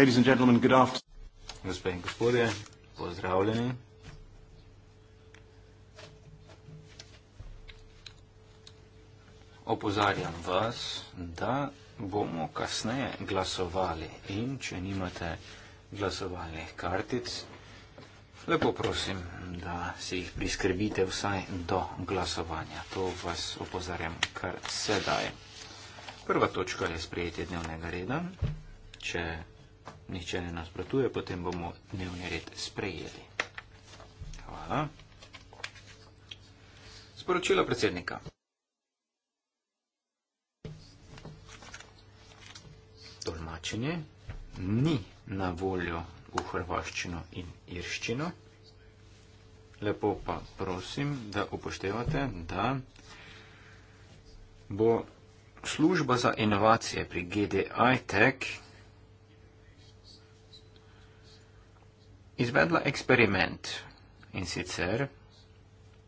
Ladies and gentlemen, good afternoon. Gospe in gospodje, pozdravljeni. Opozarjam vas, da bomo kasneje glasovali in če nimate glasovalnih kartic, lepo prosim, da si jih priskrbite vsaj do glasovanja. To vas opozarjam kar sedaj. Prva točka je sprejetje dnevnega reda. Če nihče ne nasprotuje, potem bomo dnevni red sprejeli. Hvala. Sporočilo predsednika. Tolmačenje ni na voljo v hrvaščino in irščino. Lepo pa prosim, da upoštevate, da bo služba za inovacije pri GDI Tech izvedla eksperiment in sicer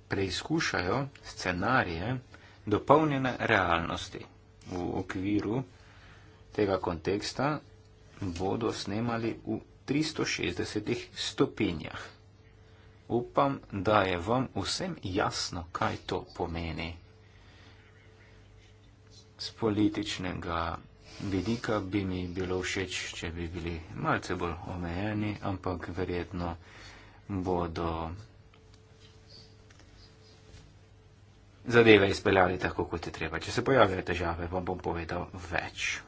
preizkušajo scenarije dopolnjene realnosti. V okviru tega konteksta bodo snemali v 360 stopinjah. Upam, da je vam vsem jasno, kaj to pomeni z političnega vidika bi mi bilo všeč, če bi bili malce bolj omejeni, ampak verjetno bodo zadeve izpeljali tako, kot je treba. Če se pojavijo težave, vam bom povedal več.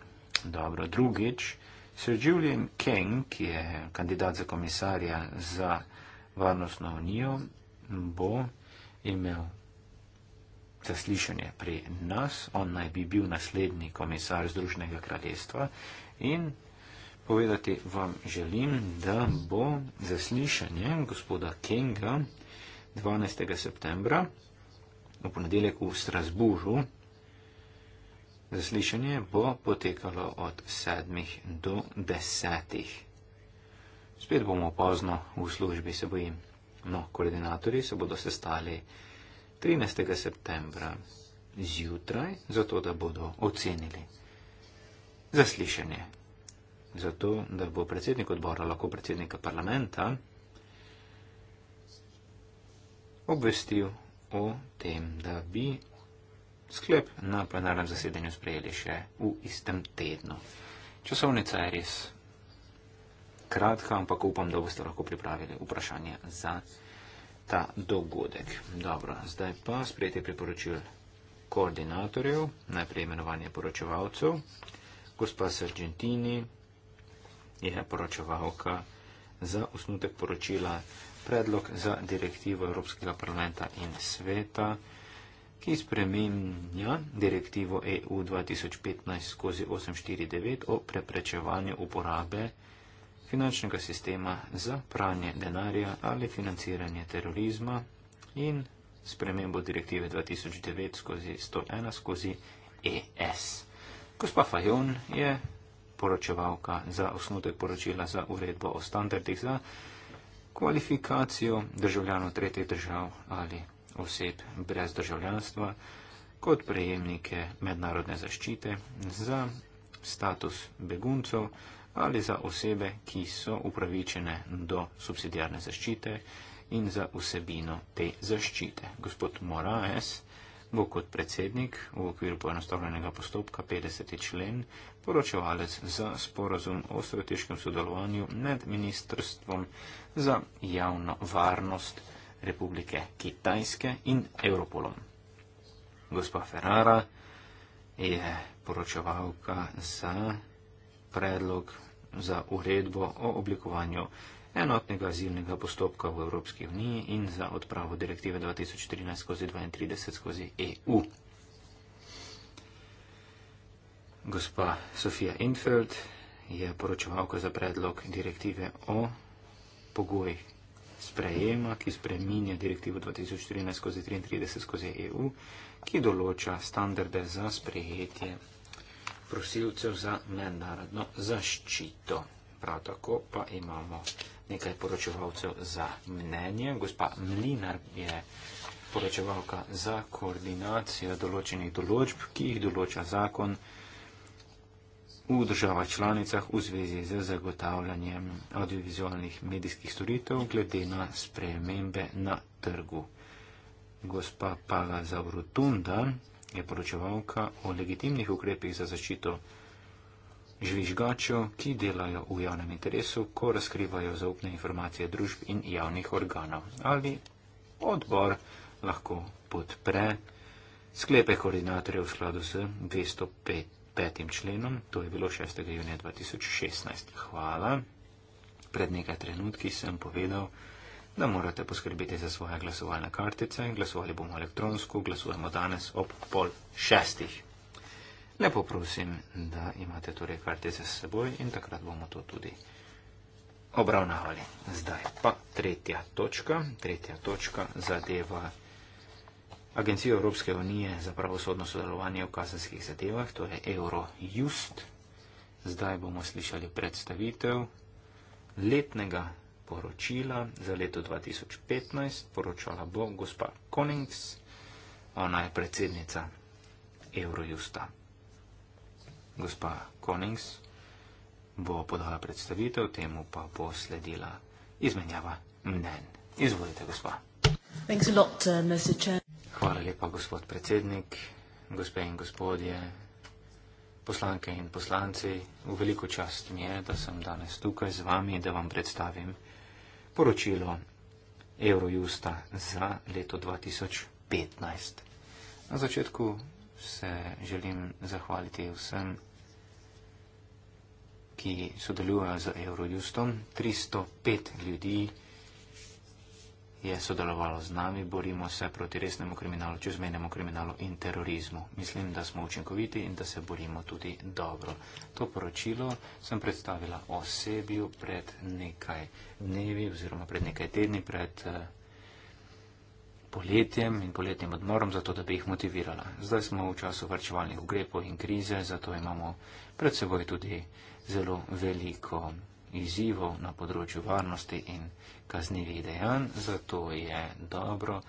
Dobro, drugič, Sir Julian King, ki je kandidat za komisarja za varnostno unijo, bo imel zaslišanje pri nas, on naj bi bil naslednji komisar Združenega kraljestva in povedati vam želim, da bo zaslišanje gospoda Kinga 12. septembra v ponedeljek v Strasburu. Zaslišanje bo potekalo od 7. do 10. Spet bomo pozno v službi, se bojim. No, koordinatorji se bodo sestali. 13. septembra zjutraj, zato da bodo ocenili zaslišanje, zato da bo predsednik odbora lahko predsednika parlamenta obvestil o tem, da bi sklep na plenarnem zasedanju sprejeli še v istem tednu. Časovnica je res kratka, ampak upam, da boste lahko pripravili vprašanje za ta dogodek. Dobro, zdaj pa sprejeti priporočil koordinatorjev, najprej imenovanje poročevalcev. Gospa Sargentini je poročevalka za osnutek poročila predlog za direktivo Evropskega parlamenta in sveta, ki spremenja direktivo EU 2015 skozi 849 o preprečevanju uporabe finančnega sistema za pranje denarja ali financiranje terorizma in spremembo direktive 2009-101-ES. E Gospa Fajon je poročevalka za osnutek poročila za uredbo o standardih za kvalifikacijo državljanov tretjih držav ali oseb brez državljanstva kot prejemnike mednarodne zaščite za status beguncov, ali za osebe, ki so upravičene do subsidijarne zaščite in za vsebino te zaščite. Gospod Moraes bo kot predsednik v okviru poenostavljenega postopka 50. člen poročevalec za sporozum o strateškem sodelovanju med Ministrstvom za javno varnost Republike Kitajske in Europolom. Gospa Ferrara je poročevalka za predlog za uredbo o oblikovanju enotnega azilnega postopka v Evropski uniji in za odpravo direktive 2013-32-EU. E Gospa Sofija Infeld je poročevalka za predlog direktive o pogojih sprejema, ki spreminja direktivo 2014-33-EU, e ki določa standarde za sprejetje prosilcev za mednarodno zaščito. Prav tako pa imamo nekaj poročevalcev za mnenje. Gospa Mlinar je poročevalka za koordinacijo določenih določb, ki jih določa zakon v državah članicah v zvezi z zagotavljanjem audiovizualnih medijskih storitev glede na spremembe na trgu. Gospa Paga Zavrutunda je poročevalka o legitimnih ukrepih za zaščito žvižgačev, ki delajo v javnem interesu, ko razkrivajo zaupne informacije družb in javnih organov. Ali odbor lahko podpre sklepe koordinatorja v skladu z 205. členom, to je bilo 6. junija 2016. Hvala. Pred nekaj trenutki sem povedal, da morate poskrbeti za svoje glasovalne kartice. Glasovali bomo elektronsko, glasujemo danes ob pol šestih. Lepo prosim, da imate torej kartice s seboj in takrat bomo to tudi obravnavali. Zdaj pa tretja točka. Tretja točka zadeva Agencijo Evropske unije za pravosodno sodelovanje v kazenskih zadevah, to je Eurojust. Zdaj bomo slišali predstavitev letnega poročila za leto 2015 poročala bo gospa Konings, ona je predsednica Eurojusta. Gospa Konings bo podala predstavitev, temu pa bo sledila izmenjava mnen. Izvolite, gospa. Uh, Hvala lepa, gospod predsednik, gospe in gospodje, poslanke in poslanci. V veliko čast mi je, da sem danes tukaj z vami, da vam predstavim poročilo Eurojusta za leto 2015. Na začetku se želim zahvaliti vsem, ki sodelujejo z Eurojustom, 305 ljudi je sodelovalo z nami, borimo se proti resnemu kriminalu, čezmenemu kriminalu in terorizmu. Mislim, da smo učinkoviti in da se borimo tudi dobro. To poročilo sem predstavila osebju pred nekaj dnevi oziroma pred nekaj tedni, pred eh, poletjem in poletnim odmorom, zato da bi jih motivirala. Zdaj smo v času varčevalnih ukrepov in krize, zato imamo pred seboj tudi zelo veliko izzivov na področju varnosti in kaznjivih dejanj, zato je dobro,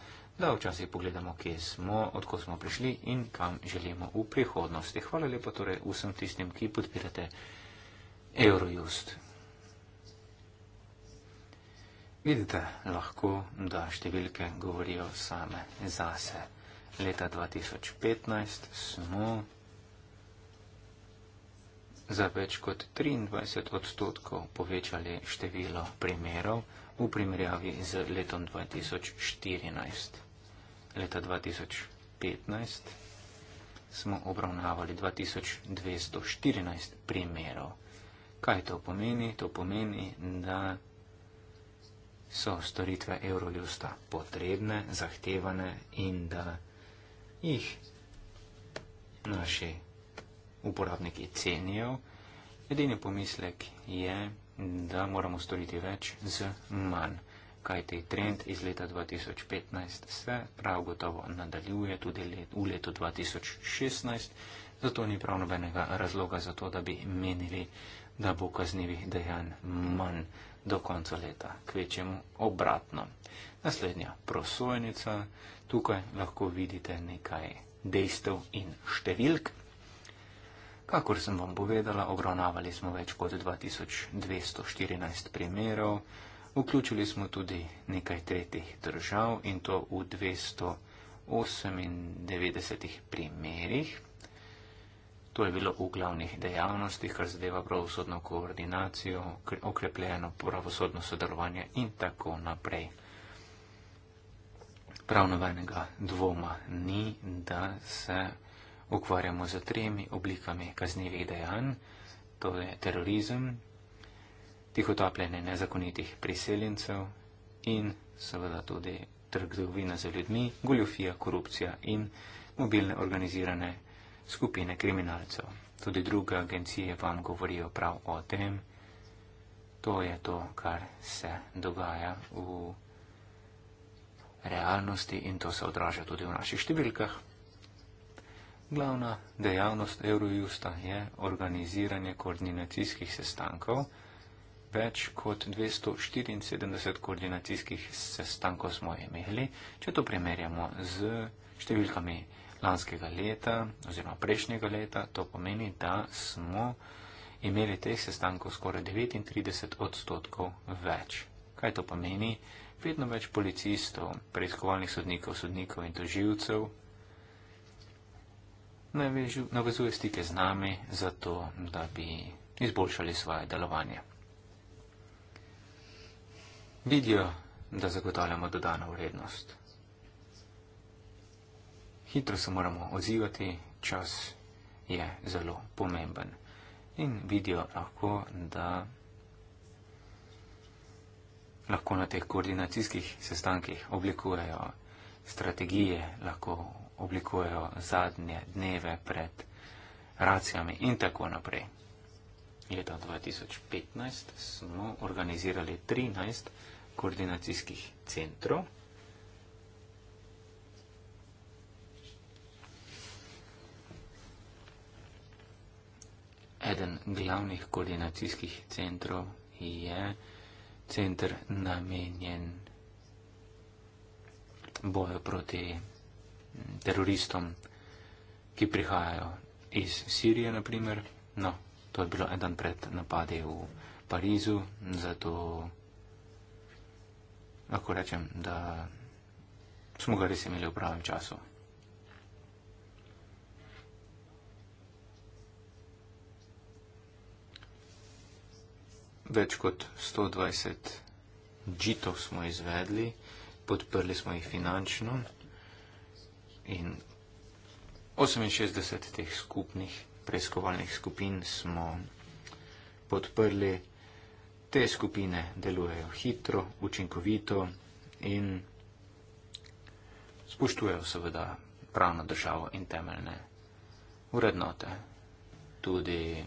da včasih pogledamo, kje smo, odkud smo prišli in kam želimo v prihodnosti. Hvala lepa torej vsem tistim, ki podpirate Eurojust. Vidite, lahko, da številke govorijo same zase. Leta 2015 smo za več kot 23 odstotkov povečali število primerov v primerjavi z letom 2014. Leta 2015 smo obravnavali 2214 primerov. Kaj to pomeni? To pomeni, da so storitve Eurojusta potrebne, zahtevane in da jih naši uporabniki cenijo. Edini pomislek je, da moramo storiti več z manj, kajti trend iz leta 2015 se prav gotovo nadaljuje tudi let, v letu 2016, zato ni prav nobenega razloga za to, da bi menili, da bo kaznjivih dejanj manj do konca leta, kvečemu obratno. Naslednja prosojnica, tukaj lahko vidite nekaj dejstev in številk. Kakor sem vam povedala, obravnavali smo več kot 2214 primerov, vključili smo tudi nekaj tretjih držav in to v 298 primerih. To je bilo v glavnih dejavnostih, kar zadeva pravosodno koordinacijo, okrepljeno pravosodno sodelovanje in tako naprej. Pravnovenega dvoma ni, da se ukvarjamo z tremi oblikami kaznjivih dejanj, to je terorizem, tihotapljanje nezakonitih priseljencev in seveda tudi trgovina za ljudmi, goljofija, korupcija in mobilne organizirane skupine kriminalcev. Tudi druge agencije vam govorijo prav o tem. To je to, kar se dogaja v realnosti in to se odraža tudi v naših številkah. Glavna dejavnost Eurojusta je organiziranje koordinacijskih sestankov. Več kot 274 koordinacijskih sestankov smo imeli, če to primerjamo z številkami lanskega leta oziroma prejšnjega leta, to pomeni, da smo imeli teh sestankov skoraj 39 odstotkov več. Kaj to pomeni? Vedno več policistov, preiskovalnih sodnikov, sodnikov in doživcev navezuje stike z nami, zato da bi izboljšali svoje delovanje. Vidijo, da zagotavljamo dodano vrednost. Hitro se moramo odzivati, čas je zelo pomemben. In vidijo lahko, da lahko na teh koordinacijskih sestankih oblikujejo strategije, lahko oblikujejo zadnje dneve pred racijami in tako naprej. Leta 2015 smo organizirali 13 koordinacijskih centrov. Eden glavnih koordinacijskih centrov je center namenjen boju proti teroristom, ki prihajajo iz Sirije, naprimer. No, to je bilo eden pred napadi v Parizu, zato lahko rečem, da smo ga res imeli v pravem času. Več kot 120 džitov smo izvedli, podprli smo jih finančno, in 68 teh skupnih preiskovalnih skupin smo podprli. Te skupine delujejo hitro, učinkovito in spoštujejo seveda pravno državo in temeljne vrednote. Tudi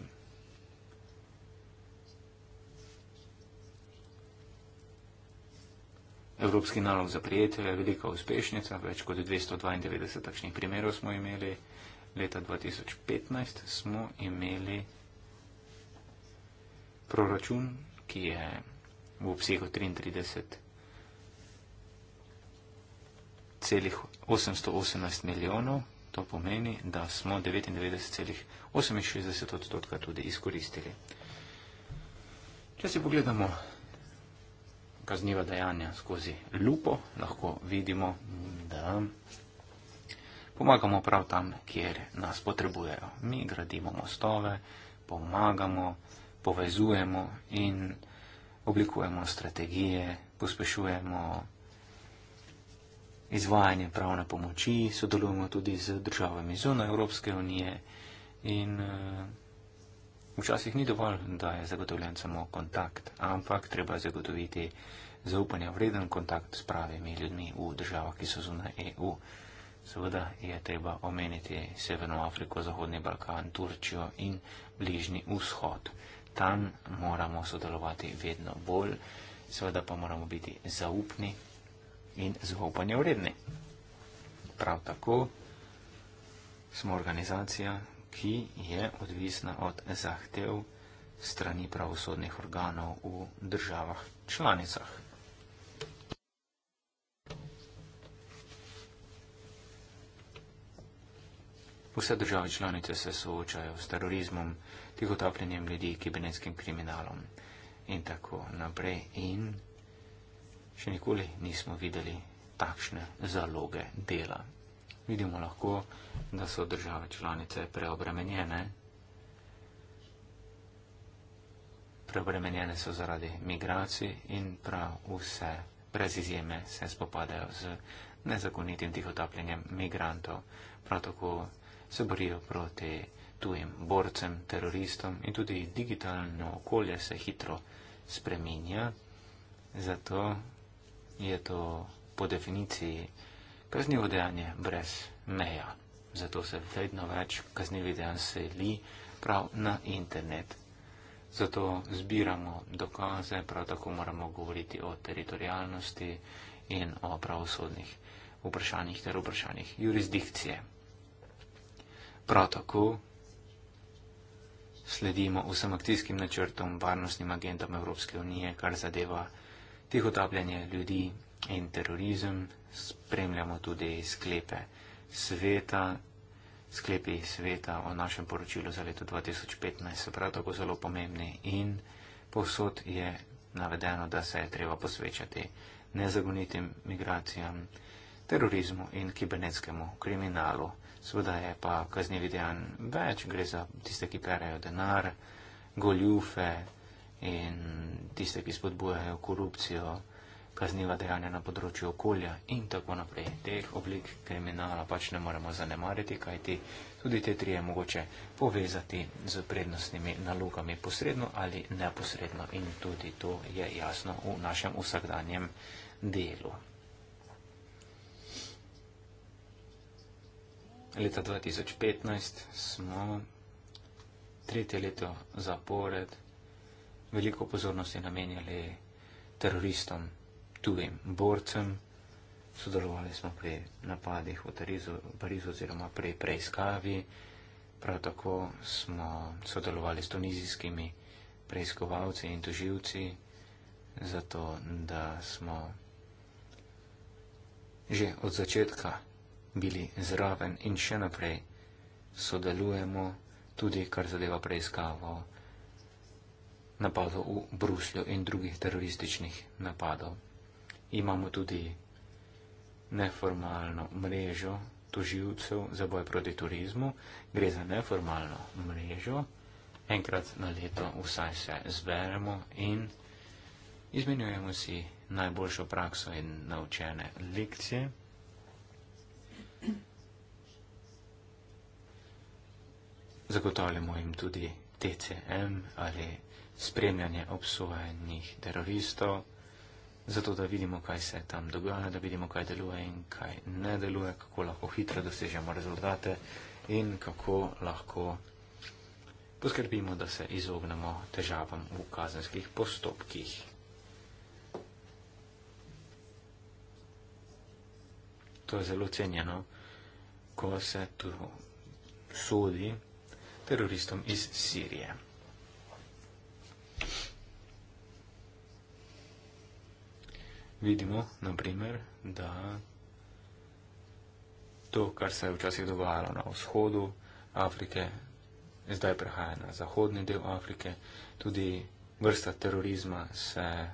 Evropski nalog za prijetelje, velika uspešnica, več kot 292 takšnih primerov smo imeli. Leta 2015 smo imeli proračun, ki je v obsegu 33,818 milijonov. To pomeni, da smo 99,68 odstotka tudi izkoristili. Če si pogledamo kazniva dejanja skozi lupo, lahko vidimo, da pomagamo prav tam, kjer nas potrebujejo. Mi gradimo mostove, pomagamo, povezujemo in oblikujemo strategije, pospešujemo izvajanje pravne pomoči, sodelujemo tudi z državami zunaj Evropske unije in eh, Včasih ni dovolj, da je zagotovljen samo kontakt, ampak treba zagotoviti zaupanja vreden kontakt s pravimi ljudmi v državah, ki so zunaj EU. Seveda je treba omeniti Severno Afriko, Zahodni Balkan, Turčijo in Bližnji vzhod. Tam moramo sodelovati vedno bolj, seveda pa moramo biti zaupni in zaupanja vredni. Prav tako smo organizacija, ki je odvisna od zahtev strani pravosodnih organov v državah članicah. Vse države članice se soočajo s terorizmom, tihotapljenjem ljudi, kibernetskim kriminalom in tako naprej. In še nikoli nismo videli takšne zaloge dela vidimo lahko, da so države članice preobremenjene. Preobremenjene so zaradi migracij in prav vse, brez izjeme, se spopadajo z nezakonitim tihotapljenjem migrantov. Prav tako se borijo proti tujim borcem, teroristom in tudi digitalno okolje se hitro spreminja. Zato je to po definiciji Kaznivo dejanje brez meja. Zato se vedno več kaznivih dejanj seli prav na internet. Zato zbiramo dokaze, prav tako moramo govoriti o teritorijalnosti in o pravosodnih vprašanjih ter vprašanjih jurisdikcije. Prav tako sledimo vsem aktivskim načrtom varnostnim agentom Evropske unije, kar zadeva tihotapljanje ljudi in terorizem, spremljamo tudi sklepe sveta, sklepi sveta o našem poročilu za leto 2015 so prav tako zelo pomembni in povsod je navedeno, da se je treba posvečati nezagonitim migracijam, terorizmu in kibernetskemu kriminalu. Sveda je pa kaznjevi dejan več, gre za tiste, ki perajo denar, goljufe in tiste, ki spodbujajo korupcijo kazniva dejanja na področju okolja in tako naprej. Teh oblik kriminala pač ne moremo zanemariti, kajti tudi te tri je mogoče povezati z prednostnimi nalogami posredno ali neposredno in tudi to je jasno v našem vsakdanjem delu. Leta 2015 smo tretje leto zapored veliko pozornosti namenjali teroristom tujim borcem. Sodelovali smo pri napadih v Parizu oziroma pri preiskavi. Prav tako smo sodelovali s tunizijskimi preiskovalci in tuživci, zato da smo že od začetka bili zraven in še naprej sodelujemo tudi, kar zadeva preiskavo napadov v Bruslju in drugih terorističnih napadov. Imamo tudi neformalno mrežo toživcev za boj proti turizmu. Gre za neformalno mrežo. Enkrat na leto vsaj se zberemo in izmenjujemo si najboljšo prakso in naučene lekcije. Zagotavljamo jim tudi TCM ali spremljanje obsojenih teroristov zato da vidimo, kaj se tam dogaja, da vidimo, kaj deluje in kaj ne deluje, kako lahko hitro dosežemo rezultate in kako lahko poskrbimo, da se izognemo težavam v kazenskih postopkih. To je zelo cenjeno, ko se tu sodi teroristom iz Sirije. vidimo, naprimer, da to, kar se je včasih dogajalo na vzhodu Afrike, zdaj prehaja na zahodni del Afrike, tudi vrsta terorizma se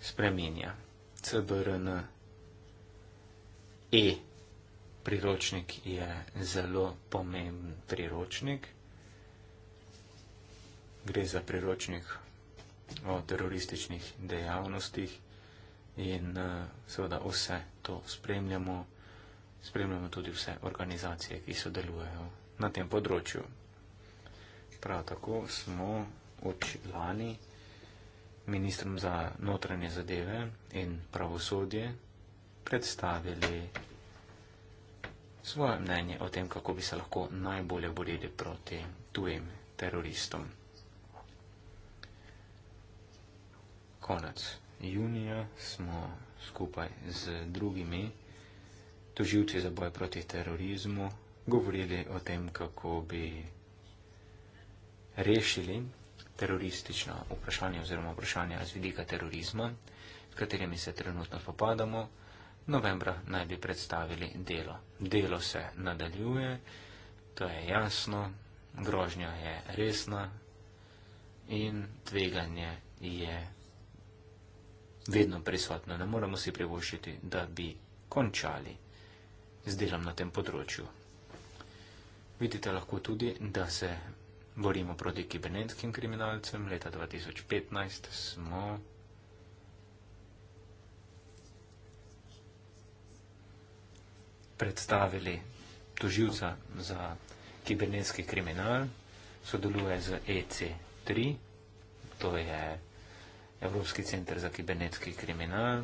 spremenja. CBRN E priročnik je zelo pomemben priročnik. Gre za priročnik o terorističnih dejavnostih in eh, seveda vse to spremljamo, spremljamo tudi vse organizacije, ki sodelujejo na tem področju. Prav tako smo od lani ministrom za notranje zadeve in pravosodje predstavili svoje mnenje o tem, kako bi se lahko najbolje borili proti tujim teroristom. Konec junija smo skupaj z drugimi toživci za boj proti terorizmu govorili o tem, kako bi rešili teroristično vprašanje oziroma vprašanje z vidika terorizma, s katerimi se trenutno popadamo. Novembra naj bi predstavili delo. Delo se nadaljuje, to je jasno, grožnja je resna in tveganje je vedno prisotna. Ne moramo si privoščiti, da bi končali z delom na tem področju. Vidite lahko tudi, da se borimo proti kibernetskim kriminalcem. Leta 2015 smo predstavili tožilca za kibernetski kriminal, sodeluje z EC3, to je Evropski center za kibernetski kriminal.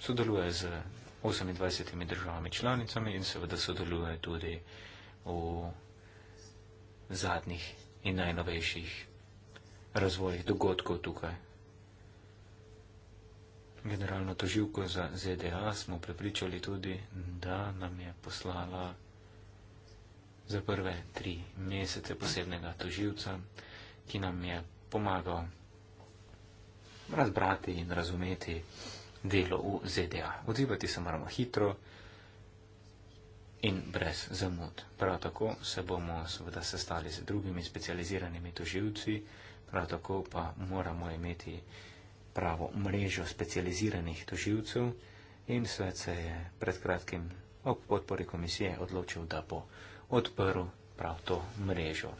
Sodeluje z 28 državami članicami in seveda sodeluje tudi v zadnjih in najnovejših razvojih dogodkov tukaj. Generalno toživko za ZDA smo prepričali tudi, da nam je poslala za prve tri mesece posebnega toživca ki nam je pomagal razbrati in razumeti delo v ZDA. Odzivati se moramo hitro in brez zamud. Prav tako se bomo seveda sestali z drugimi specializiranimi toživci, prav tako pa moramo imeti pravo mrežo specializiranih toživcev in svet se je pred kratkim ob podpori komisije odločil, da bo odprl prav to mrežo.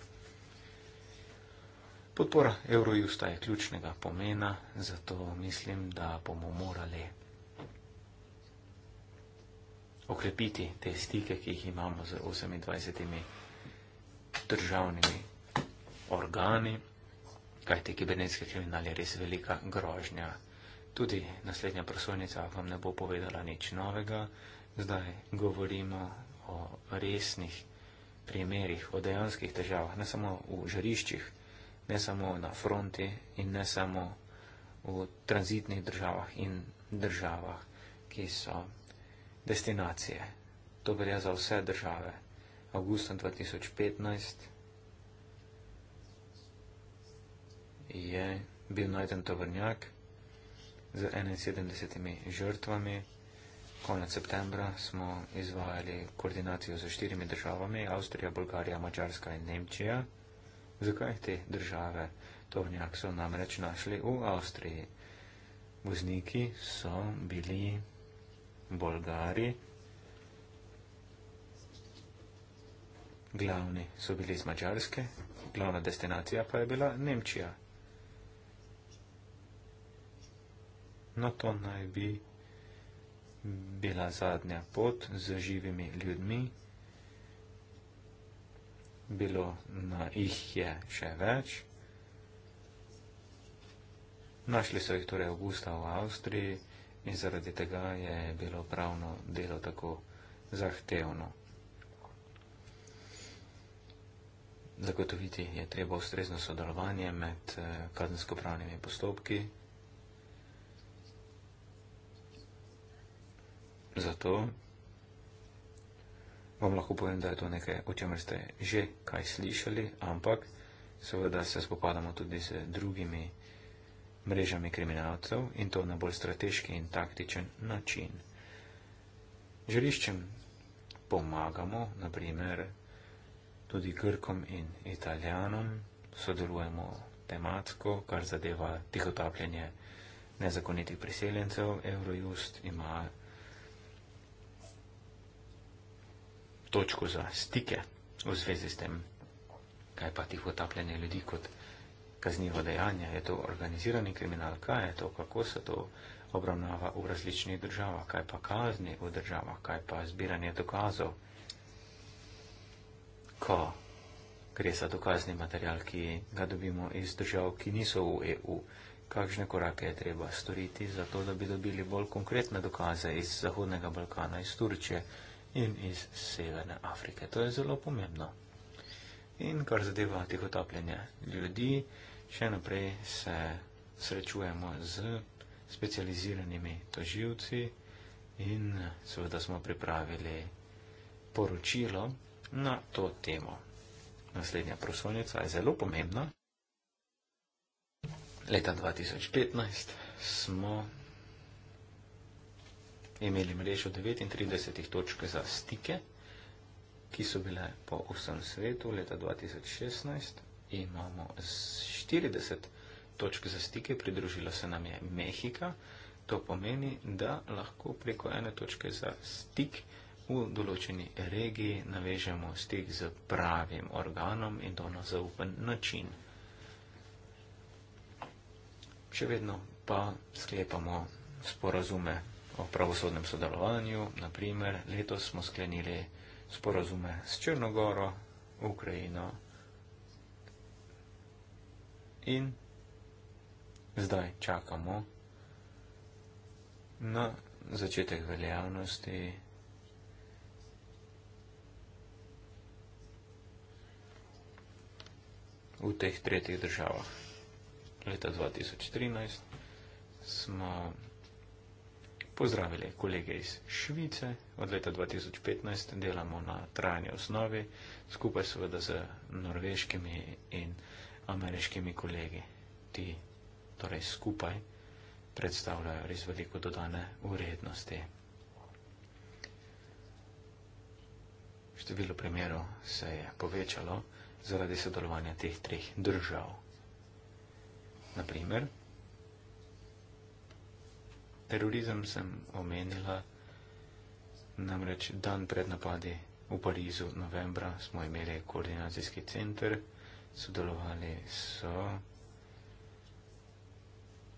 Podpora Eurojusta je ključnega pomena, zato mislim, da bomo morali okrepiti te stike, ki jih imamo z 28 državnimi organi, kajte kibernetski kriminal je res velika grožnja. Tudi naslednja prosojnica vam ne bo povedala nič novega. Zdaj govorimo o resnih primerih, o dejanskih težavah, ne samo v žariščih ne samo na fronti in ne samo v tranzitnih državah in državah, ki so destinacije. To velja za vse države. Augusta 2015 je bil najden tovrnjak z 71 žrtvami. Konec septembra smo izvajali koordinacijo z štirimi državami, Avstrija, Bolgarija, Mačarska in Nemčija. Zakaj te države to nekako so namreč našli v Avstriji? Vozniki so bili Bolgari, glavni so bili iz Mačarske, glavna destinacija pa je bila Nemčija. No, to naj bi bila zadnja pot z živimi ljudmi, bilo na jih je še več. Našli so jih torej avgusta v Avstriji in zaradi tega je bilo pravno delo tako zahtevno. Zagotoviti je treba ustrezno sodelovanje med eh, kazensko-pravnimi postopki. Zato vam lahko povem, da je to nekaj, o čemer ste že kaj slišali, ampak seveda se spopadamo tudi z drugimi mrežami kriminalcev in to na bolj strateški in taktičen način. Žariščem pomagamo, naprimer, tudi Grkom in Italijanom, sodelujemo tematsko, kar zadeva tihotapljenje nezakonitih priseljencev, Eurojust ima točko za stike v zvezi s tem, kaj pa tih utapljanje ljudi kot kaznivo dejanje. Je to organizirani kriminal, kaj je to, kako se to obravnava v različnih državah, kaj pa kazni v državah, kaj pa zbiranje dokazov, ko gre za dokazni material, ki ga dobimo iz držav, ki niso v EU. Kakšne korake je treba storiti, zato da bi dobili bolj konkretne dokaze iz Zahodnega Balkana, iz Turčije, in iz Severne Afrike. To je zelo pomembno. In kar zadeva tihotapljenje ljudi, še naprej se srečujemo z specializiranimi toživci in seveda smo pripravili poročilo na to temo. Naslednja prosovnica je zelo pomembna. Leta 2015 smo imeli mrežo 39 točk za stike, ki so bile po vsem svetu leta 2016. Imamo 40 točk za stike, pridružila se nam je Mehika. To pomeni, da lahko preko ene točke za stik v določeni regiji navežemo stik z pravim organom in to na zaupen način. Še vedno pa sklepamo sporazume o pravosodnem sodelovanju. Naprimer, letos smo sklenili sporozume s Črnogoro, Ukrajino in zdaj čakamo na začetek veljavnosti v teh tretjih državah. Leta 2013 smo pozdravili kolege iz Švice. Od leta 2015 delamo na trajni osnovi, skupaj seveda z norveškimi in ameriškimi kolegi. Ti torej skupaj predstavljajo res veliko dodane urednosti. Število primerov se je povečalo zaradi sodelovanja teh treh držav. Naprimer, terorizem sem omenila, namreč dan pred napadi v Parizu novembra smo imeli koordinacijski center, sodelovali so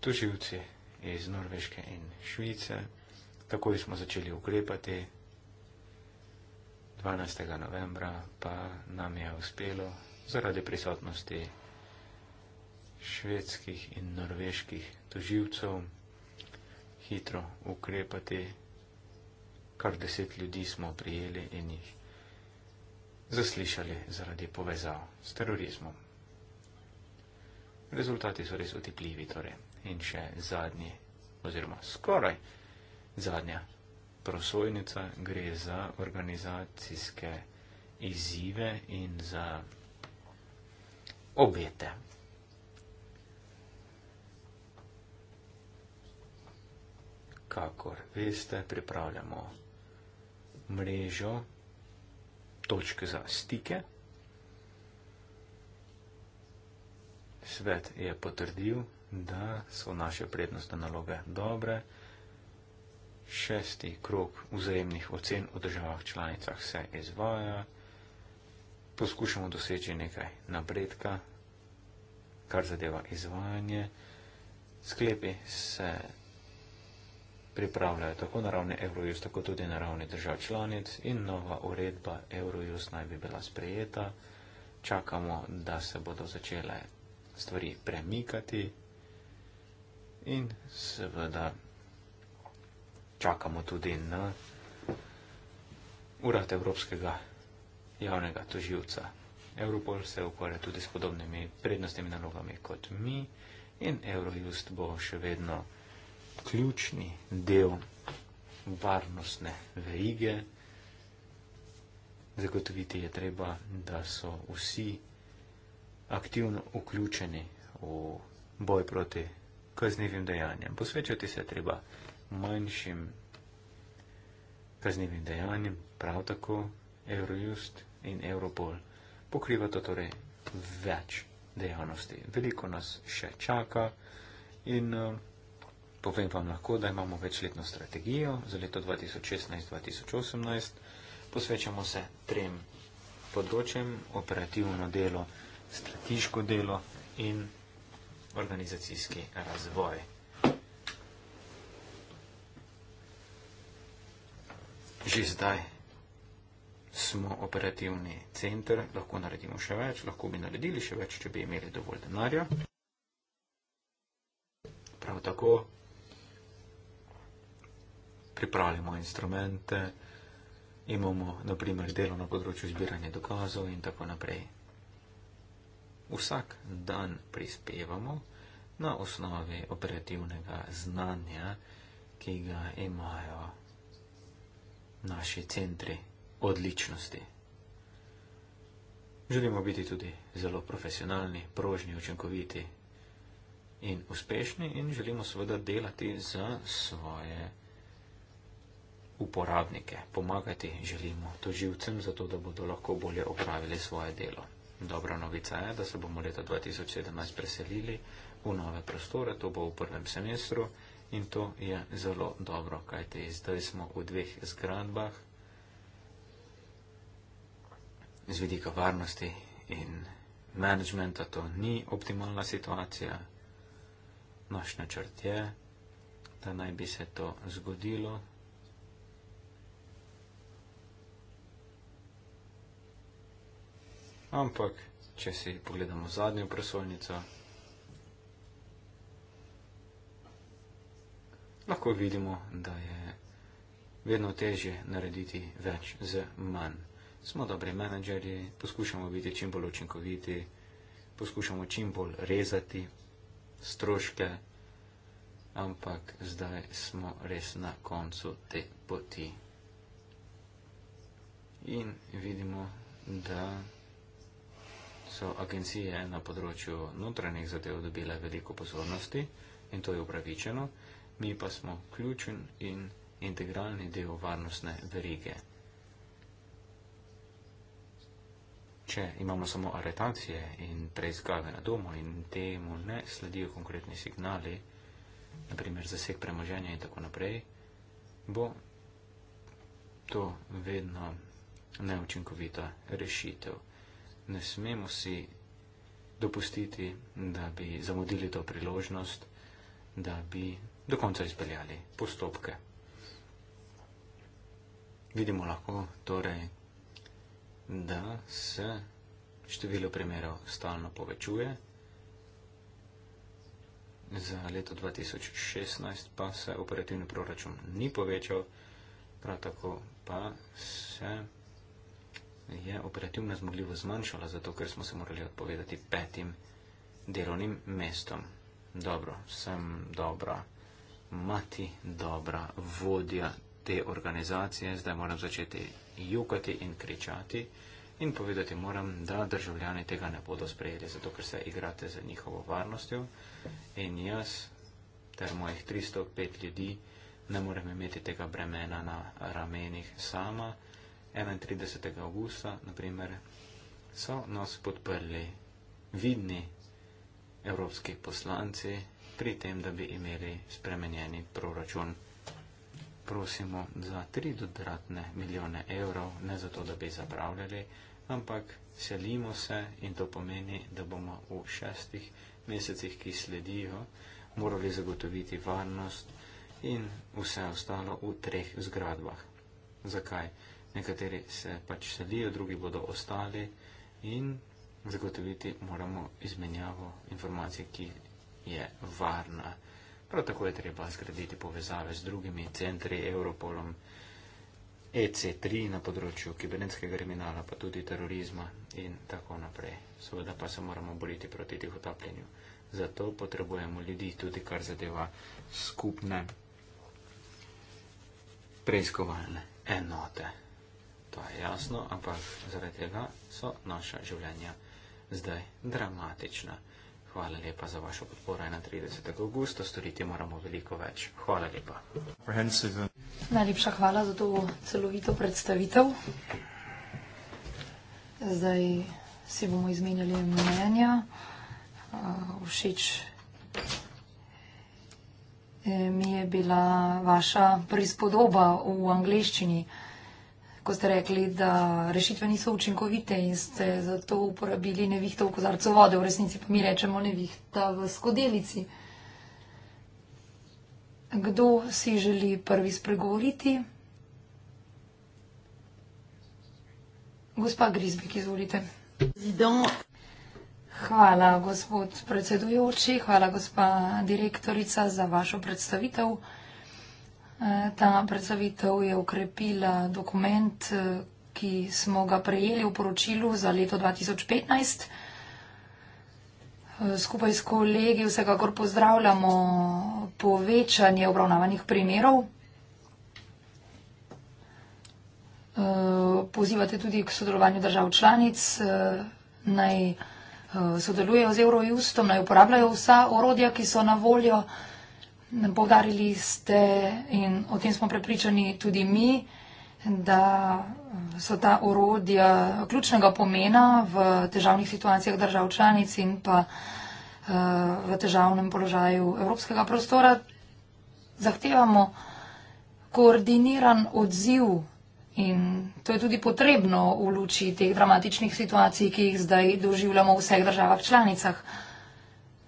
tuživci iz Norveške in Švice, takoj smo začeli ukrepati, 12. novembra pa nam je uspelo zaradi prisotnosti švedskih in norveških tuživcev, hitro ukrepati. Kar deset ljudi smo prijeli in jih zaslišali zaradi povezav s terorizmom. Rezultati so res otipljivi, torej. In še zadnji, oziroma skoraj zadnja prosojnica gre za organizacijske izzive in za obete. kakor veste, pripravljamo mrežo točk za stike. Svet je potrdil, da so naše prednostne naloge dobre. Šesti krok vzajemnih ocen v državah članicah se izvaja. Poskušamo doseči nekaj napredka, kar zadeva izvajanje. Sklepi se pripravljajo tako na ravni Eurojust, tako tudi na ravni držav članic in nova uredba Eurojust naj bi bila sprejeta. Čakamo, da se bodo začele stvari premikati in seveda čakamo tudi na urad Evropskega javnega toživca. Europol se ukvarja tudi s podobnimi prednostnimi nalogami kot mi in Eurojust bo še vedno ključni del varnostne verige. Zagotoviti je treba, da so vsi aktivno vključeni v boj proti kaznivim dejanjem. Posvečati se je treba manjšim kaznivim dejanjem, prav tako Eurojust in Europol. Pokrivata torej več dejavnosti. Veliko nas še čaka in uh, Povem vam lahko, da imamo večletno strategijo za leto 2016-2018. Posvečamo se trem področjem, operativno delo, strateško delo in organizacijski razvoj. Že zdaj smo operativni center, lahko naredimo še več, lahko bi naredili še več, če bi imeli dovolj denarja. Prav tako pripravljamo instrumente, imamo naprimer delo na področju zbiranja dokazov in tako naprej. Vsak dan prispevamo na osnovi operativnega znanja, ki ga imajo naši centri odličnosti. Želimo biti tudi zelo profesionalni, prožni, učinkoviti in uspešni in želimo seveda delati za svoje uporabnike, pomagati želimo toživcem, zato da bodo lahko bolje opravili svoje delo. Dobra novica je, da se bomo leta 2017 preselili v nove prostore, to bo v prvem semestru in to je zelo dobro, kajte zdaj smo v dveh zgradbah z vidika varnosti in menedžmenta, to ni optimalna situacija. Naš načrt je, da naj bi se to zgodilo Ampak, če si pogledamo zadnjo prosojnico, lahko vidimo, da je vedno težje narediti več z manj. Smo dobri menedžerji, poskušamo biti čim bolj učinkoviti, poskušamo čim bolj rezati stroške, ampak zdaj smo res na koncu te poti. In vidimo, da so agencije na področju notranjih zadev dobile veliko pozornosti in to je upravičeno, mi pa smo ključen in integralni del varnostne verige. Če imamo samo aretacije in preizgave na domu in temu ne sledijo konkretni signali, naprimer zaseg premoženja in tako naprej, bo to vedno neučinkovita rešitev ne smemo si dopustiti, da bi zamudili to priložnost, da bi do konca izpeljali postopke. Vidimo lahko torej, da se število primerov stalno povečuje. Za leto 2016 pa se operativni proračun ni povečal, prav tako pa se je operativna zmogljivost zmanjšala, zato ker smo se morali odpovedati petim delovnim mestom. Dobro, sem dobra mati, dobra vodja te organizacije, zdaj moram začeti jukati in kričati in povedati moram, da državljani tega ne bodo sprejeli, zato ker se igrate za njihovo varnostjo in jaz ter mojih 305 ljudi ne morem imeti tega bremena na ramenih sama. 31. avgusta, naprimer, so nas podprli vidni evropski poslanci pri tem, da bi imeli spremenjeni proračun. Prosimo za tri dodatne milijone evrov, ne zato, da bi zapravljali, ampak selimo se in to pomeni, da bomo v šestih mesecih, ki sledijo, morali zagotoviti varnost in vse ostalo v treh zgradbah. Zakaj? nekateri se pač selijo, drugi bodo ostali in zagotoviti moramo izmenjavo informacij, ki je varna. Prav tako je treba zgraditi povezave z drugimi centri, Europolom, EC3 na področju kibernetskega kriminala, pa tudi terorizma in tako naprej. Seveda pa se moramo boriti proti tih utapljenju. Zato potrebujemo ljudi tudi, kar zadeva skupne preiskovalne enote pa je jasno, ampak zaradi tega so naša življenja zdaj dramatična. Hvala lepa za vašo podporo 31. augusta, storiti moramo veliko več. Hvala lepa. Najlepša hvala za to celovito predstavitev. Zdaj si bomo izmenjali mnenja. Všeč eh, mi je bila vaša prispodoba v angliščini ko ste rekli, da rešitve niso učinkovite in ste zato uporabili nevihto v kozarcu vode, v resnici pa mi rečemo nevihta v skodelici. Kdo si želi prvi spregovoriti? Gospa Grizbek, izvolite. Hvala, gospod predsedujoči, hvala, gospa direktorica, za vašo predstavitev. Ta predstavitev je ukrepila dokument, eh, ki smo ga prejeli v poročilu za leto 2015. Eh, Skupaj s kolegi vsekakor pozdravljamo povečanje obravnavanih primerov. Eh, pozivate tudi k sodelovanju držav članic, naj sodelujejo z Eurojustom, naj uporabljajo vsa orodja, ki so na voljo. Poudarili ste in o tem smo prepričani tudi mi, da so ta orodja ključnega pomena v težavnih situacijah držav članic in pa eh, v težavnem položaju evropskega prostora. Zahtevamo koordiniran odziv in to je tudi potrebno v luči teh dramatičnih situacij, ki jih zdaj doživljamo v vseh državah članicah.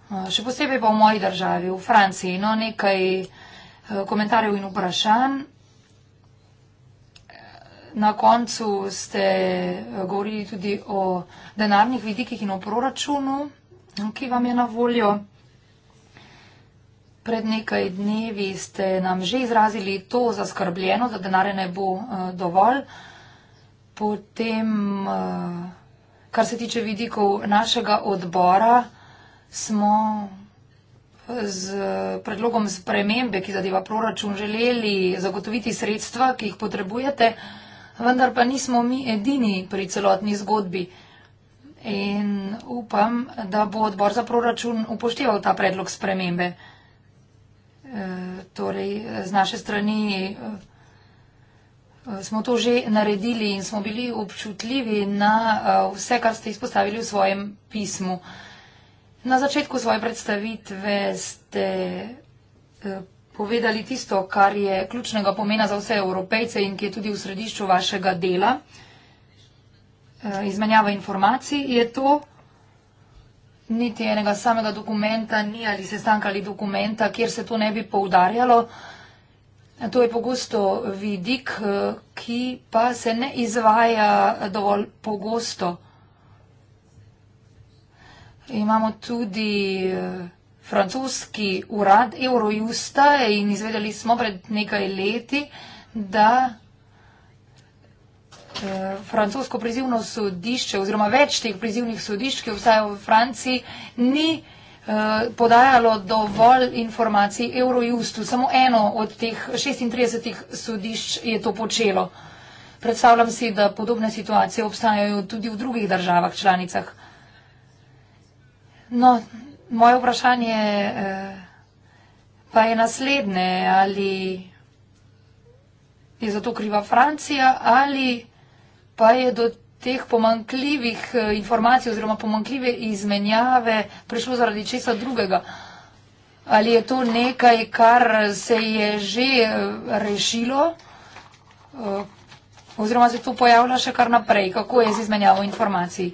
Eh, še posebej pa v moji državi, v Franciji. No, nekaj eh, komentarjev in vprašanj. Na koncu ste eh, govorili tudi o denarnih vidikih in o proračunu, ki vam je na voljo. Pred nekaj dnevi ste nam že izrazili to zaskrbljeno, da denarja ne bo dovolj. Potem, kar se tiče vidikov našega odbora, smo z predlogom spremembe, ki zadeva proračun, želeli zagotoviti sredstva, ki jih potrebujete, vendar pa nismo mi edini pri celotni zgodbi. In upam, da bo odbor za proračun upošteval ta predlog spremembe. E, torej, z naše strani e, smo to že naredili in smo bili občutljivi na e, vse, kar ste izpostavili v svojem pismu. E, Na začetku svoje predstavitve ste eh, povedali tisto, kar je ključnega pomena za vse evropejce in ki je tudi v središču vašega dela, eh, izmenjava informacij, je to, niti enega samega dokumenta ni ali sestanka ali dokumenta, kjer se to ne bi poudarjalo. To je pogosto vidik, eh, ki pa se ne izvaja dovolj pogosto. Imamo tudi eh, francoski urad Eurojusta in izvedeli smo pred nekaj leti, da eh, francosko prizivno sodišče oziroma več teh prizivnih sodišč, ki obstajajo v Franciji, ni eh, podajalo dovolj informacij Eurojustu. Samo eno od teh 36 sodišč je to počelo. Predstavljam si, da podobne situacije obstajajo tudi v drugih državah članicah. No, moje vprašanje eh, pa je naslednje. Ali je za to kriva Francija ali pa je do teh pomankljivih eh, informacij oziroma pomankljive izmenjave prišlo zaradi česa drugega? Ali je to nekaj, kar se je že eh, rešilo oziroma se to pojavlja še kar naprej? Kako je z izmenjavo informacij?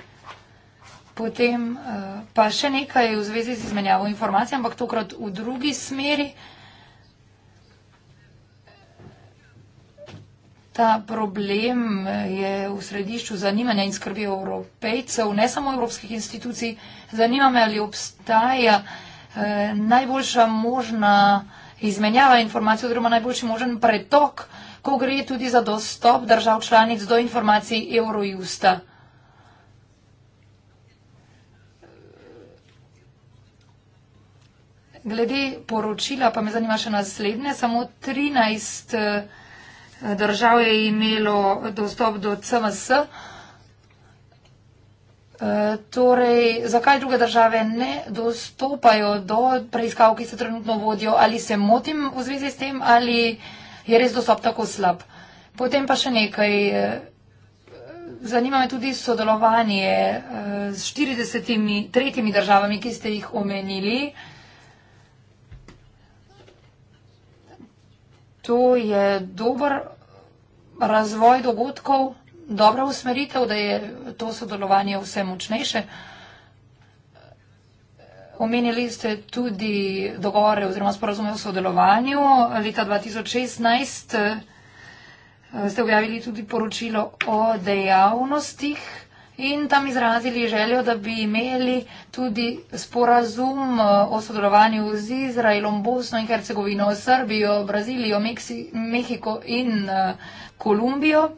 Potem eh, pa še nekaj v zvezi z izmenjavo informacij, ampak tokrat v drugi smeri. Ta problem eh, je v središču zanimanja in skrbi evropejcev, ne samo evropskih institucij. Zanima me, ali obstaja eh, najboljša možna izmenjava informacij oziroma najboljši možen pretok, ko gre tudi za dostop držav članic do informacij Eurojusta. Glede poročila pa me zanima še naslednje. Samo 13 eh, držav je imelo dostop do CMS. Eh, torej, zakaj druge države ne dostopajo do preiskav, ki se trenutno vodijo? Ali se motim v zvezi s tem ali je res dostop tako slab? Potem pa še nekaj. Eh, zanima me tudi sodelovanje s 43 državami, ki ste jih omenili. to je dober razvoj dogodkov, dobra usmeritev, da je to sodelovanje vse močnejše. Omenili ste tudi dogovore oziroma sporozume o sodelovanju. Leta 2016 eh, ste objavili tudi poročilo o dejavnostih in tam izrazili željo, da bi imeli tudi sporazum eh, o sodelovanju z Izraelom, Bosno in Hercegovino, Srbijo, Brazilijo, Meksi, Mehiko in eh, Kolumbijo.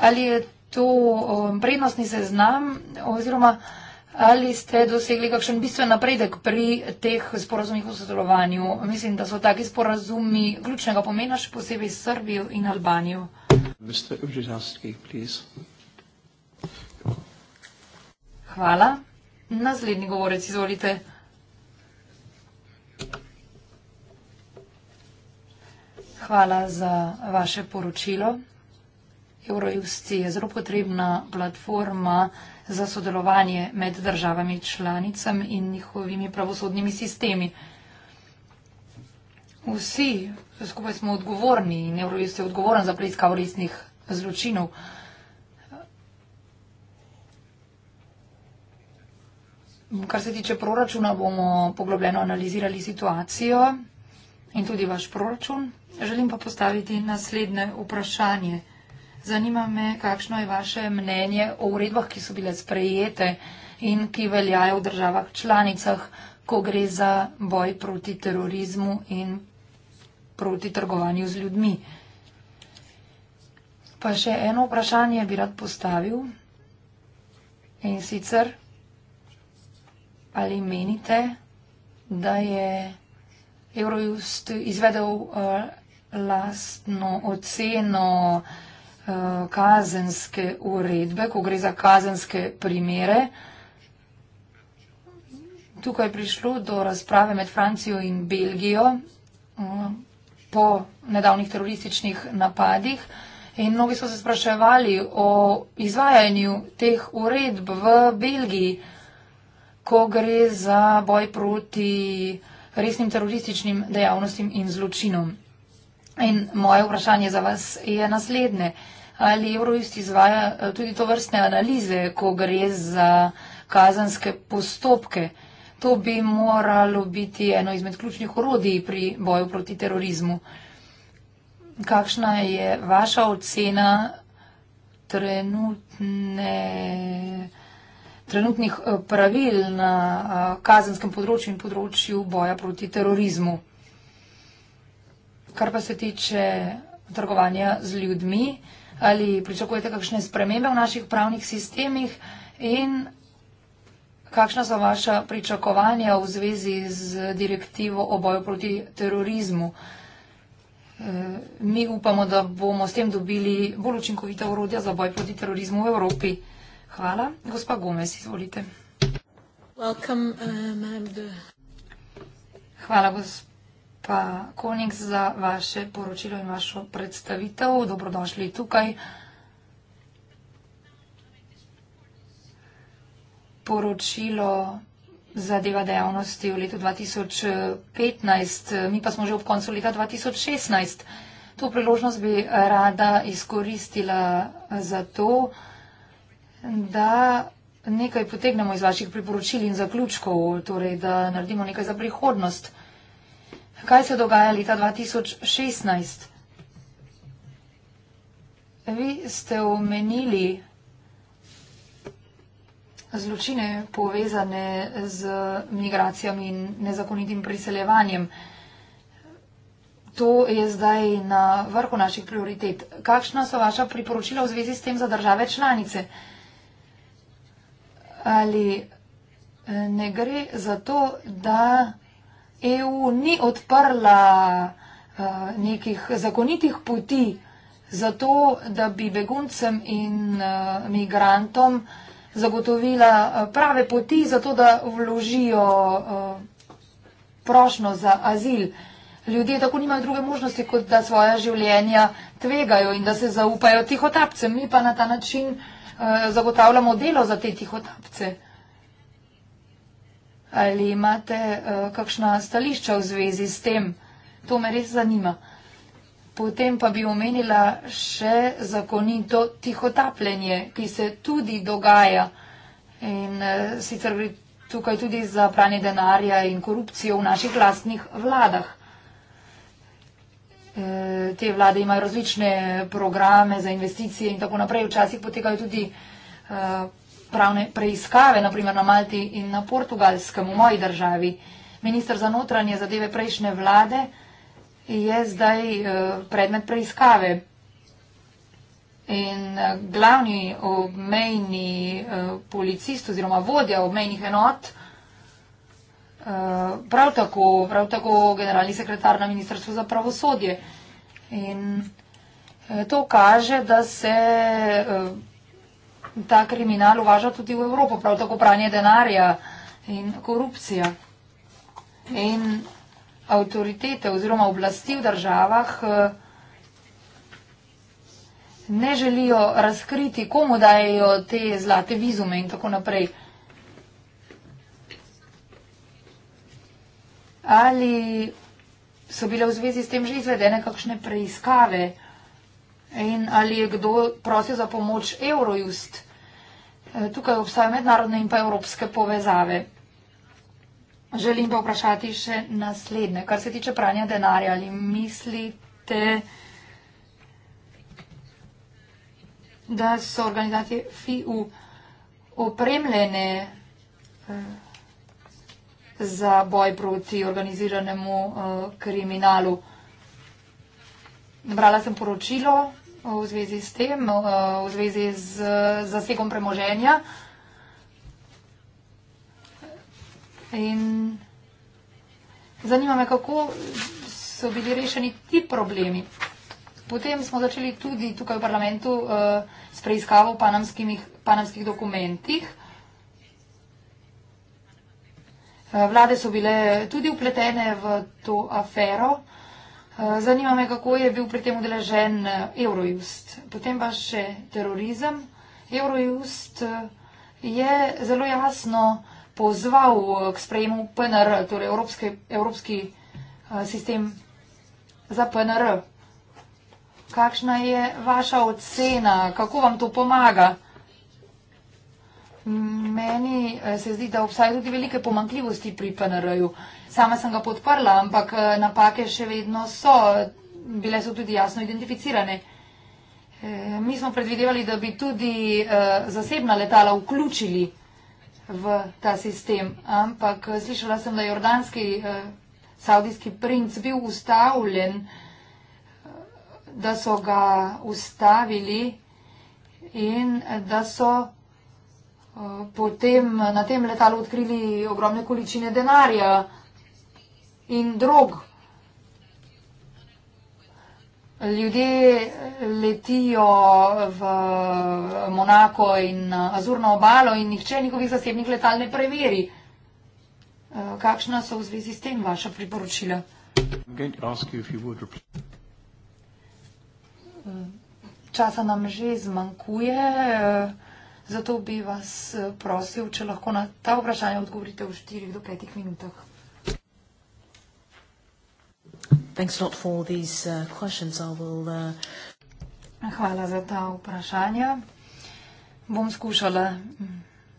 Ali je to eh, prednostni seznam oziroma Ali ste dosegli kakšen bistven napredek pri teh sporazumih o sodelovanju? Mislim, da so taki sporazumi ključnega pomena, še posebej s Srbijo in Albanijo. Hvala. Naslednji govorec, izvolite. Hvala za vaše poročilo. Eurojust je zelo potrebna platforma, za sodelovanje med državami članicami in njihovimi pravosodnimi sistemi. Vsi skupaj smo odgovorni in Eurojust je odgovoren za preiskavo resnih zločinov. Kar se tiče proračuna, bomo poglobljeno analizirali situacijo in tudi vaš proračun. Želim pa postaviti naslednje vprašanje. Zanima me, kakšno je vaše mnenje o uredbah, ki so bile sprejete in ki veljajo v državah članicah, ko gre za boj proti terorizmu in proti trgovanju z ljudmi. Pa še eno vprašanje bi rad postavil. In sicer, ali menite, da je Eurojust izvedel uh, lastno oceno, Eh, kazenske uredbe, ko gre za kazenske primere. Tukaj je prišlo do razprave med Francijo in Belgijo eh, po nedavnih terorističnih napadih in mnogi so se spraševali o izvajanju teh uredb v Belgiji, ko gre za boj proti resnim terorističnim dejavnostim in zločinom. In moje vprašanje za vas je naslednje. Ali Eurojust izvaja eh, tudi to vrstne analize, ko gre za kazanske postopke? To bi moralo biti eno izmed ključnih orodij pri boju proti terorizmu. Kakšna je vaša ocena trenutne, trenutnih eh, pravil na eh, kazanskem področju in področju boja proti terorizmu? Kar pa se tiče trgovanja z ljudmi, ali pričakujete kakšne spremembe v naših pravnih sistemih in kakšna so vaša pričakovanja v zvezi z direktivo o boju proti terorizmu? Eh, mi upamo, da bomo s tem dobili bolj učinkovite urodja za boj proti terorizmu v Evropi. Hvala. Gospa Gomez, izvolite. Welcome, uh, Hvala, gospod pa Koniks za vaše poročilo in vašo predstavitev. Dobrodošli tukaj. Poročilo zadeva dejavnosti v letu 2015, mi pa smo že ob koncu leta 2016. To priložnost bi rada izkoristila za to, da nekaj potegnemo iz vaših priporočil in zaključkov, torej da naredimo nekaj za prihodnost kaj se dogaja leta 2016. Vi ste omenili zločine povezane z migracijami in nezakonitim priseljevanjem. To je zdaj na vrhu naših prioritet. Kakšna so vaša priporočila v zvezi s tem za države članice? Ali ne gre za to, da EU ni odprla uh, nekih zakonitih poti za to, da bi beguncem in uh, migrantom zagotovila eh, prave poti za to, da vložijo uh, prošno za azil. Ljudje tako nimajo druge možnosti, kot da svoja življenja tvegajo in da se zaupajo tihotapcem. Mi pa na ta način uh, zagotavljamo delo za te tihotapce. Uh, ali imate uh, kakšna stališča v zvezi s tem. To me res zanima. Potem pa bi omenila še zakonito tihotapljenje, ki se tudi dogaja in uh, sicer gre tukaj tudi za pranje denarja in korupcijo v naših lastnih vladah. E, te vlade imajo različne programe za investicije in tako naprej. Včasih potekajo tudi uh, pravne preiskave, naprimer na Malti in na Portugalskem, v moji državi. Ministr za notranje zadeve prejšnje vlade je zdaj eh, predmet preiskave. In eh, glavni obmejni eh, policist oziroma vodja obmejnih enot, prav tako, prav tako generalni sekretar na Ministrstvu za pravosodje. In to kaže, da se ta kriminal uvaža tudi v Evropo, prav tako pranje denarja in korupcija. In avtoritete oziroma oblasti v državah eh, ne želijo razkriti, komu dajejo te zlate vizume in tako naprej. Ali so bile v zvezi s tem že izvedene kakšne preiskave? In ali je kdo prosil za pomoč Eurojust? E, tukaj obstajajo mednarodne in pa evropske povezave. Želim pa vprašati še naslednje, kar se tiče pranja denarja. Ali mislite, da so organizacije FIU opremljene e, za boj proti organiziranemu e, kriminalu? Nabrala sem poročilo v zvezi s tem, eh, v zvezi z zasegom premoženja. In zanima me, kako so bili rešeni ti problemi. Potem smo začeli tudi tukaj v parlamentu eh, s preiskavo v panamskih, panamskih dokumentih. Eh, vlade so bile tudi upletene v to afero. Zanima me, kako je bil pri tem udeležen eh, Eurojust. Potem pa še terorizem. Eurojust eh, je zelo jasno pozval eh, k sprejemu PNR, torej Evropske, Evropski sistem za PNR. Kakšna je vaša ocena, kako vam to pomaga? Meni eh, se zdi, da obstajajo tudi velike pomankljivosti pri PNR-ju. Sama sem ga podprla, ampak eh, napake še vedno so, bile so tudi jasno identificirane. Eh, mi smo predvidevali, da bi tudi zasebna letala vključili v ta sistem, ampak slišala sem, da je jordanski saudijski princ bil ustavljen, da so ga ustavili in da so potem na tem letalu odkrili ogromne količine denarja in drog. Ljudje letijo v Monako in Azurno obalo in nihče njihovih zasebnih letal ne preveri. Eh, kakšna so v zvezi s tem vaša priporočila? Časa nam že zmanjkuje. Eh, Zato bi vas eh, prosil, če lahko na ta vprašanja odgovorite v 4 do 5 minutah. Uh, uh, Hvala za ta vprašanja. Bom skušala mm,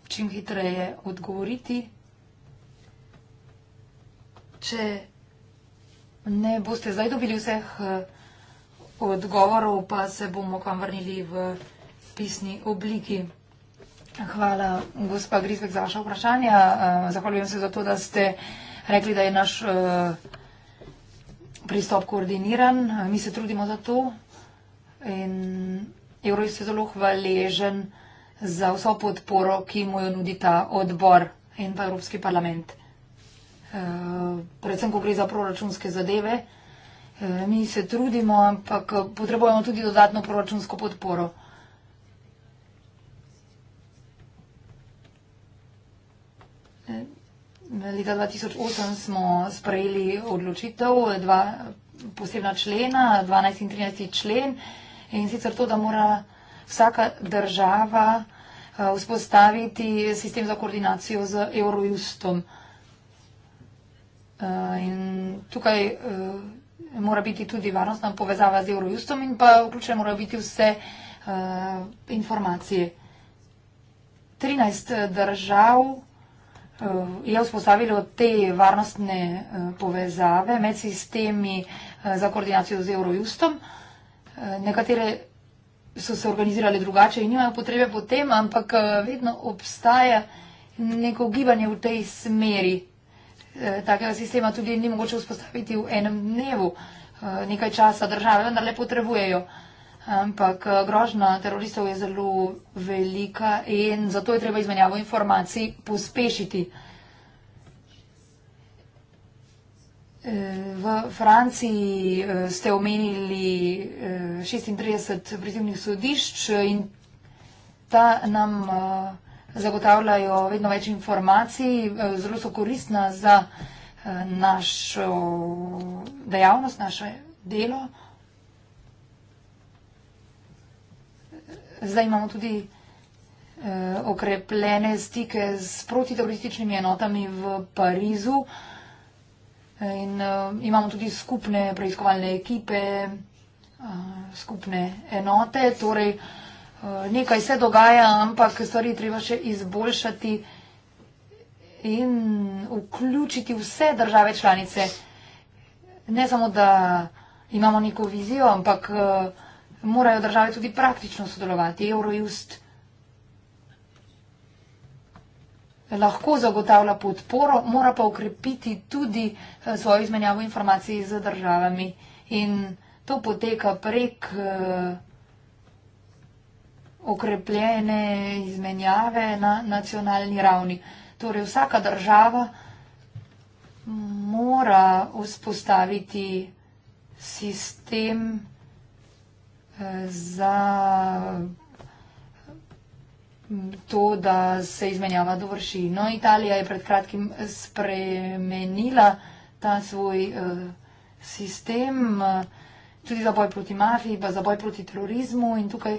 čim hitreje odgovoriti. Če ne boste zdaj dobili vseh eh, odgovorov, pa se bomo k vam vrnili v pisni obliki. Hvala, gospa Grizbek, za vaše vprašanje. Eh, zahvaljujem se za to, da ste rekli, da je naš eh, pristop koordiniran. Mi se trudimo za to in Euroist je zelo hvaležen za vso podporo, ki mu jo nudita odbor in pa Evropski parlament. Eh, predvsem, ko gre za proračunske zadeve, mi se trudimo, ampak potrebujemo tudi dodatno proračunsko podporo. leta 2008 smo sprejeli odločitev, dva posebna člena, 12 in 13 člen in sicer to, da mora vsaka država eh, vzpostaviti sistem za koordinacijo z Eurojustom. Eh, in tukaj eh, mora biti tudi varnostna povezava z Eurojustom in pa vključene mora biti vse informacije. 13 držav Eh, je vzpostavilo te varnostne eh, povezave med sistemi eh, za koordinacijo z Eurojustom. Nekatere so se organizirale drugače in nimajo potrebe po tem, ampak vedno obstaja neko gibanje v tej smeri. Takega sistema tudi ni mogoče vzpostaviti v enem dnevu. Nekaj časa države vendarle potrebujejo ampak eh, grožna teroristov je zelo velika in zato je treba izmenjavo informacij pospešiti. Eh, v Franciji eh, ste omenili 36 prizivnih sodišč in ta nam zagotavljajo vedno več informacij, zelo so koristna za našo dejavnost, naše delo, Zdaj imamo tudi eh, okrepljene stike s protiterorističnimi enotami v Parizu in eh, imamo tudi skupne preiskovalne ekipe, eh, skupne enote. Torej, eh, Nekaj se dogaja, ampak stvari treba še izboljšati in vključiti vse države članice. Ne samo, da imamo neko vizijo, ampak uh, morajo države tudi praktično sodelovati. Eurojust lahko zagotavlja podporo, mora pa ukrepiti tudi eh, svojo izmenjavo informacij z državami. In to poteka prek eh, okrepljene izmenjave na nacionalni ravni. Torej vsaka država mora vzpostaviti sistem, za to, da se izmenjava dovrši. No, Italija je pred kratkim spremenila ta svoj eh, sistem eh, tudi za boj proti mafiji, pa za boj proti terorizmu in tukaj.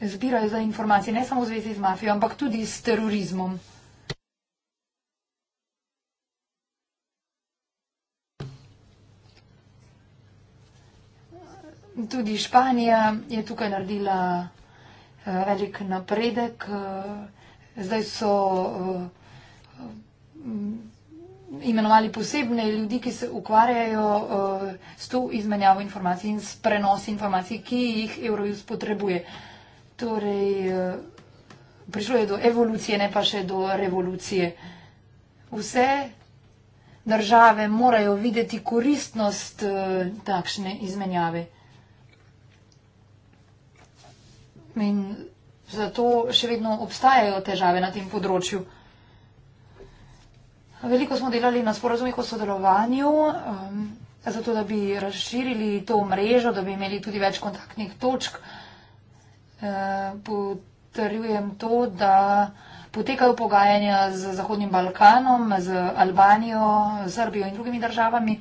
Zbirajo za informacije ne samo v zvezi z mafijo, ampak tudi s terorizmom. tudi Španija je tukaj naredila eh, velik napredek. Eh, zdaj so eh, imenovali posebne ljudi, ki se ukvarjajo s to izmenjavo informacij in s prenosi informacij, ki jih Eurojus potrebuje. Torej, prišlo je do evolucije, ne pa še do revolucije. Vse države morajo videti koristnost takšne izmenjave. In zato še vedno obstajajo težave na tem področju. Veliko smo delali na sporazumih o sodelovanju, um, zato da bi razširili to mrežo, da bi imeli tudi več kontaktnih točk. E, potrjujem to, da potekajo pogajanja z Zahodnim Balkanom, z Albanijo, Srbijo in drugimi državami.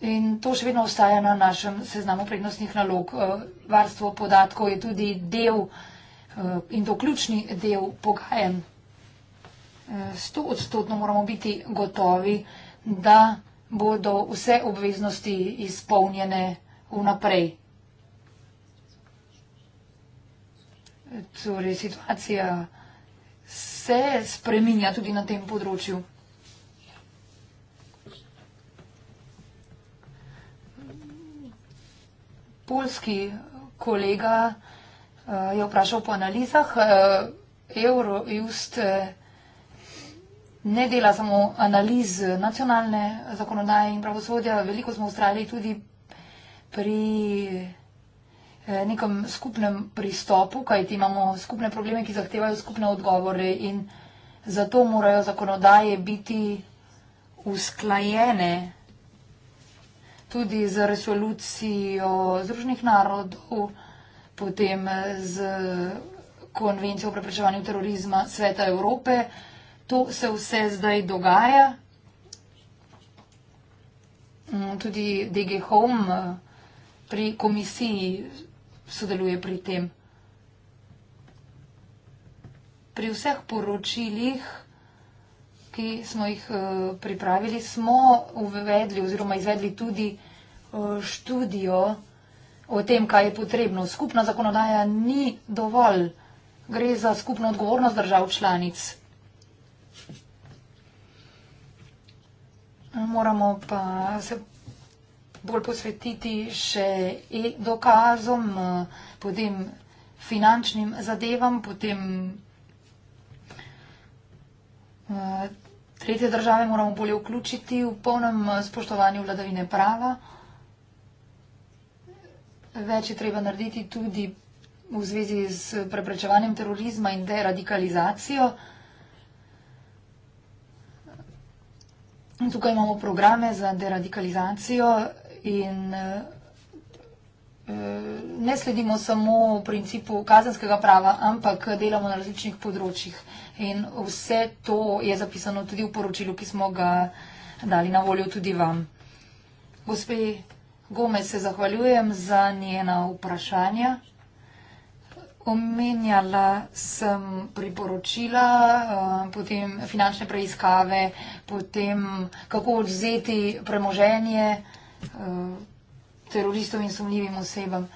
In to še vedno ostaja na našem seznamu prednostnih nalog. Eh, varstvo podatkov je tudi del eh, in to ključni del pogajen. Eh, Sto odstotno moramo biti gotovi, da bodo vse obveznosti izpolnjene vnaprej. Torej, situacija se spreminja tudi na tem področju. polski kolega uh, je vprašal po analizah. Uh, Eurojust uh, ne dela samo analiz nacionalne zakonodaje in pravosodja. Veliko smo v Avstraliji tudi pri nekem skupnem pristopu, kajti imamo skupne probleme, ki zahtevajo skupne odgovore in zato morajo zakonodaje biti usklajene tudi z resolucijo Združenih narodov, potem z konvencijo o preprečevanju terorizma Sveta Evrope. To se vse zdaj dogaja. Mm, tudi DG Home eh, pri komisiji sodeluje pri tem. Pri vseh poročilih ki smo jih eh, pripravili, smo uvedli oziroma izvedli tudi eh, študijo o tem, kaj je potrebno. Skupna zakonodaja ni dovolj. Gre za skupno odgovornost držav članic. Moramo pa se bolj posvetiti še dokazom, eh, potem finančnim zadevam, potem Tretje države moramo bolje vključiti v polnem eh, spoštovanju vladavine prava. Več je treba narediti tudi v zvezi z preprečevanjem terorizma in deradikalizacijo. Tukaj imamo programe za deradikalizacijo in eh, Eh, ne sledimo samo principu kazenskega prava, ampak delamo na različnih področjih. In vse to je zapisano tudi v poročilu, ki smo ga dali na voljo tudi vam. Gospe Gome, se zahvaljujem za njena vprašanja. Omenjala sem priporočila, eh, potem finančne preiskave, potem kako odzeti premoženje. Eh, teroristom in sumljivim osebam,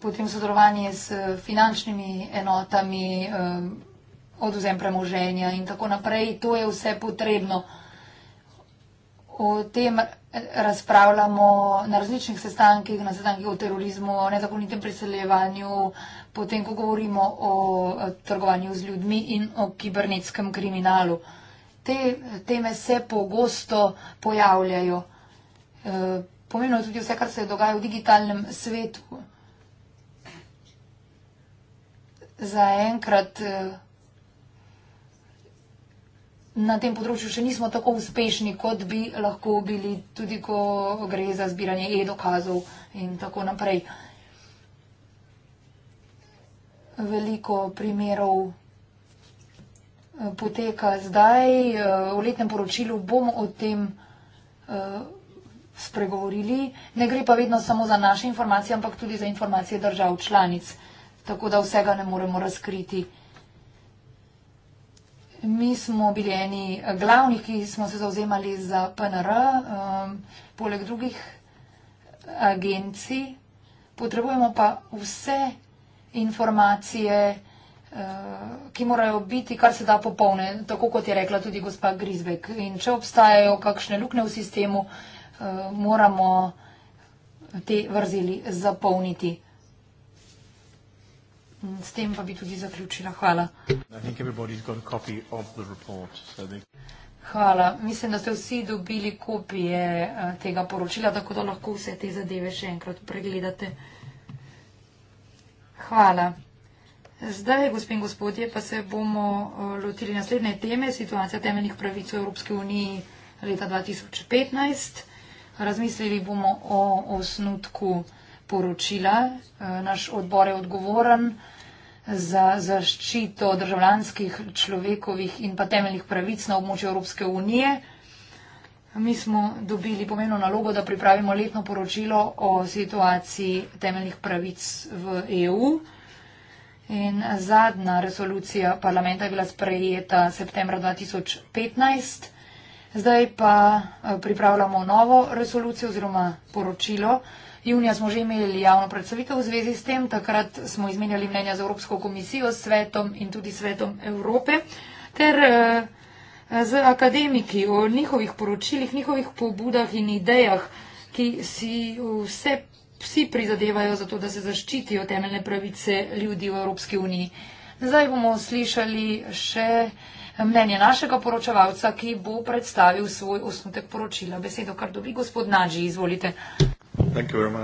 potem sodelovanje s finančnimi enotami, eh, oduzem premoženja in tako naprej. To je vse potrebno. O tem razpravljamo na različnih sestankih, na sestankih o terorizmu, o nezakonitem priseljevanju, potem, ko govorimo o eh, trgovanju z ljudmi in o kibernetskem kriminalu. Te teme se pogosto pojavljajo. Eh, pomenilo tudi vse, kar se je dogajalo v digitalnem svetu. Za enkrat eh, na tem področju še nismo tako uspešni, kot bi lahko bili, tudi ko gre za zbiranje e-dokazov in tako naprej. Veliko primerov eh, poteka zdaj. Eh, v letnem poročilu bomo o tem spregovorili. Ne gre pa vedno samo za naše informacije, ampak tudi za informacije držav članic, tako da vsega ne moremo razkriti. Mi smo bili eni glavnih, ki smo se zauzemali za PNR, um, poleg drugih agencij. Potrebujemo pa vse informacije, uh, ki morajo biti kar se da popolne, tako kot je rekla tudi gospa Grizbek. In če obstajajo kakšne lukne v sistemu, uh, Eh, moramo te vrzeli zapolniti. Mm, s tem pa bi tudi zaključila. Hvala. Hvala. Mislim, da ste vsi dobili kopije eh, tega poročila, tako da lahko vse te zadeve še enkrat pregledate. Hvala. Zdaj, gospod in gospodje, pa se bomo eh, lotili naslednje teme, situacija temeljnih pravic v Evropski uniji leta 2015. Razmislili bomo o osnutku poročila. E, naš odbor je odgovoren za zaščito državljanskih, človekovih in pa temeljnih pravic na območju Evropske unije. Mi smo dobili pomeno nalogo, da pripravimo letno poročilo o situaciji temeljnih pravic v EU. In zadnja resolucija parlamenta je bila sprejeta septembra 2015. Zdaj pa eh, pripravljamo novo resolucijo oziroma poročilo. Junija smo že imeli javno predstavitev v zvezi s tem, takrat smo izmenjali mnenja z Evropsko komisijo, s svetom in tudi svetom Evrope ter eh, z akademiki o njihovih poročilih, njihovih pobudah in idejah, ki si vse, vsi prizadevajo za to, da se zaščitijo temeljne pravice ljudi v Evropski uniji. Zdaj bomo slišali še mnenje našega poročevalca, ki bo predstavil svoj osnutek poročila. Besedo kar dobi gospod Nađi, izvolite. Uh, uh,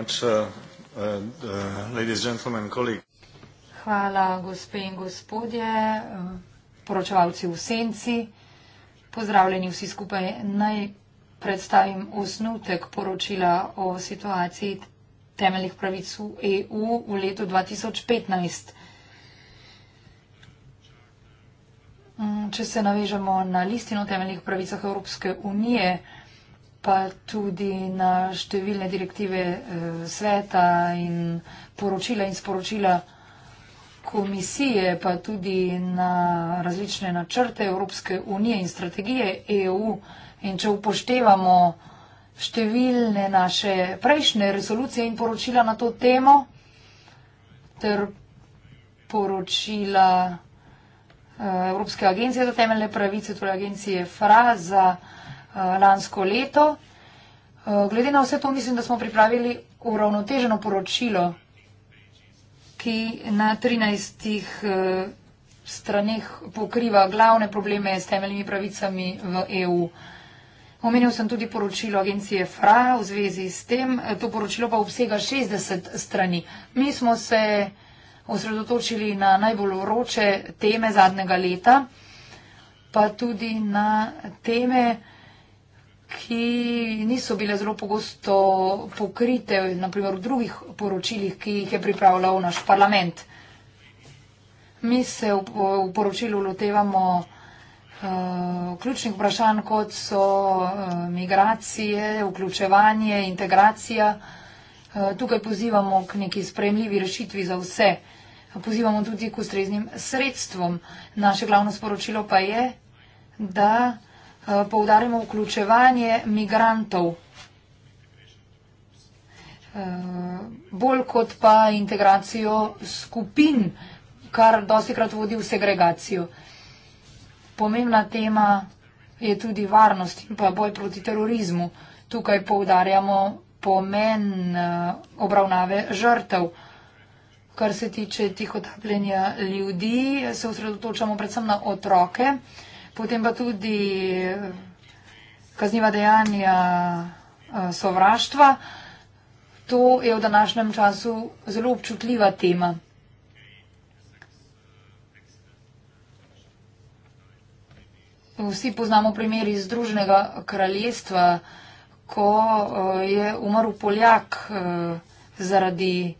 uh, Hvala, gospe in gospodje, poročevalci v senci. Pozdravljeni vsi skupaj. Naj predstavim osnutek poročila o situaciji temeljnih pravic v EU v letu 2015. Mm, če se navežemo na listino temeljnih pravicah Evropske unije, pa tudi na številne direktive eh, sveta in poročila in sporočila komisije, pa tudi na različne načrte Evropske unije in strategije EU. In če upoštevamo številne naše prejšnje resolucije in poročila na to temo ter poročila Eh, Evropske agencije za temeljne pravice, torej agencije FRA za eh, lansko leto. Eh, glede na vse to mislim, da smo pripravili uravnoteženo poročilo, ki na 13 straneh pokriva glavne probleme s temeljnimi pravicami v EU. Omenil sem tudi poročilo agencije FRA v zvezi s tem. To poročilo pa obsega 60 strani. Mi smo se osredotočili na najbolj vroče teme zadnjega leta, pa tudi na teme, ki niso bile zelo pogosto pokrite, naprimer v drugih poročilih, ki jih je pripravljal naš parlament. Mi se v poročilu lotevamo uh, ključnih vprašanj, kot so uh, migracije, vključevanje, integracija. Uh, tukaj pozivamo k neki sprejemljivi rešitvi za vse. Uh, pozivamo tudi k ustreznim sredstvom. Naše glavno sporočilo pa je, da eh, poudarimo vključevanje migrantov. Eh, bolj kot pa integracijo skupin, kar dostikrat vodi v segregacijo. Pomembna tema je tudi varnost in pa boj proti terorizmu. Tukaj poudarjamo pomen eh, obravnave žrtev kar se tiče tihotapljenja ljudi, se osredotočamo predvsem na otroke, potem pa tudi eh, kazniva dejanja eh, sovraštva. To je v današnjem času zelo občutljiva tema. Vsi poznamo primer iz Združenega kraljestva, ko eh, je umrl Poljak zaradi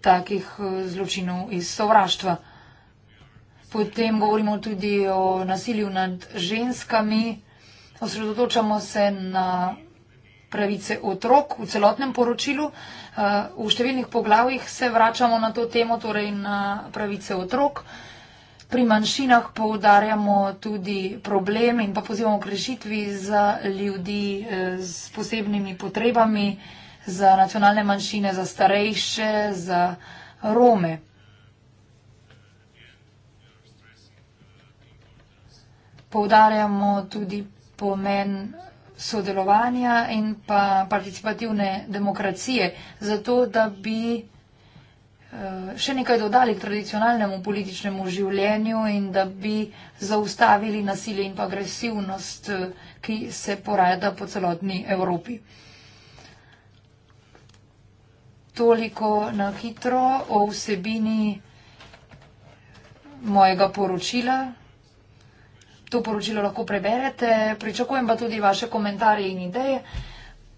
takih eh, zločinov iz sovraštva. Potem govorimo tudi o nasilju nad ženskami. Osredotočamo se na pravice otrok v celotnem poročilu. Eh, v številnih poglavjih se vračamo na to temo, torej na pravice otrok. Pri manjšinah poudarjamo tudi problem in pa pozivamo k rešitvi za ljudi eh, s posebnimi potrebami za nacionalne manjšine, za starejše, za Rome. Poudarjamo tudi pomen sodelovanja in pa participativne demokracije, zato da bi eh, še nekaj dodali k tradicionalnemu političnemu življenju in da bi zaustavili nasilje in pa agresivnost, eh, ki se porajata po celotni Evropi toliko na hitro o vsebini mojega poročila. To poročilo lahko preberete, pričakujem pa tudi vaše komentarje in ideje.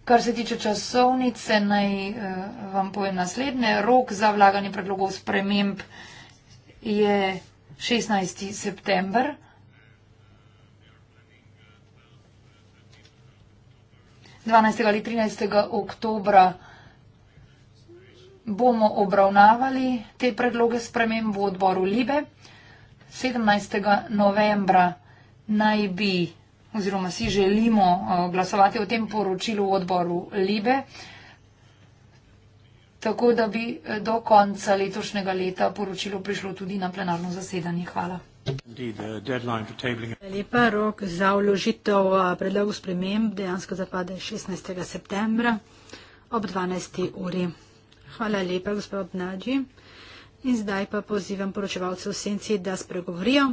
Kar se tiče časovnice, naj eh, vam povem naslednje. Rok za vlaganje predlogov sprememb je 16. september. 12. ali 13. oktobra bomo obravnavali te predloge sprememb v odboru Libe. 17. novembra naj bi oziroma si želimo eh, glasovati o tem poročilu v odboru Libe, tako da bi eh, do konca letošnjega leta poročilo prišlo tudi na plenarno zasedanje. Hvala. Lepa rok za vložitev eh, predlogu sprememb dejansko zapade 16. septembra ob 12. uri. Hvala lepa, gospod Obnađi. In zdaj pa pozivam poročevalce v senci, da spregovorijo.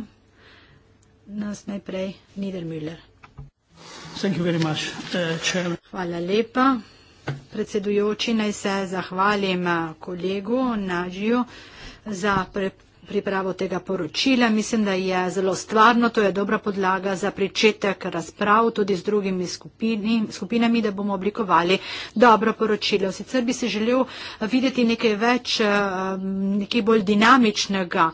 Nas najprej Niedermüller. Uh, Hvala lepa. Predsedujoči naj se zahvalim uh, kolegu Nađiju za pre, pripravo tega poročila. Mislim, da je zelo stvarno, to je dobra podlaga za pričetek razprav tudi z drugimi skupini, skupinami, da bomo oblikovali dobro poročilo. Sicer bi se želel videti nekaj več, eh, nekaj bolj dinamičnega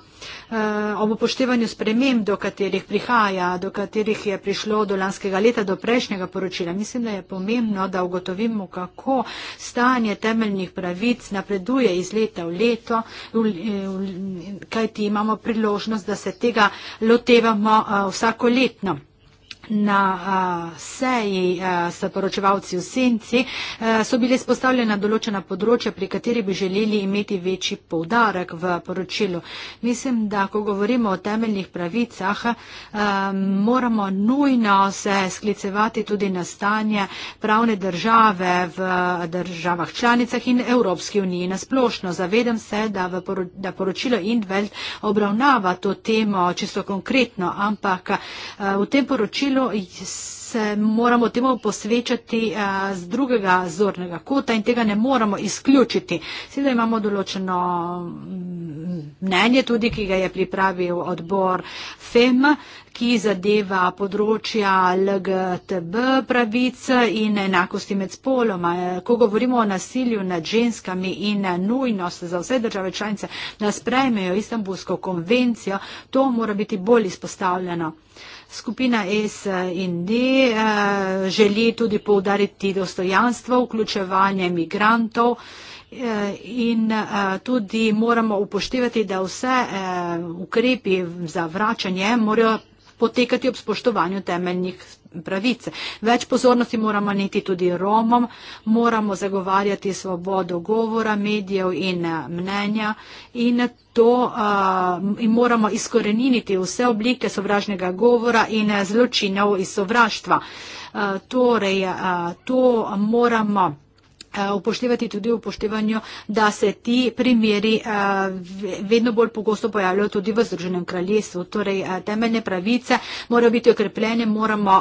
Eh, ob upoštevanju sprememb, do katerih prihaja, do katerih je prišlo do lanskega leta, do prejšnjega poročila. Mislim, da je pomembno, da ugotovimo, kako stanje temeljnih pravic napreduje iz leta v leto, kajti imamo priložnost, da se tega lotevamo eh, vsakoletno. Na seji s poročevalci v senci so bile spostavljena določena področja, pri kateri bi želeli imeti večji povdarek v poročilu. Mislim, da ko govorimo o temeljnih pravicah, moramo nujno se sklicevati tudi na stanje pravne države v državah članicah in Evropski uniji na splošno. Zavedam se, da poročilo Indveld obravnava to temo čisto konkretno, ampak v tem poročilu delo se moramo temu posvečati eh, z drugega zornega kota in tega ne moramo izključiti. Seveda imamo določeno mm, mnenje tudi, ki ga je pripravil odbor FEM, ki zadeva področja LGTB pravic in enakosti med spoloma. Ko govorimo o nasilju nad ženskami in nujnost za vse države članice, da sprejmejo Istanbulsko konvencijo, to mora biti bolj izpostavljeno. Skupina S in D eh, želi tudi povdariti dostojanstvo, vključevanje migrantov eh, in eh, tudi moramo upoštevati, da vse ukrepi za vračanje morajo potekati ob spoštovanju temeljnih pravice. Več pozornosti moramo niti tudi Romom, moramo zagovarjati svobodo govora, medijev in eh, mnenja in to uh, in moramo izkoreniniti vse oblike sovražnega govora in eh, zločinov iz sovraštva. Uh, torej, uh, to moramo Eh, upoštevati tudi v upoštevanju, da se ti primeri eh, vedno bolj pogosto pojavljajo tudi v Združenem kraljestvu. Torej, eh, temeljne pravice morajo biti okrepljene, moramo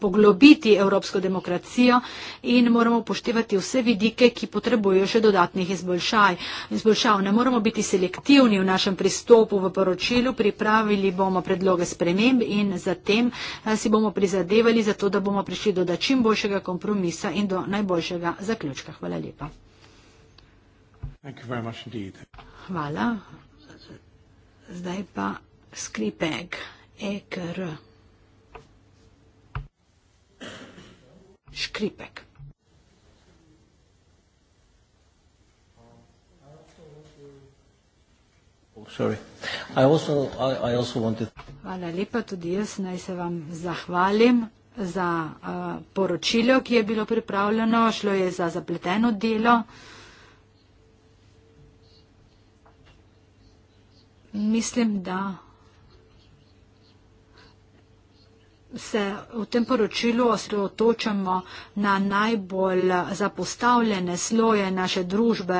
poglobiti evropsko demokracijo in moramo upoštevati vse vidike, ki potrebujejo še dodatnih izboljšaj. izboljšav. Ne moramo biti selektivni v našem pristopu v poročilu, pripravili bomo predloge sprememb in zatem si bomo prizadevali za to, da bomo prišli do čim boljšega kompromisa in do najboljšega zaključka. Hvala lepa. Hvala. Zdaj pa sklep EG. EKR. Škripek. Oh, Hvala lepa, tudi jaz naj se vam zahvalim za uh, poročilo, ki je bilo pripravljeno, šlo je za zapleteno delo. Mislim, da se v tem poročilu osredotočamo na najbolj zapostavljene sloje naše družbe,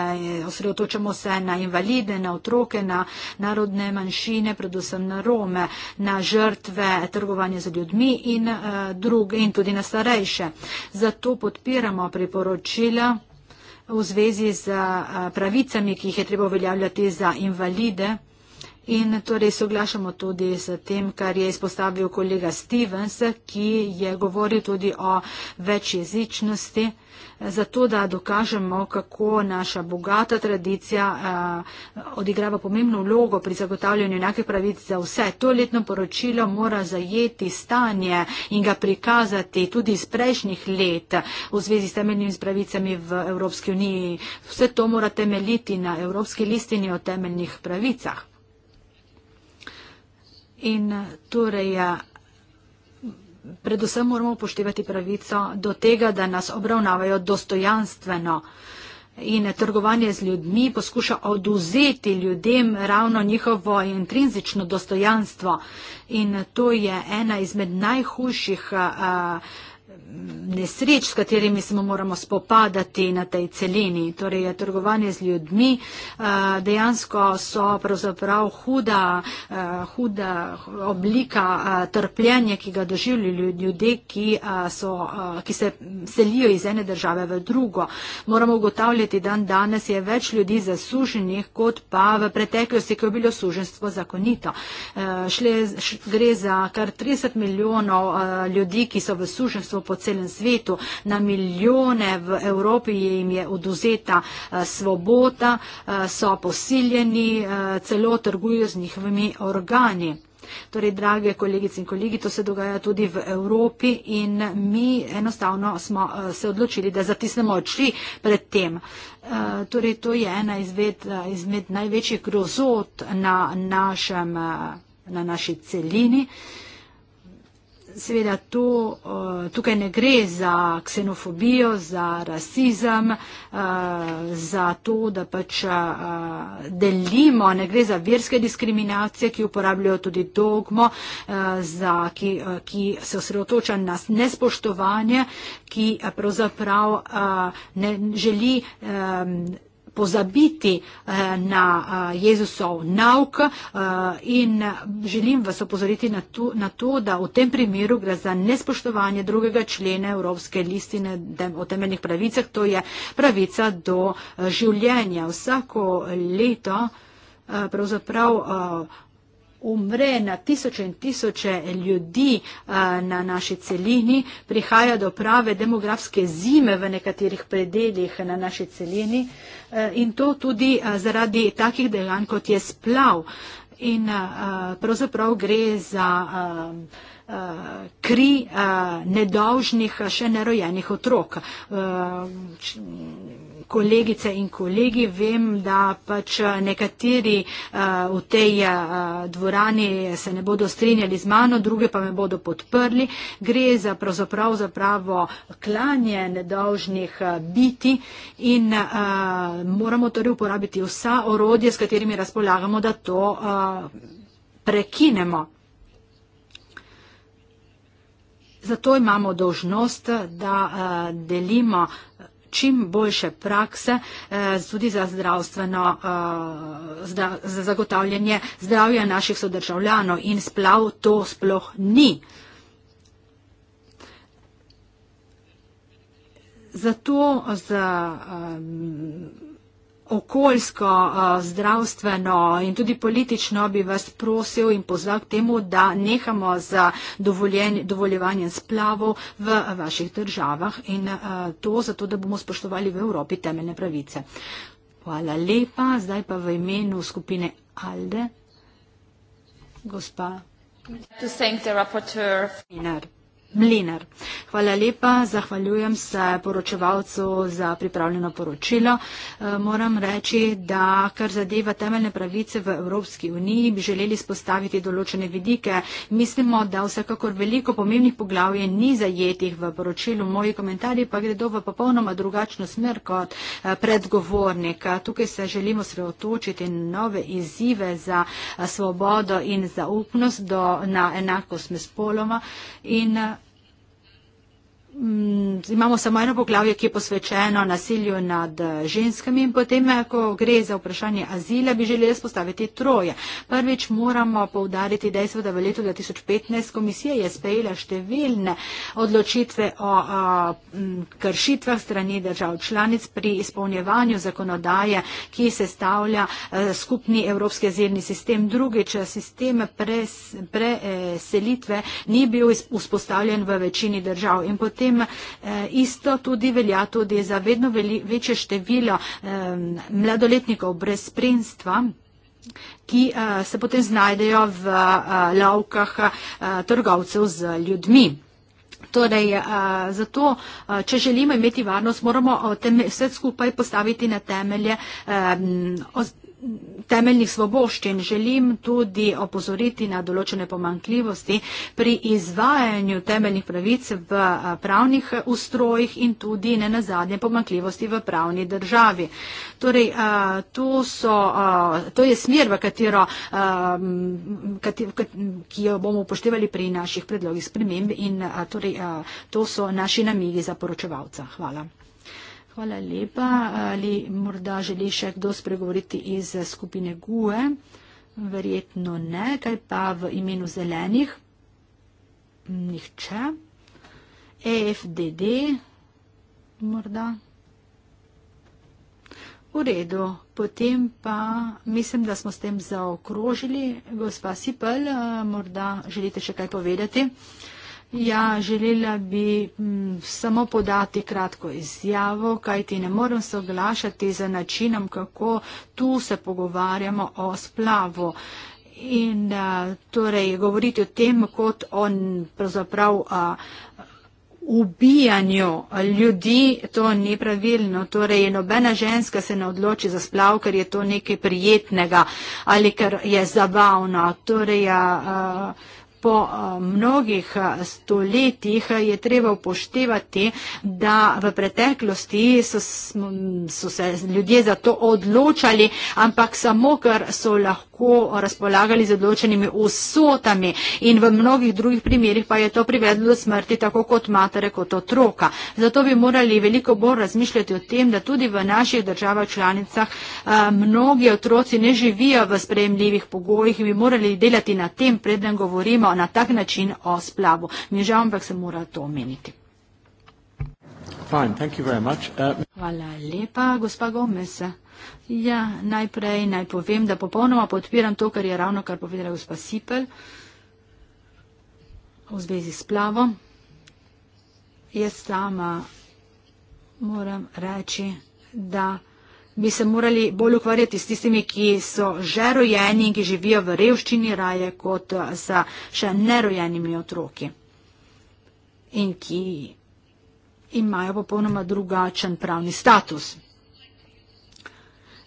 osredotočamo se na invalide, na otroke, na narodne manjšine, predvsem na Rome, na žrtve trgovanja z ljudmi in, uh, druge, in tudi na starejše. Zato podpiramo priporočila v zvezi z eh, pravicami, ki jih je treba uveljavljati za invalide. In torej soglašamo tudi s tem, kar je izpostavil kolega Stevens, ki je govoril tudi o večjezičnosti, zato da dokažemo, kako naša bogata tradicija uh, odigrava pomembno vlogo pri zagotavljanju enake pravic za vse. To letno poročilo mora zajeti stanje in ga prikazati tudi iz prejšnjih let v zvezi s temeljnimi pravicami v Evropski uniji. Vse to mora temeljiti na Evropski listini o temeljnih pravicah. In eh, torej, ja, predvsem moramo upoštevati pravico do tega, da nas obravnavajo dostojanstveno. In eh, trgovanje z ljudmi poskuša oduzeti ljudem ravno njihovo intrinzično dostojanstvo. In eh, to je ena izmed najhujših. A, nesreč, s katerimi se moramo spopadati na tej celini. Torej, trgovanje z ljudmi eh, dejansko so pravzaprav huda, eh, huda oblika eh, trpljenja, ki ga doživljajo ljudje, ki, so, ki se selijo iz ene države v drugo. Moramo ugotavljati, da danes je več ljudi zasuženih, kot pa v preteklosti, ko je bilo suženstvo zakonito. Šle, šle, gre za kar 30 milijonov ljudi, ki so v suženstvu po celem svetu, na milijone v Evropi jim je oduzeta eh, svoboda, eh, so posiljeni, eh, celo trgujo z njihovimi organi. Torej, drage kolegice in kolegi, to se dogaja tudi v Evropi in mi enostavno smo se odločili, da zatisnemo oči pred tem. Torej, to je ena izved, izmed največjih grozot na, našem, na naši celini seveda to, eh, tukaj ne gre za ksenofobijo, za rasizem, eh, za to, da pač eh, delimo, ne gre za verske diskriminacije, ki uporabljajo tudi dogmo, za, ki, ki se osredotoča na nespoštovanje, ki pravzaprav ne želi pozabiti eh, na eh, Jezusov nauk eh, in želim vas opozoriti na to, na to, da v tem primeru gre za nespoštovanje drugega člena Evropske listine o temeljnih pravicah, to je pravica do življenja. Vsako leto pravzaprav umre na tisoče in tisoče ljudi a, na naši celini, prihaja do prave demografske zime v nekaterih predeljih na naši celini a, e, in to tudi a, zaradi takih dejanj, kot je splav. In a, pravzaprav gre za. A, Eh, kri eh, nedolžnih eh, še nerojenih otrok. Kolegice in kolegi, vem, da pač nekateri v tej dvorani se ne bodo strinjali z mano, druge pa me bodo podprli. Gre za pravzaprav za pravo klanje nedolžnih biti in moramo torej uporabiti vsa orodje, s katerimi razpolagamo, da to prekinemo. Zato imamo dožnost, da eh, delimo eh, čim boljše prakse eh, tudi za, zdravstveno, za zagotavljanje zdravja naših sodržavljanov in splav to sploh ni. Zato za um, okoljsko, eh, zdravstveno in tudi politično bi vas prosil in pozval k temu, da nehamo za dovoljevanje splavov v vaših državah in eh, to zato, da bomo spoštovali v Evropi temeljne pravice. Hvala lepa, zdaj pa v imenu skupine ALDE, gospa. To thank the rapporteur. Mlinar. Hvala lepa, zahvaljujem se poročevalcu za pripravljeno poročilo. Eh, moram reči, da kar zadeva temeljne pravice v Evropski uniji, bi želeli spostaviti določene vidike. Mislimo, da vsekakor veliko pomembnih poglavje ni zajetih v poročilu. Moji komentarji pa gredo v popolnoma drugačno smer kot eh, predgovornik. Tukaj se želimo sreotočiti nove izzive za eh, svobodo in zaupnost do, na enakost med spoloma. In, Mm, imamo samo eno poglavje, ki je posvečeno nasilju nad eh, ženskami in potem, eh, ko gre za vprašanje azila, bi želeli spostaviti troje. Prvič moramo povdariti dejstvo, da v letu 2015 komisija je sprejela številne odločitve o a, eh, kršitvah strani držav članic pri izpolnjevanju zakonodaje, ki sestavlja a, skupni evropski azilni sistem. Drugič, sistem preselitve pre, e, ni bil izpostavljen v večini držav in potem potem eh, isto tudi velja tudi za vedno veli, večje število eh, mladoletnikov brez spremstva ki uh, se potem znajdejo v uh, eh, lavkah uh, eh, trgovcev z ljudmi. Torej, uh, zato, uh, če želimo imeti varnost, moramo tem, vse skupaj postaviti na temelje. Um, temeljnih svoboščin želim tudi opozoriti na določene pomankljivosti pri izvajanju temeljnih pravic v pravnih e, ustrojih in tudi ne nazadnje pomankljivosti v pravni državi. Torej, to, so, to je smer, v katero, ki jo bomo upoštevali pri naših predlogih sprememb in torej, to so naši namigi za poročevalca. Hvala. Hvala lepa. Ali morda želi še kdo spregovoriti iz skupine GUE? Verjetno ne. Kaj pa v imenu zelenih? Nihče. EFDD? Morda. V redu. Potem pa mislim, da smo s tem zaokrožili. Gospa Sipel, eh, morda želite še kaj povedati? Hvala lepa. Ja, želela bi m, mm, samo podati kratko izjavo, kajti ne morem se oglašati za načinom, kako tu se pogovarjamo o splavu. In a, torej govoriti o tem kot o pravzaprav a, ubijanju ljudi, to ni pravilno. Torej, nobena ženska se ne odloči za splav, ker je to nekaj prijetnega ali ker je zabavno. Torej, a, a, po eh, mnogih eh, stoletjih je treba upoštevati, da v preteklosti so, so se ljudje za to odločali, ampak samo, ker so lahko lahko razpolagali z odločenimi usotami in v mnogih drugih primerjih pa je to privedlo do smrti tako kot matere kot otroka. Zato bi morali veliko bolj razmišljati o tem, da tudi v naših državah članicah a, eh, mnogi otroci ne živijo v sprejemljivih pogojih in bi morali delati na tem, preden govorimo na tak način o splavu. Mi žal, ampak se mora to omeniti. Fine, thank you very much. Uh, Hvala lepa, gospa Gomez. Ja, najprej naj povem, da popolnoma podpiram to, kar je ravno kar povedala gospa Sipel v zvezi s plavom. Jaz sama moram reči, da bi se morali bolj ukvarjati s tistimi, ki so že rojeni in ki živijo v revščini raje kot z še nerojenimi otroki in ki imajo popolnoma drugačen pravni status.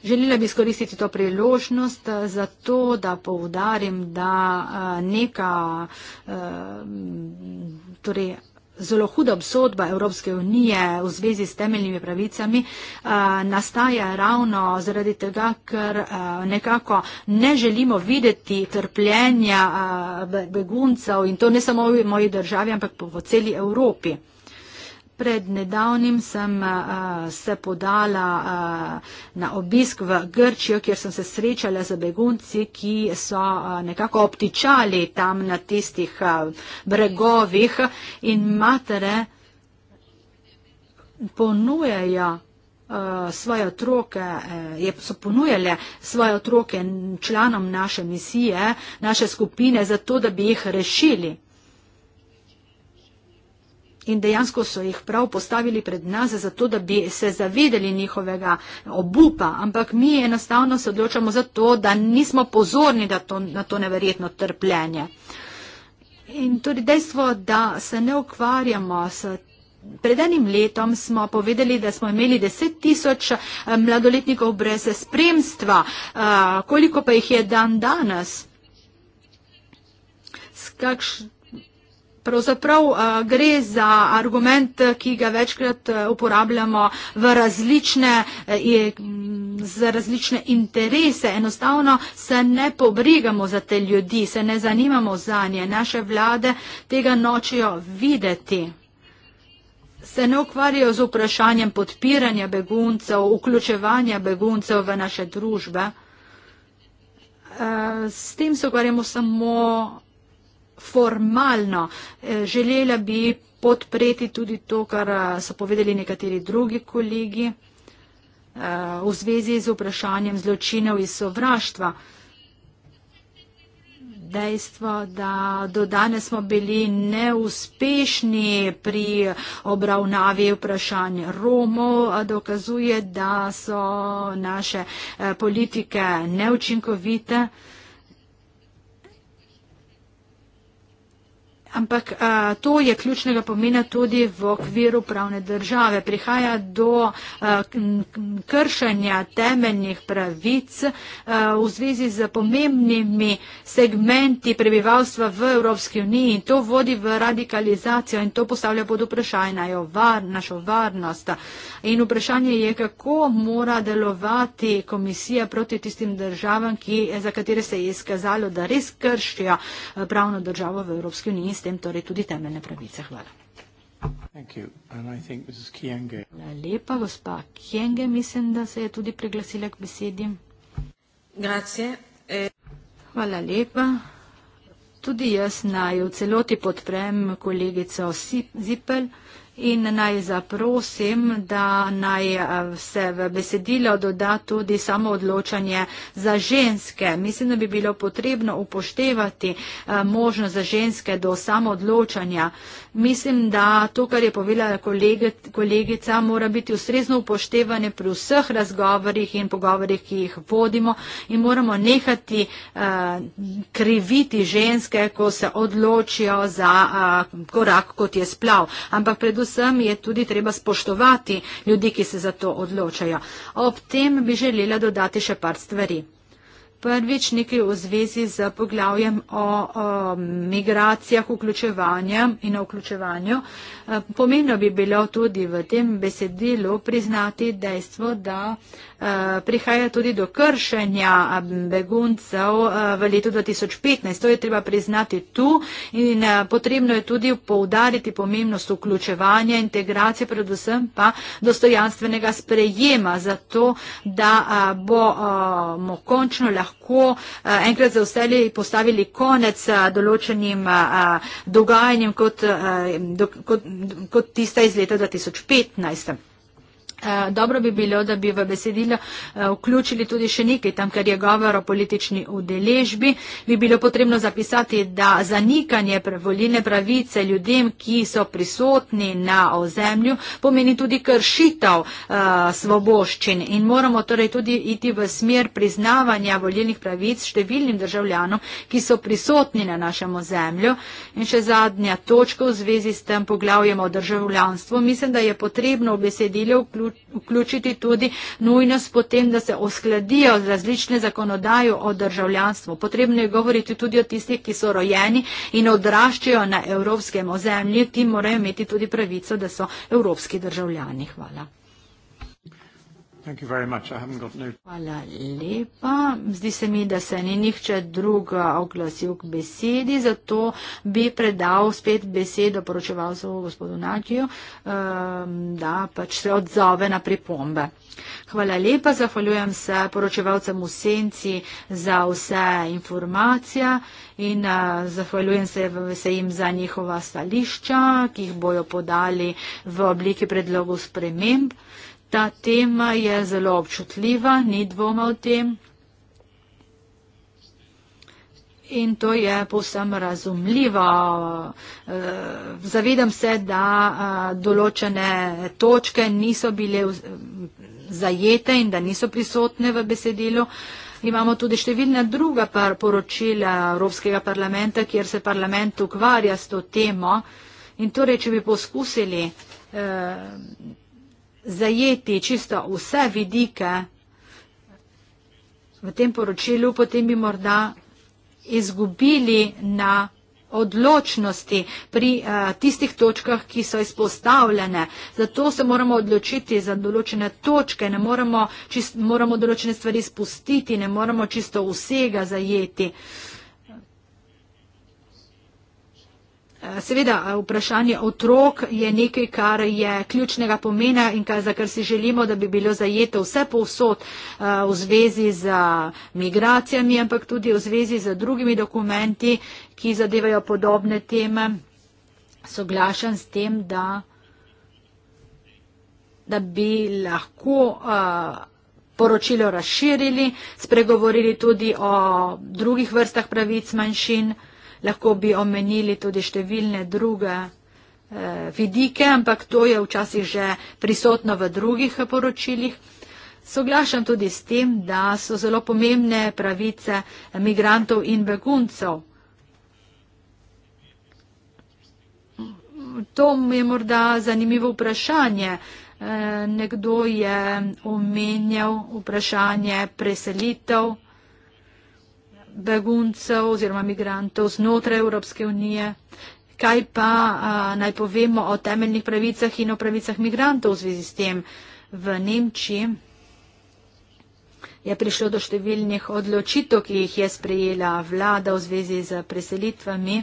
Želela bi skoristiti to priložnost eh, za to, da povdarim, da eh, neka eh, torej, zelo huda obsodba Evropske unije v zvezi s temeljnimi pravicami nastaja ravno zaradi tega, ker nekako ne želimo videti trpljenja beguncev in to ne samo v moji državi, ampak po celi Evropi. Pred nedavnim sem uh, se podala uh, na obisk v Grčijo, kjer sem se srečala z begunci, ki so uh, nekako optičali tam na tistih uh, bregovih in matere ponujejo svoje otroke, so ponujale svoje otroke članom naše misije, naše skupine, zato da bi jih rešili. In dejansko so jih prav postavili pred nas, zato da bi se zavedeli njihovega obupa, ampak mi enostavno se odločamo za to, da nismo pozorni da to, na to neverjetno trpljenje. In tudi dejstvo, da se ne ukvarjamo s. Pred enim letom smo povedali, da smo imeli 10 tisoč eh, mladoletnikov brez spremstva. Eh, koliko pa jih je dan danes? S kakšnim. Pravzaprav uh, gre za argument, ki ga večkrat eh, uporabljamo različne, je, eh, mm, za različne interese. Enostavno se ne pobrigamo za te ljudi, se ne zanimamo za nje. Naše vlade tega nočejo videti. Se ne ukvarjajo z vprašanjem podpiranja beguncev, vključevanja beguncev v naše družbe. Uh, s tem se ukvarjamo samo formalno. Eh, želela bi podpreti tudi to, kar eh, so povedali nekateri drugi kolegi eh, v zvezi z vprašanjem zločinov iz sovraštva. Dejstvo, da do danes smo bili neuspešni pri obravnavi vprašanj Romov, dokazuje, da so naše politike neučinkovite. Ampak a, to je ključnega pomena tudi v okviru pravne države. Prihaja do a, kršenja temeljnih pravic a, v zvezi z pomembnimi segmenti prebivalstva v Evropski uniji in to vodi v radikalizacijo in to postavlja pod vprašanje var, našo varnost. In vprašanje je, kako mora delovati komisija proti tistim državam, ki, za katere se je izkazalo, da res kršijo pravno državo v Evropski uniji tem torej tudi temeljne pravice. Hvala. Hvala lepa, gospa Kjenge, mislim, da se je tudi priglasila k besedi. Grazie. E- Hvala lepa. Tudi jaz naj v celoti podprem kolegico Zipel in naj zaprosim, da naj eh, se v besedilo doda tudi samo odločanje za ženske. Mislim, da bi bilo potrebno upoštevati eh, možnost za ženske do samo odločanja. Mislim, da to, kar je povedala kolegica, mora biti ustrezno upoštevane pri vseh razgovorih in pogovorih, ki jih vodimo in moramo nehati uh, kriviti ženske, ko se odločijo za uh, korak, kot je splav. Ampak predvsem je tudi treba spoštovati ljudi, ki se za to odločajo. Ob tem bi želela dodati še par stvari. Prvič nekaj v zvezi z poglavjem o, o migracijah, vključevanja in vključevanju. Eh, pomembno bi bilo tudi v tem besedilu priznati dejstvo, da Eh, prihaja tudi do kršenja eh, beguncev eh, v letu 2015. To je treba priznati tu in potrebno je tudi poudariti pomembnost vključevanja, integracije, predvsem pa dostojanstvenega sprejema za to, da bomo končno lahko enkrat za vse postavili konec določenim dogajanjem kot, kot, kot tista iz leta 2015. Eh, dobro bi bilo, da bi v besedilo eh, vključili tudi še nekaj, tam, ker je govor o politični udeležbi, bi bilo potrebno zapisati, da zanikanje volilne pravice ljudem, ki so prisotni na ozemlju, pomeni tudi kršitev eh, svoboščin in moramo torej tudi iti v smer priznavanja volilnih pravic številnim državljanom, ki so prisotni na našem ozemlju. In še zadnja točka v zvezi s tem poglavjem o državljanstvu, mislim, da je potrebno v besedilo vključiti vključiti tudi nujnost potem, da se oskladijo z različne zakonodajo o državljanstvu. Potrebno je govoriti tudi o tistih, ki so rojeni in odraščajo na evropskem ozemlju. Ti morajo imeti tudi pravico, da so evropski državljani. Hvala. No- Hvala lepa. Zdi se mi, da se ni nihče drug oglasil k besedi, zato bi predal spet besedo poročevalcu gospodu Nakiju, ehm, da pač se odzove na pripombe. Hvala lepa, zahvaljujem se poročevalcem v senci za vse informacije in eh, zahvaljujem se, se jim za njihova stališča, ki jih bojo podali v obliki predlogov sprememb. Ta tema je zelo občutljiva, ni dvoma o tem. In to je povsem razumljivo. Eh, zavedam se, da eh, določene točke niso bile zajete in da niso prisotne v besedilu. Imamo tudi številne druga poročila Evropskega parlamenta, kjer se parlament ukvarja s to temo. In torej, če bi poskusili eh, zajeti čisto vse vidike v tem poročilu, potem bi morda izgubili na odločnosti pri uh, tistih točkah, ki so izpostavljene. Zato se moramo odločiti za določene točke, ne moramo, čist, moramo določene stvari spustiti, ne moramo čisto vsega zajeti. Uh, Seveda, vprašanje otrok je nekaj, kar je ključnega pomena in kar, za kar si želimo, da bi bilo zajeto vse povsod eh, v zvezi z migracijami, ampak tudi v zvezi z drugimi dokumenti, ki zadevajo podobne teme. Soglašam s tem, da, da bi lahko eh, poročilo razširili, spregovorili tudi o drugih vrstah pravic manjšin lahko bi omenili tudi številne druge eh, vidike, ampak to je včasih že prisotno v drugih poročilih. Soglašam tudi s tem, da so zelo pomembne pravice migrantov in beguncev. To je morda zanimivo vprašanje. Eh, nekdo je omenjal vprašanje preselitev beguncev oziroma migrantov znotraj Evropske unije. Kaj pa a, naj povemo o temeljnih pravicah in o pravicah migrantov v zvezi s tem v Nemčiji? Je prišlo do številnih odločitev, ki jih je sprejela vlada v zvezi z preselitvami.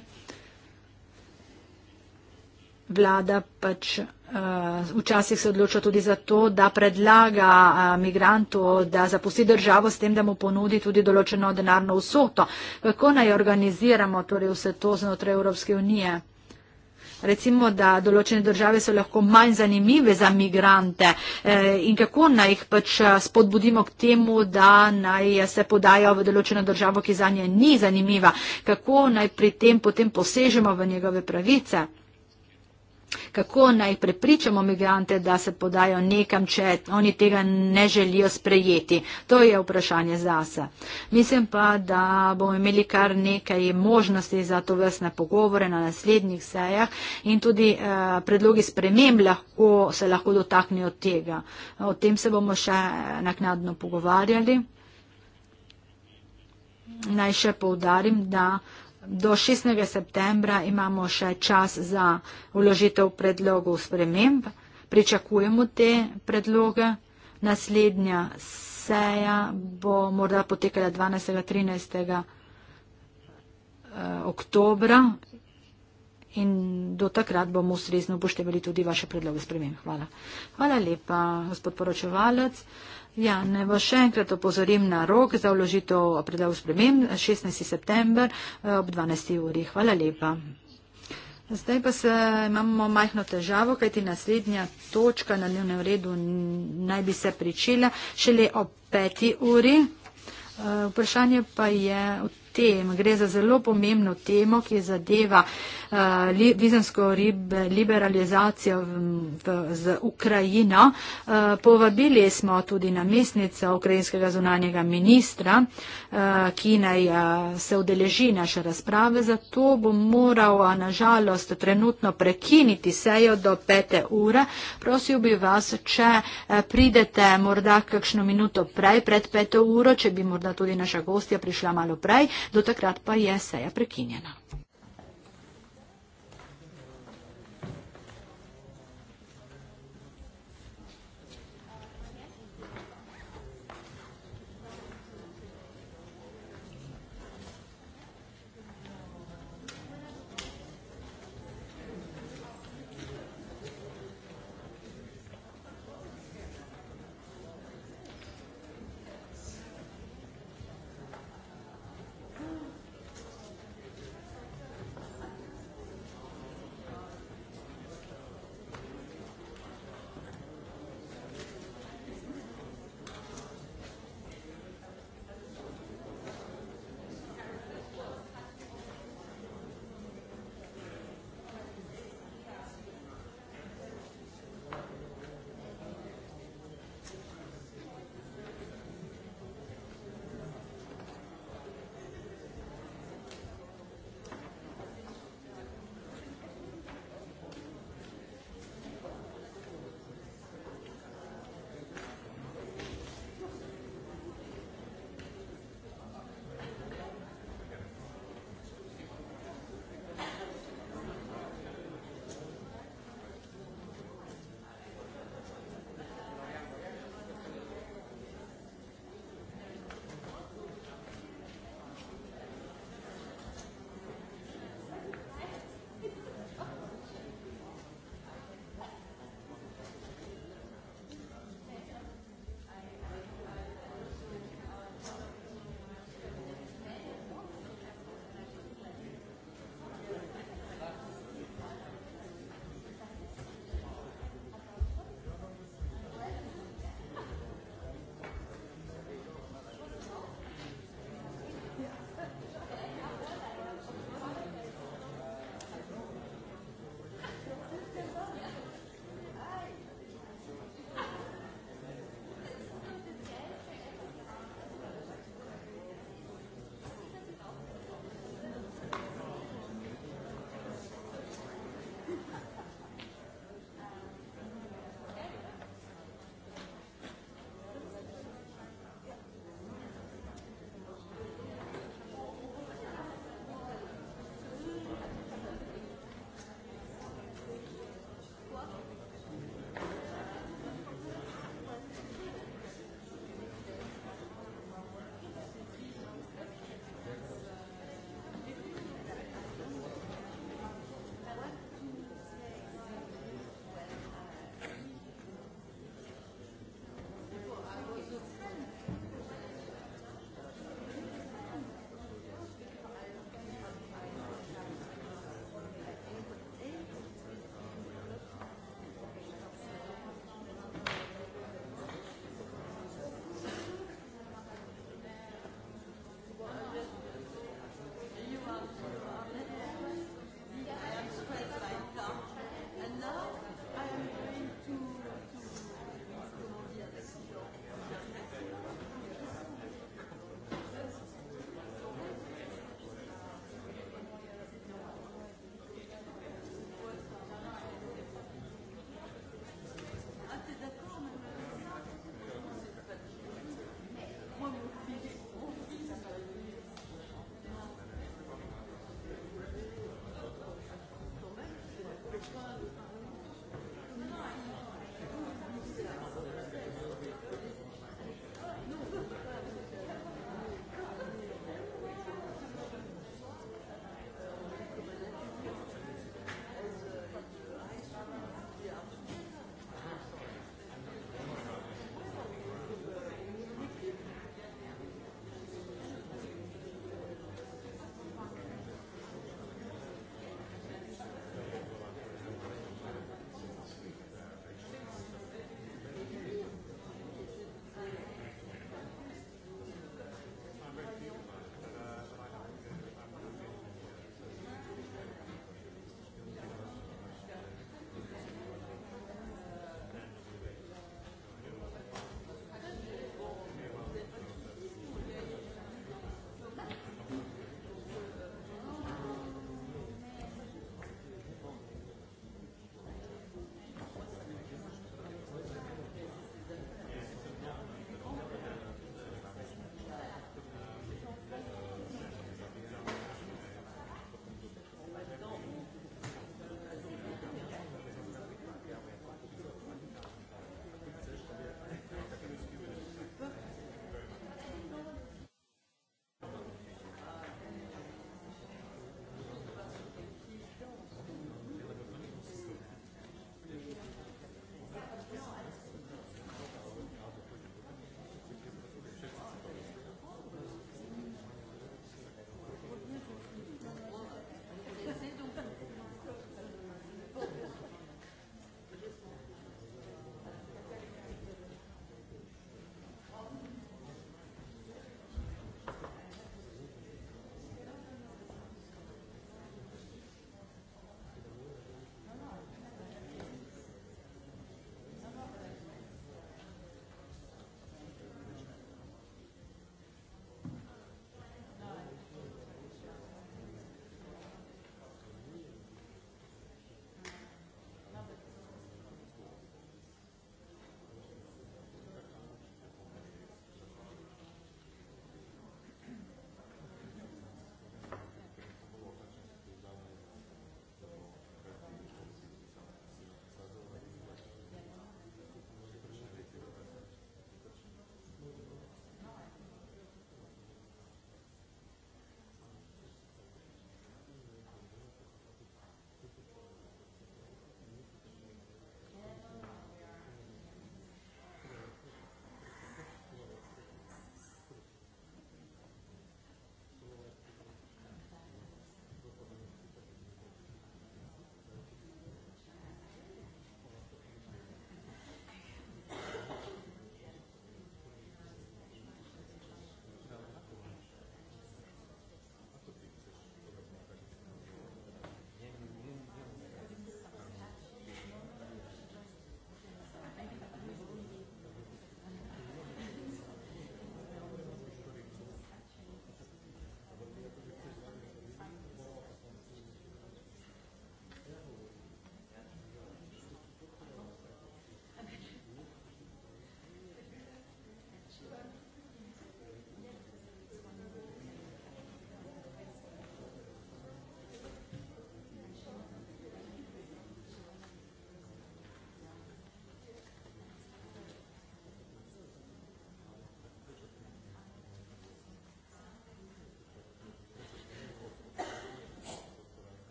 Vlada pač Eh, včasih se odloča tudi za to, da predlaga eh, migrantu, da zapusti državo s tem, da mu ponudi tudi določeno denarno vsoto. Kako naj organiziramo torej vse to znotraj Evropske unije? Recimo, da določene države so lahko manj zanimive za migrante eh, in kako naj jih pač spodbudimo k temu, da naj se podajo v določeno državo, ki za nje ni zanimiva. Kako naj pri tem potem posežemo v njegove pravice? kako naj prepričamo migrante, da se podajo nekam, če oni tega ne želijo sprejeti. To je vprašanje zase. Mislim pa, da bomo imeli kar nekaj možnosti za to vrstne pogovore na naslednjih sejah in tudi eh, predlogi sprememb lahko se lahko dotaknijo tega. O tem se bomo še naknadno pogovarjali. Naj še poudarim, da do 16. septembra imamo še čas za uložitev predlogov sprememb. Pričakujemo te predloge. Naslednja seja bo morda potekala 12. 13. Eh, oktobra in do takrat bomo ustrezno upoštevali tudi vaše predloge spremem. Hvala. Hvala lepa, gospod poročevalec. Ja, ne bo še enkrat opozorim na rok za vložitev predlogov spremem 16. september eh, ob 12. uri. Hvala lepa. Zdaj pa se imamo majhno težavo, kajti naslednja točka na dnevnem redu naj bi se pričela šele ob 5. uri. Eh, vprašanje pa je od tem. Gre za zelo pomembno temo, ki zadeva eh, vizansko liberalizacijo z Ukrajino. Eh, povabili smo tudi namestnico ukrajinskega zunanjega ministra, eh, ki naj se udeleži naše razprave. Zato bom moral na žalost trenutno prekiniti sejo do pete ure. Prosil bi vas, če pridete morda kakšno minuto prej, pred peto uro, če bi morda tudi naša gostja prišla malo prej, Do takrat pa je seja prekinjena.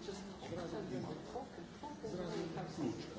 Сейчас сразу видно. Сразу видно.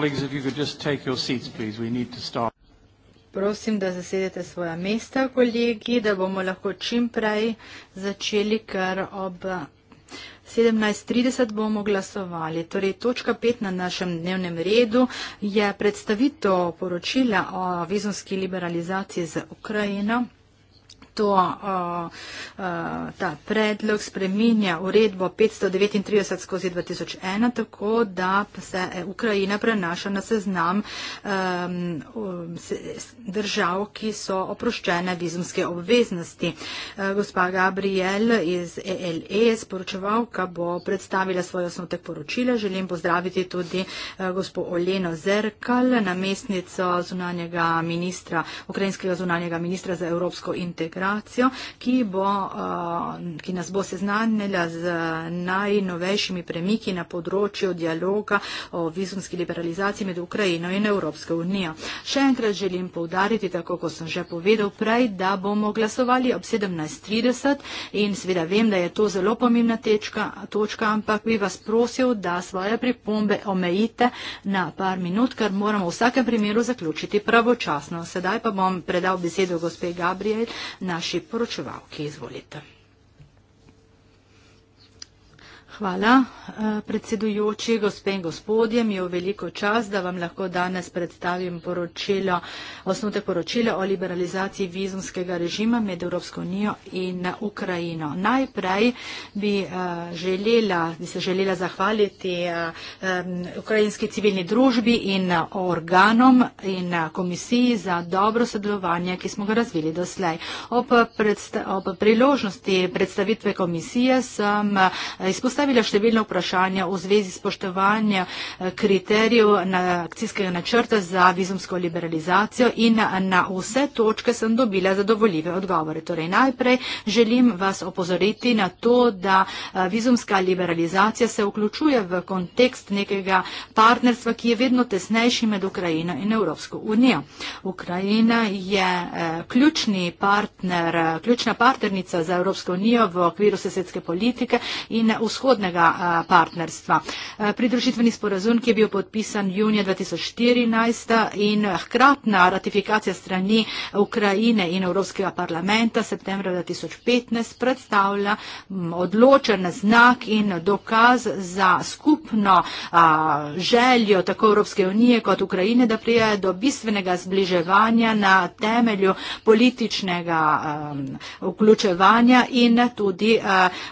Colleagues, if you could just take your seats, please. We need to start. Prosim, da zasedete svoja mesta, kolegi, da bomo lahko čim prej začeli, ker ob 17.30 bomo glasovali. Torej, točka 5 na našem dnevnem redu je predstavitev poročila o vizonski liberalizaciji z Ukrajino to, uh, uh, ta predlog spreminja uredbo 539 skozi 2001, tako da se Ukrajina prenaša na seznam um, um, držav, ki so oproščene vizumske obveznosti. Uh, gospa Gabriel iz ELE, e sporočevalka, bo predstavila svoj osnotek poročila. Želim pozdraviti tudi gospo Oleno Zerkal, namestnico zunanjega ministra, ukrajinskega zunanjega ministra za evropsko integracijo demonstracijo, ki, bo, eh, ki nas bo seznanila z najnovejšimi premiki na področju dialoga o vizumski liberalizaciji med Ukrajino in Evropsko unijo. Še enkrat želim povdariti, tako kot sem že povedal prej, da bomo glasovali ob 17.30 in seveda vem, da je to zelo pomembna tečka, točka, ampak bi vas prosil, da svoje pripombe omejite na par minut, ker moramo v vsakem primeru zaključiti pravočasno. Sedaj pa bom predal besedo gospe Gabriel naši poročevalki. Izvolite. Hvala. Eh, predsedujoči, gospe in gospodje, mi je v veliko čas, da vam lahko danes predstavim poročilo, osnute poročilo o liberalizaciji vizumskega režima med Evropsko unijo in Ukrajino. Najprej bi, eh, želela, bi se želela zahvaliti eh, ukrajinski civilni družbi in organom in komisiji za dobro sodelovanje, ki smo ga razvili doslej. Ob, predsta, ob priložnosti predstavitve komisije sem izpostavila postavila številna vprašanja v zvezi s poštovanjem eh, kriterijev na akcijskega načrta za vizumsko liberalizacijo in na vse točke sem dobila zadovoljive odgovore. Torej, najprej želim vas opozoriti na to, da eh, vizumska liberalizacija se vključuje v kontekst nekega partnerstva, ki je vedno tesnejši med Ukrajino in Evropsko unijo. Ukrajina je eh, ključni partner, ključna partnernica za Evropsko unijo v okviru sosedske politike in vzhodne vzhodnega partnerstva. Pridružitveni sporazum, ki je bil podpisan junija 2014 in hkratna ratifikacija strani Ukrajine in Evropskega parlamenta septembra 2015 predstavlja odločen znak in dokaz za skupno željo tako Evropske unije kot Ukrajine, da prije do bistvenega zbliževanja na temelju političnega vključevanja in tudi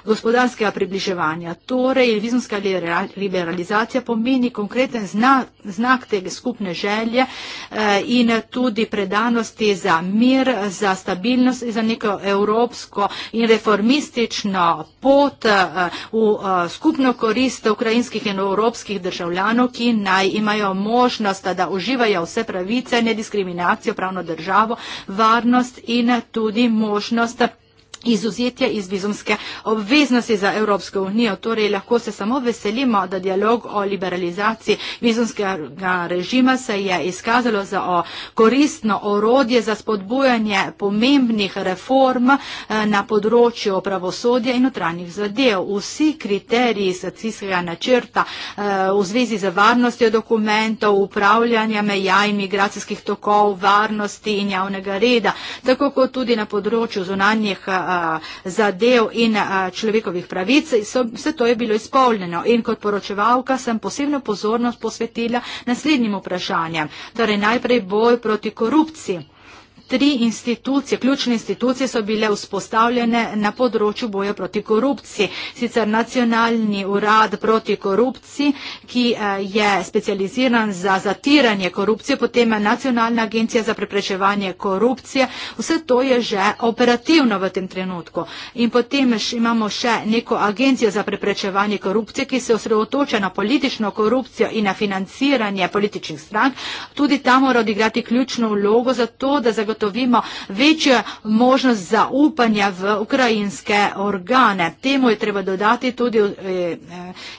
gospodarskega približevanja. Torej, ljubezenska liberalizacija pomeni konkreten znak, znak tega skupne želje eh, in tudi predanosti za mir, za stabilnost in za neko evropsko in reformistično pot eh, v eh, skupno korist ukrajinskih in evropskih državljanov, ki naj imajo možnost, da uživajo vse pravice, nediskriminacijo, pravno državo, varnost in tudi možnost izuzetje iz vizumske obveznosti za Evropsko unijo. Torej lahko se samo veselimo, da dialog o liberalizaciji vizumskega režima se je izkazalo za koristno orodje za spodbujanje pomembnih reform eh, na področju pravosodja in notranjih zadev. Vsi kriteriji sacijskega načrta eh, v zvezi z varnostjo dokumentov, upravljanja meja imigracijskih tokov, varnosti in javnega reda, tako kot tudi na področju zunanjih eh, zadev in človekovih pravic, vse to je bilo izpolnjeno. In kot poročevalka sem posebno pozornost posvetila naslednjim vprašanjem, torej najprej boj proti korupciji tri institucije, ključne institucije so bile vzpostavljene na področju boja proti korupciji. Sicer nacionalni urad proti korupciji, ki eh, je specializiran za zatiranje korupcije, potem nacionalna agencija za preprečevanje korupcije, vse to je že operativno v tem trenutku. In potem imamo še neko agencijo za preprečevanje korupcije, ki se osredotoča na politično korupcijo in na financiranje političnih strank. Tudi ta mora odigrati ključno vlogo za to, da zagotovimo zagotovimo večjo možnost zaupanja v ukrajinske organe. Temu je treba dodati tudi eh,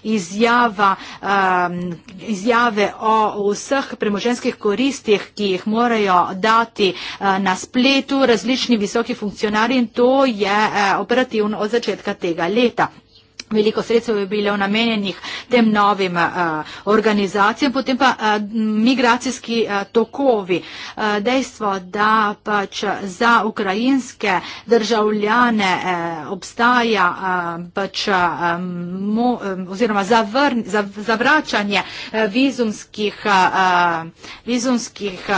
izjava, ehm, izjave o vseh premoženskih koristih, ki jih morajo dati eh, na spletu različni visoki funkcionarji in to je eh, operativno od začetka tega leta veliko sredstev je bilo namenjenih tem novim uh, organizacijam, potem pa uh, migracijski uh, tokovi. Uh, dejstvo, da pač za ukrajinske državljane uh, obstaja uh, pač uh, mo, oziroma zavrn, zav, zavračanje uh, vizumskih, uh, vizumskih uh,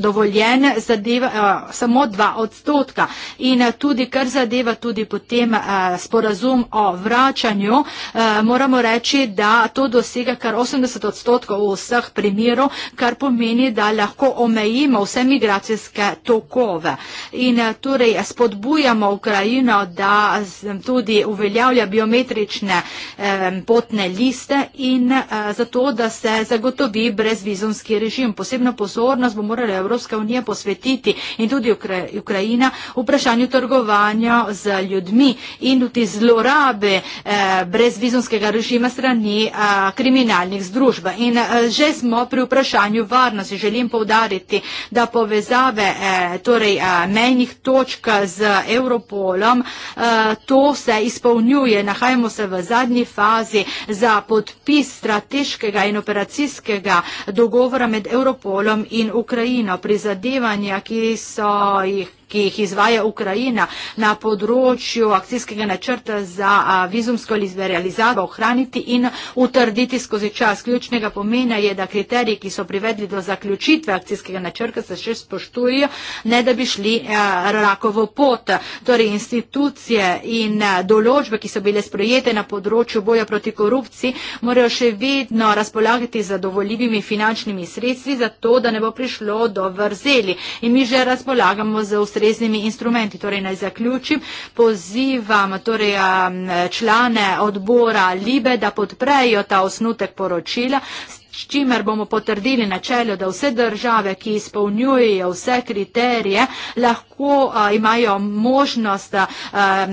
dovoljen zadeva uh, samo dva odstotka in uh, tudi, kar zadeva tudi potem uh, sporazum o vračanju, eh, moramo reči, da to dosega kar 80 odstotkov vseh primerov, kar pomeni, da lahko omejimo vse migracijske tokove. In eh, torej spodbujamo Ukrajino, da tudi uveljavlja biometrične eh, potne liste in zato, da se zagotovi brezvizonski režim. Posebno pozornost bo morala Evropska unija posvetiti in tudi Ukrajina vprašanju trgovanja z ljudmi in tudi zlorabljanja zlorabe eh, brezvizumskega režima strani eh, kriminalnih združb. In eh, že smo pri vprašanju varnosti. Želim povdariti, da povezave torej, mejnih točk z Europolom, to se izpolnjuje. Nahajamo se v zadnji fazi za podpis strateškega in operacijskega dogovora med Europolom in Ukrajino. Prizadevanja, ki so jih ki jih izvaja Ukrajina na področju akcijskega načrta za vizumsko liberalizacijo ohraniti in utrditi skozi čas. Ključnega pomena je, da kriteriji, ki so privedli do zaključitve akcijskega načrta, se še spoštujejo, ne da bi šli rakovo pot. Torej, institucije in določbe, ki so bile sprejete na področju boja proti korupciji, morajo še vedno razpolagati z zadovoljivimi finančnimi sredstvi, zato da ne bo prišlo do vrzeli. In mi že razpolagamo z ustreznimi ustreznimi instrumenti. Torej naj zaključim, pozivam torej, člane odbora Libe, da podprejo ta osnutek poročila s s čimer bomo potrdili načelo, da vse države, ki izpolnjujejo vse kriterije, lahko a, imajo možnost a, a,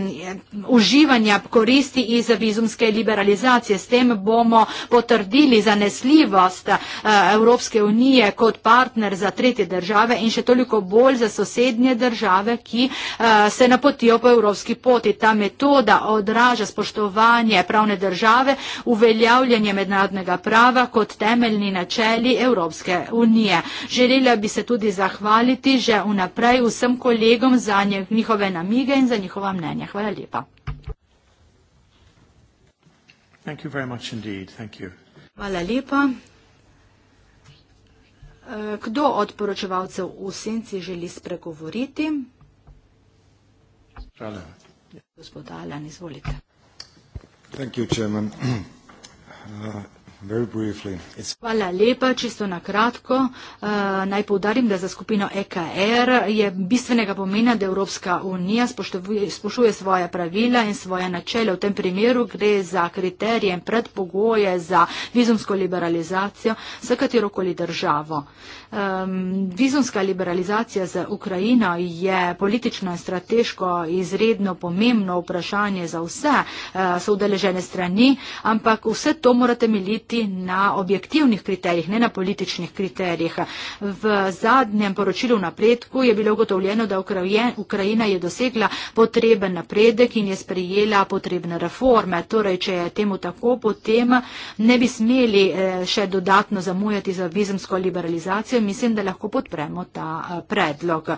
uživanja koristi iz vizumske liberalizacije. S tem bomo potrdili zanesljivost a, Evropske unije kot partner za tretje države in še toliko bolj za sosednje države, ki a, se napotijo po evropski poti. Ta metoda odraža spoštovanje pravne države, uveljavljanje mednarodnega prava kot temelj temeljni načeli Evropske unije. Želela bi se tudi zahvaliti že vnaprej vsem kolegom za njihove namige in za njihova mnenja. Hvala lepa. Hvala lepa. Eh, kdo od poročevalcev v senci želi spregovoriti? Hvala. Gospod Alan, izvolite. Thank you, Chairman. Uh, Hvala lepa, čisto na kratko. Uh, naj povdarim, da za skupino EKR je bistvenega pomena, da Evropska unija spoštuje svoje pravila in svoje načele. V tem primeru gre za kriterije in predpogoje za vizumsko liberalizacijo vsakatero koli državo. Uh, Um, vizumska liberalizacija za Ukrajino je politično in strateško izredno pomembno vprašanje za vse uh, eh, soudeležene strani, ampak vse to mora temeljiti na objektivnih kriterijih, ne na političnih kriterijih. V zadnjem poročilu napredku je bilo ugotovljeno, da Ukrajina je dosegla potreben napredek in je sprejela potrebne reforme. Torej, če je temu tako, potem ne bi smeli eh, še dodatno zamujati za vizumsko liberalizacijo in mislim, da lahko podpremo ta eh, predlog.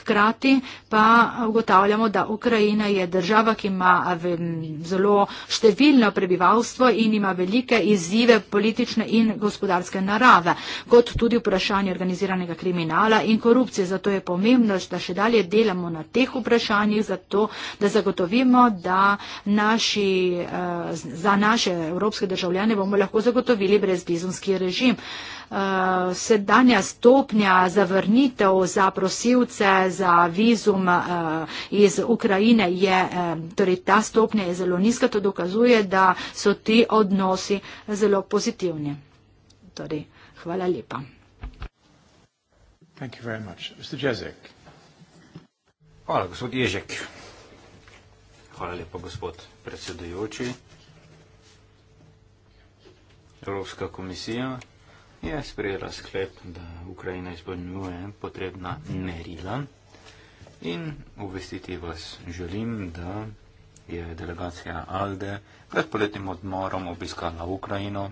Hkrati pa ugotavljamo, da Ukrajina je država, ki ima eh, zelo številno prebivalstvo in ima velike izzive politične in gospodarske narave, kot tudi vprašanje organiziranega kriminala in korupcije. Zato je pomembno, da še dalje delamo na teh vprašanjih, zato, da zagotovimo, da naši, eh, za naše evropske državljane bomo lahko zagotovili brezvizumski režim uh, sedanja stopnja zavrnitev za prosilce za vizum uh, iz Ukrajine je, um, torej ta stopnja je zelo nizka, to dokazuje, da so ti odnosi zelo pozitivni. Torej, hvala lepa. Hvala, gospod Ježek. Hvala lepa, gospod predsedujoči. Evropska komisija, je sprejela sklep, da Ukrajina izpolnjuje potrebna merila in obvestiti vas želim, da je delegacija Alde pred poletnim odmorom obiskala Ukrajino.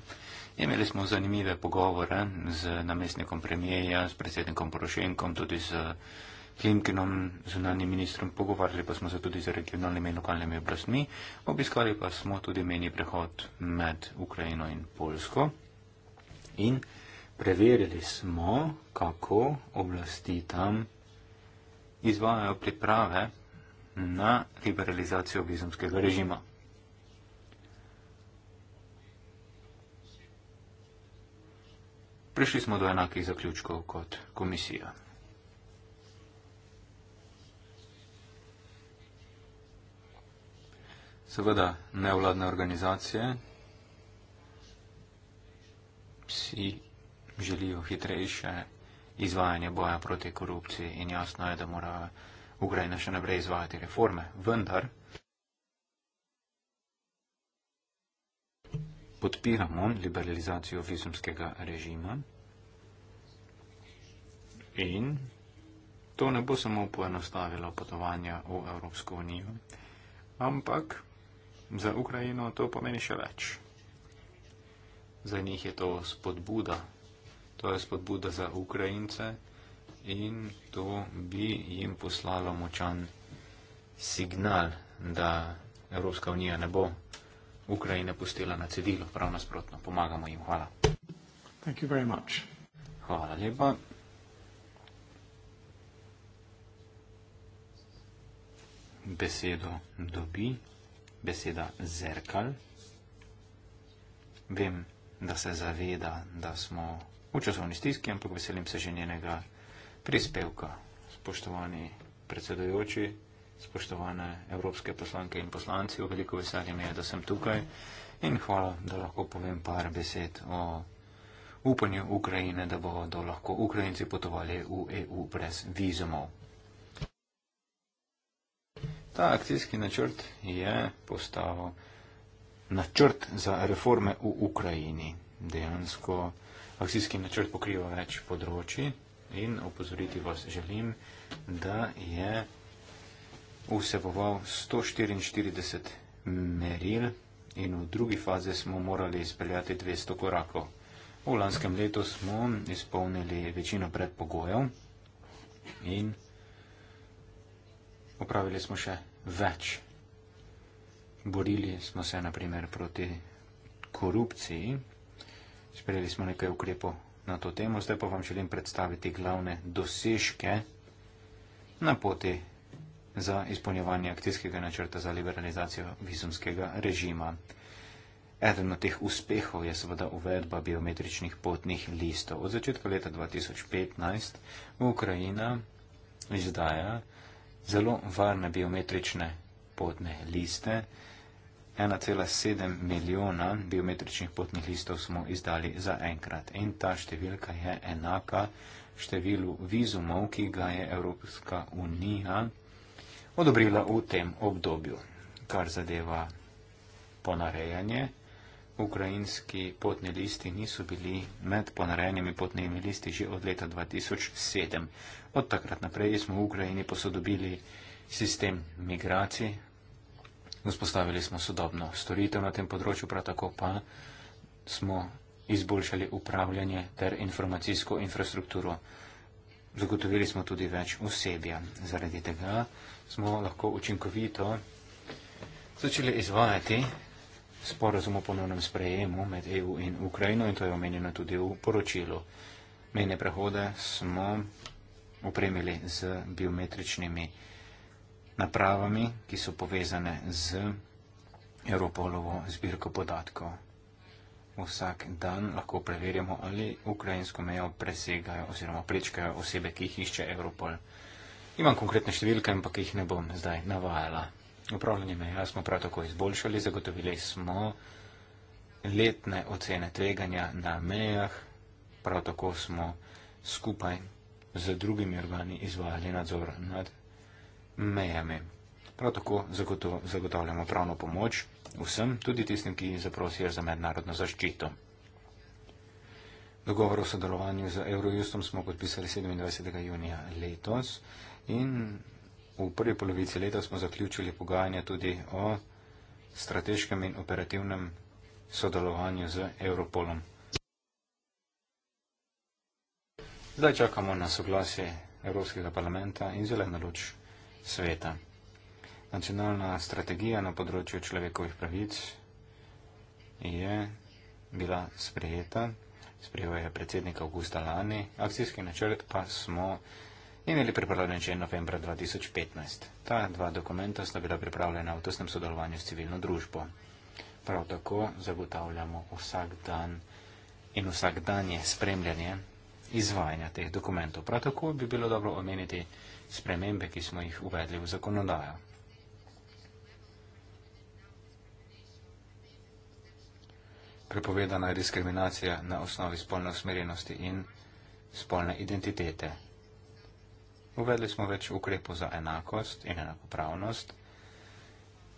Imeli smo zanimive pogovore z namestnikom premijeja, s predsednikom Porošenkom, tudi z Klimkinom, zunanjim ministrom, pogovarjali pa smo se tudi z regionalnimi in lokalnimi oblastmi, obiskali pa smo tudi meni prehod med Ukrajino in Polsko. In Preverili smo, kako oblasti tam izvajajo priprave na liberalizacijo vizumskega režima. Prišli smo do enakih zaključkov kot komisija. Seveda nevladne organizacije si želijo hitrejše izvajanje boja proti korupciji in jasno je, da mora Ukrajina še naprej izvajati reforme. Vendar podpiramo liberalizacijo vizumskega režima in to ne bo samo poenostavilo potovanja v Evropsko unijo, ampak za Ukrajino to pomeni še več. Za njih je to spodbuda to je spodbuda za Ukrajince in to bi jim poslalo močan signal, da Evropska unija ne bo Ukrajine pustila na cedilo, prav nasprotno, pomagamo jim. Hvala. Hvala lepa. Besedo dobi, beseda zerkal. Vem, da se zaveda, da smo v časovni stiski, ampak veselim se že njenega prispevka. Spoštovani predsedujoči, spoštovane evropske poslanke in poslanci, veliko veselje mi je, da sem tukaj in hvala, da lahko povem par besed o upanju Ukrajine, da bodo lahko Ukrajinci potovali v EU brez vizumov. Ta akcijski načrt je postal načrt za reforme v Ukrajini. Dejansko akcijski načrt pokriva več področji in opozoriti vas želim, da je vseboval 144 meril in v drugi fazi smo morali izpeljati 200 korakov. V lanskem letu smo izpolnili večino predpogojev in opravili smo še več. Borili smo se naprimer proti korupciji, Sprejeli smo nekaj ukrepov na to temo, zdaj pa vam želim predstaviti glavne dosežke na poti za izpolnjevanje akcijskega načrta za liberalizacijo vizumskega režima. Eden od teh uspehov je seveda uvedba biometričnih potnih listov. Od začetka leta 2015 Ukrajina izdaja zelo varne biometrične potne liste, 1,7 milijona biometričnih potnih listov smo izdali za enkrat in ta številka je enaka številu vizumov, ki ga je Evropska unija odobrila v tem obdobju, kar zadeva ponarejanje. Ukrajinski potni listi niso bili med ponarejenimi potnimi listi že od leta 2007. Od takrat naprej smo v Ukrajini posodobili sistem migracij, Vzpostavili smo sodobno storitev na tem področju, prav tako pa smo izboljšali upravljanje ter informacijsko infrastrukturo. Zagotovili smo tudi več osebja. Zaradi tega smo lahko učinkovito začeli izvajati sporozum o ponovnem sprejemu med EU in Ukrajino in to je omenjeno tudi v poročilu. Mene prehode smo opremili z biometričnimi informacijami napravami, ki so povezane z Europolovo zbirko podatkov. Vsak dan lahko preverjamo, ali ukrajinsko mejo presegajo oziroma prečkajo osebe, ki jih išče Europol. Imam konkretne številke, ampak jih ne bom zdaj navajala. Upravljanje meja smo prav tako izboljšali, zagotovili smo letne ocene tveganja na mejah, prav tako smo skupaj z drugimi organi izvajali nadzor nad mejami. Prav tako zagotavljamo pravno pomoč vsem, tudi tistim, ki zaprosijo za mednarodno zaščito. Dogovor o sodelovanju z Eurojustom smo podpisali 27. junija letos in v prvi polovici leta smo zaključili pogajanja tudi o strateškem in operativnem sodelovanju z Europolom. Zdaj čakamo na soglasje Evropskega parlamenta in zeleno luč sveta. Nacionalna strategija na področju človekovih pravic je bila sprejeta, sprejel je predsednik Augusta lani, akcijski načrt pa smo imeli pripravljen že novembra 2015. Ta dva dokumenta sta bila pripravljena v tesnem sodelovanju s civilno družbo. Prav tako zagotavljamo vsak dan in vsak dan je spremljanje izvajanja teh dokumentov. Prav tako bi bilo dobro omeniti, spremembe, ki smo jih uvedli v zakonodajo. Prepovedana je diskriminacija na osnovi spolne usmerjenosti in spolne identitete. Uvedli smo več ukrepov za enakost in enakopravnost.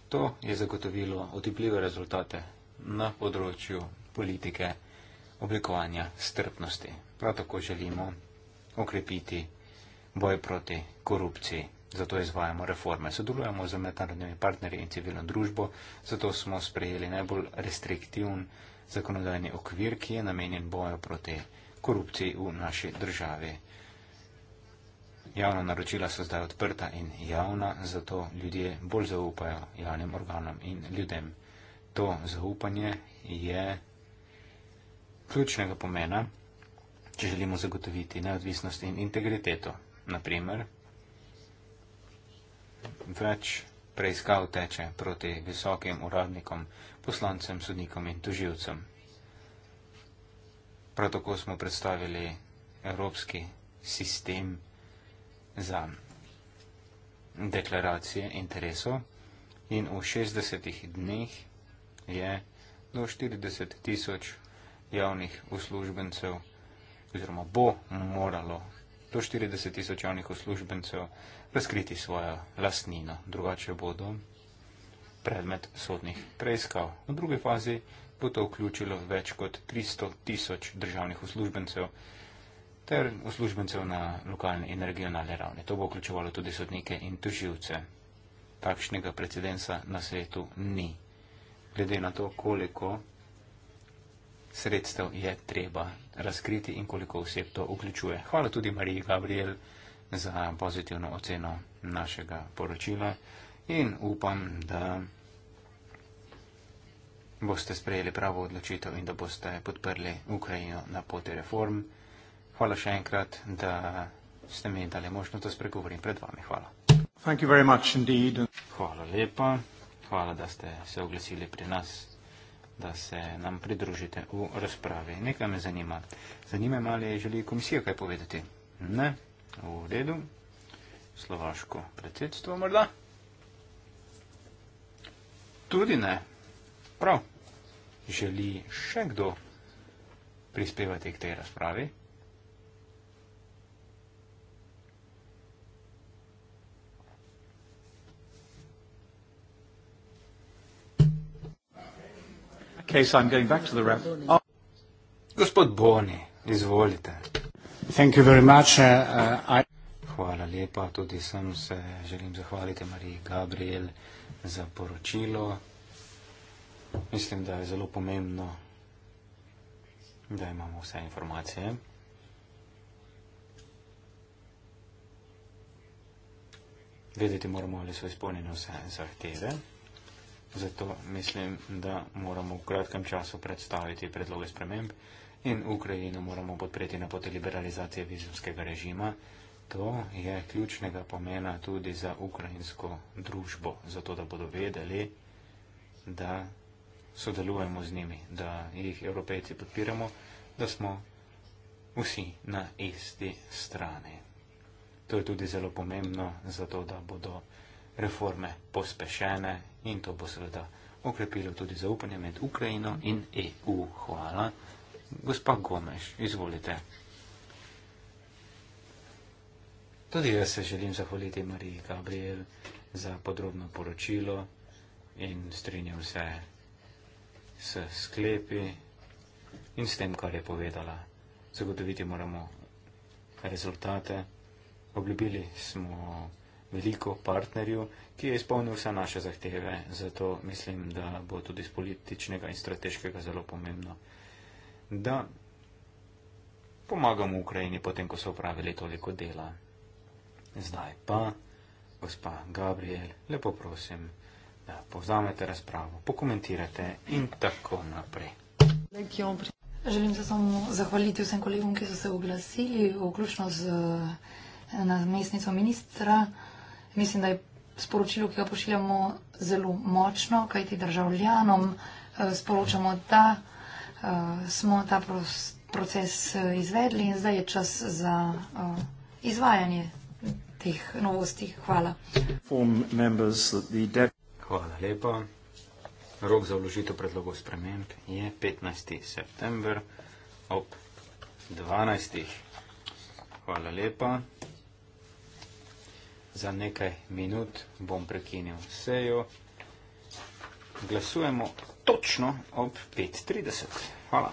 To je zagotovilo odibljive rezultate na področju politike oblikovanja strpnosti. Prav tako želimo okrepiti boj proti korupciji. Zato izvajamo reforme, sodelujemo z mednarodnimi partnerji in civilno družbo, zato smo sprejeli najbolj restriktivn zakonodajni okvir, ki je namenjen boju proti korupciji v naši državi. Javna naročila so zdaj odprta in javna, zato ljudje bolj zaupajo javnim organom in ljudem. To zaupanje je ključnega pomena, če želimo zagotoviti neodvisnost in integriteto naprimer, več preiskav teče proti visokim uradnikom, poslancem, sodnikom in tuživcem. Prav tako smo predstavili evropski sistem za deklaracije interesov in v 60 dneh je do 40 tisoč javnih uslužbencev oziroma bo moralo do 40 tisoč javnih uslužbencev razkriti svojo lastnino. Drugače bodo predmet sodnih preiskav. V drugi fazi bo to vključilo več kot 300 tisoč državnih uslužbencev ter uslužbencev na lokalne in regionalne ravni. To bo vključovalo tudi sodnike in tuživce. Takšnega precedensa na svetu ni. Glede na to, koliko sredstev je treba razkriti in koliko oseb to vključuje. Hvala tudi Mariji Gabriel za pozitivno oceno našega poročila in upam, da boste sprejeli pravo odločitev in da boste podprli Ukrajino na poti reform. Hvala še enkrat, da ste mi dali možnost, da spregovorim pred vami. Hvala. Hvala lepa. Hvala, da ste se oglasili pri nas da se nam pridružite v razpravi. Nekaj me zanima. Zanima me, ali želi komisija kaj povedati? Ne, v redu. Slovaško predsedstvo morda? Tudi ne. Prav. Želi še kdo prispevati k tej razpravi? Kaj sem going back to the rep? Oh. Gospod Boni, izvolite. Thank you very much. Uh, uh, I... Hvala lepa, tudi sem se želim zahvaliti Mariji Gabriel za poročilo. Mislim, da je zelo pomembno, da imamo vse informacije. Vedeti moramo, ali so izpolnjene vse zahteve. Zato mislim, da moramo v kratkem času predstaviti predloge sprememb in Ukrajino moramo podpreti na poti liberalizacije vizumskega režima. To je ključnega pomena tudi za ukrajinsko družbo, zato da bodo vedeli, da sodelujemo z njimi, da jih evropejci podpiramo, da smo vsi na isti strani. To je tudi zelo pomembno, zato da bodo reforme pospešene in to bo seveda okrepilo tudi zaupanje med Ukrajino in EU. Hvala. Gospa Gomeš, izvolite. Tudi jaz se želim zahvaliti Mariji Gabriel za podrobno poročilo in strinjam se s sklepi in s tem, kar je povedala. Zagotoviti moramo rezultate. Obljubili smo veliko partnerju, ki je izpolnil vse naše zahteve. Zato mislim, da bo tudi z političnega in strateškega zelo pomembno, da pomagamo Ukrajini, potem ko so upravili toliko dela. Zdaj pa, gospa Gabriel, lepo prosim, da povzamete razpravo, pokomentirate in tako naprej. Želim se samo zahvaliti vsem kolegom, ki so se oglasili, vključno z namestnico ministra mislim, da je sporočilo, ki ga pošiljamo, zelo močno, kajti državljanom eh, sporočamo, da eh, smo ta proces eh, izvedli in zdaj je čas za izvajanje teh novosti. Hvala. Hvala lepa. Rok za vložitev predlogov sprememb je 15. september ob 12. Hvala lepa za nekaj minut bom prekinil sejo. Glasujemo točno ob 5.30. Hvala.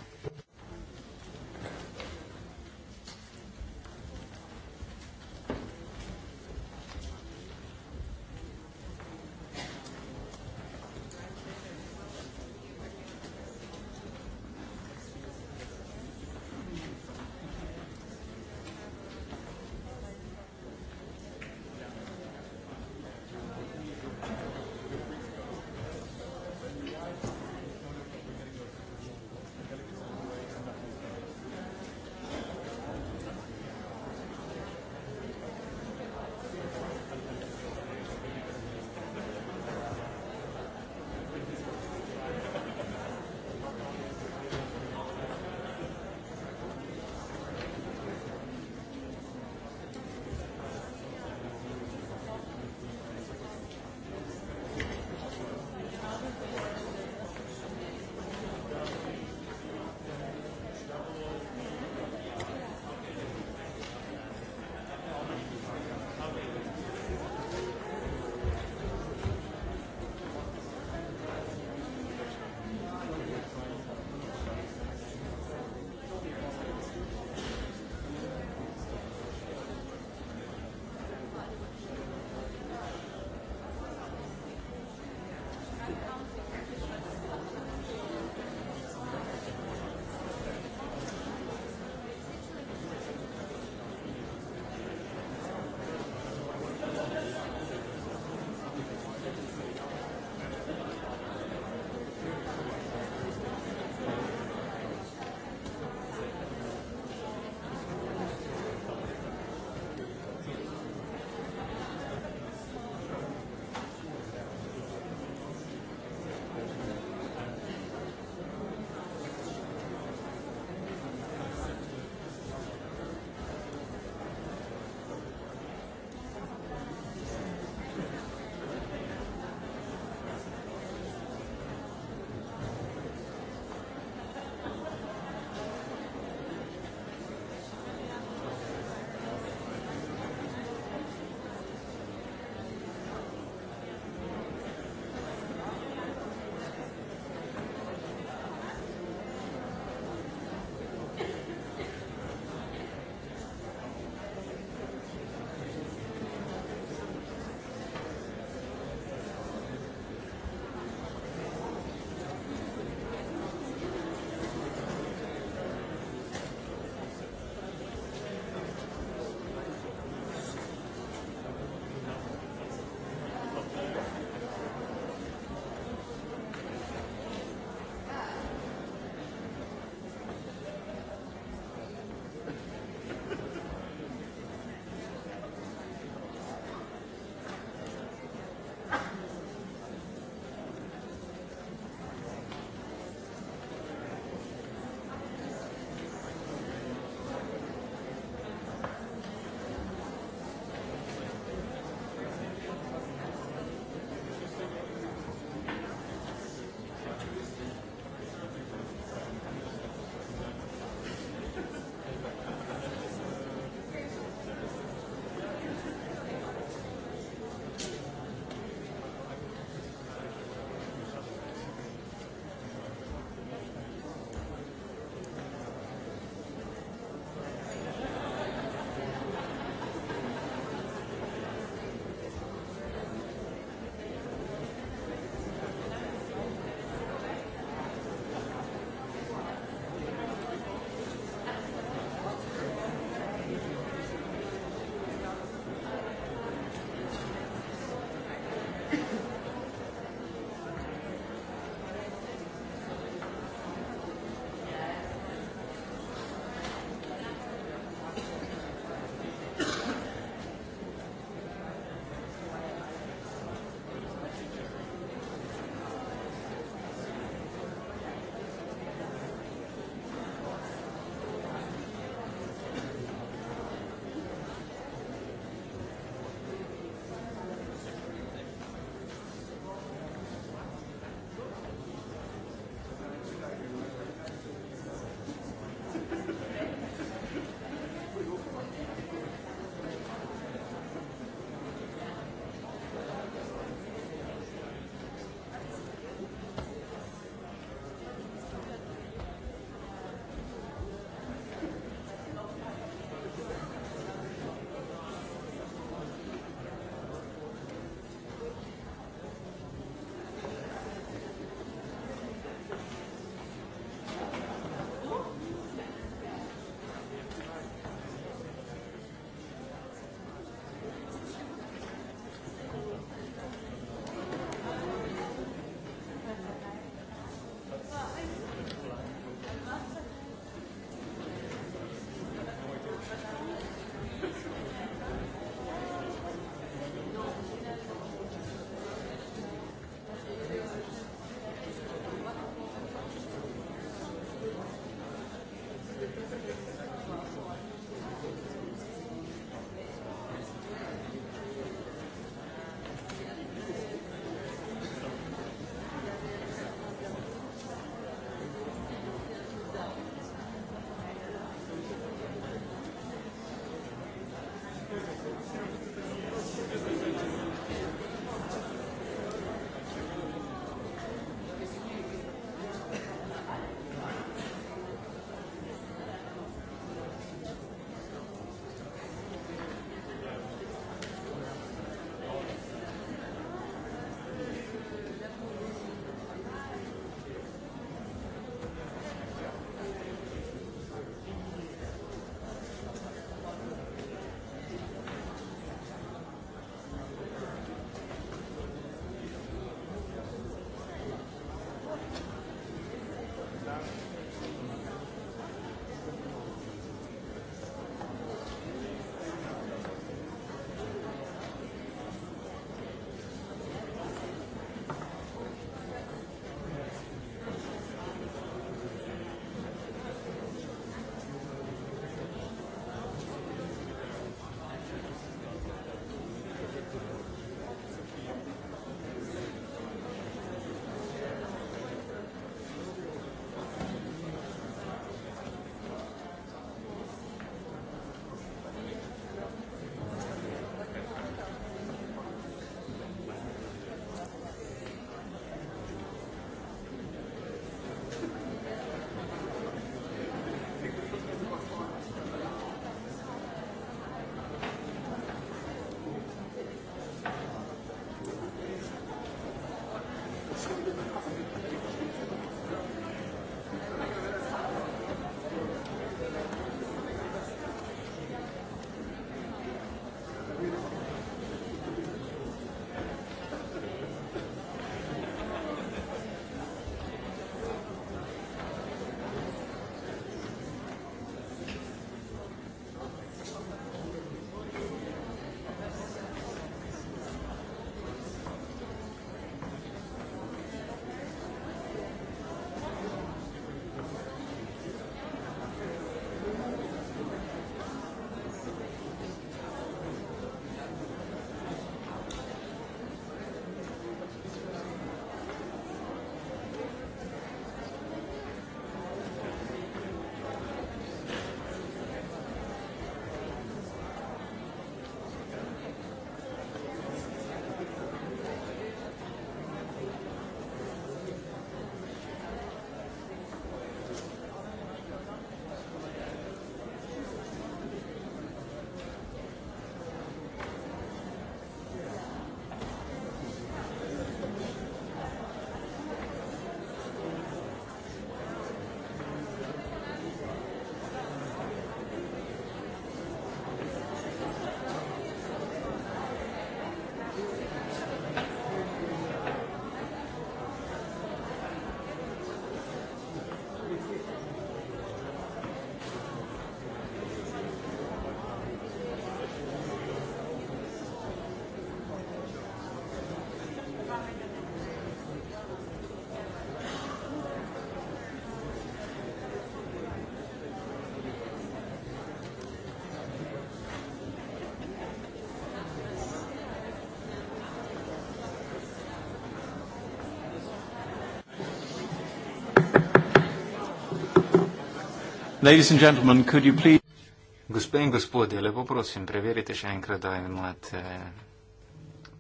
Gospe in gospodje, lepo prosim, preverite še enkrat, da imate eh,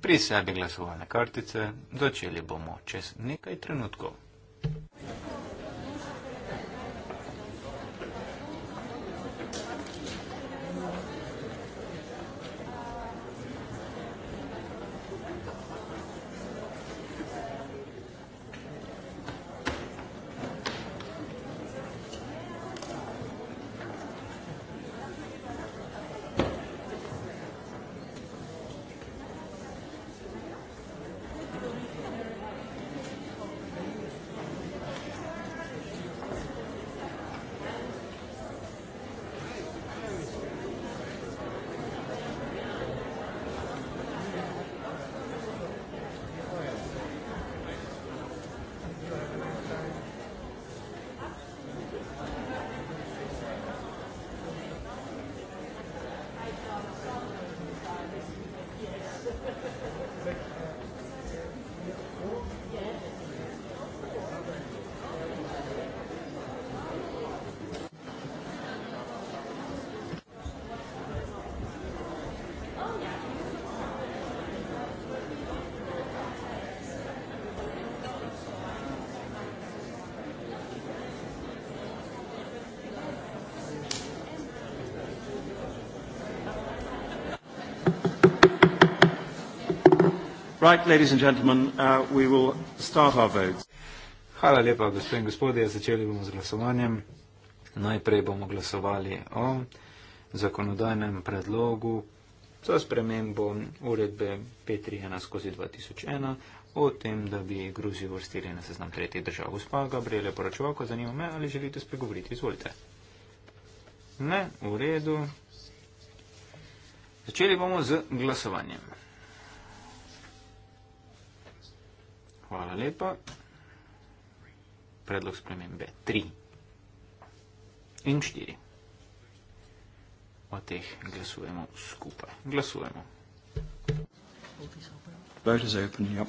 pri sebi glasovalne kartice. Začeli bomo čez nekaj trenutkov. Right, gentlemen, uh, Hvala lepa, gospod in gospodje. Začeli bomo z glasovanjem. Najprej bomo glasovali o zakonodajnem predlogu za spremembo uredbe 531 skozi 2001 o tem, da bi Gruzijo vrstili na seznam tretjih držav. Gospa Gabriele Poračovako, zanima me, ali želite spregovoriti. Izvolite. Ne, v redu. Začeli bomo z glasovanjem. Hvala lepa. Predlog spremembe 3 in 4. O teh glasujemo skupaj. Glasujemo. Ja.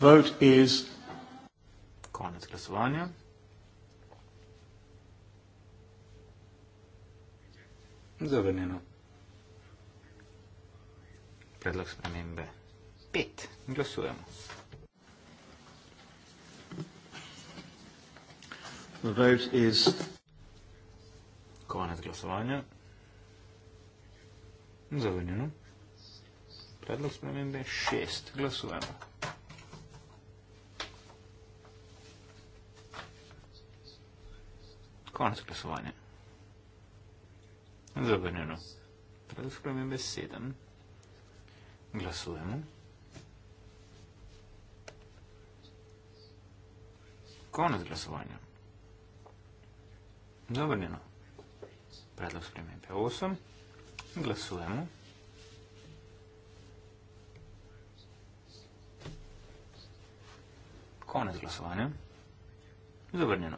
Vote is. Konec glasovanja. Zavrnjeno predlog spremembe 5. Glasujemo. The vote is... Konec glasovanja. Zavrnjeno. Predlog spremembe 6. Glasujemo. Konec glasovanja. Zavrnjeno. Predlog spremembe 7. Glasujemo. Glasujemo. Konec glasovanja. Zavrnjeno. Predlog spremembe 8. Glasujemo. Konec glasovanja. Zavrnjeno.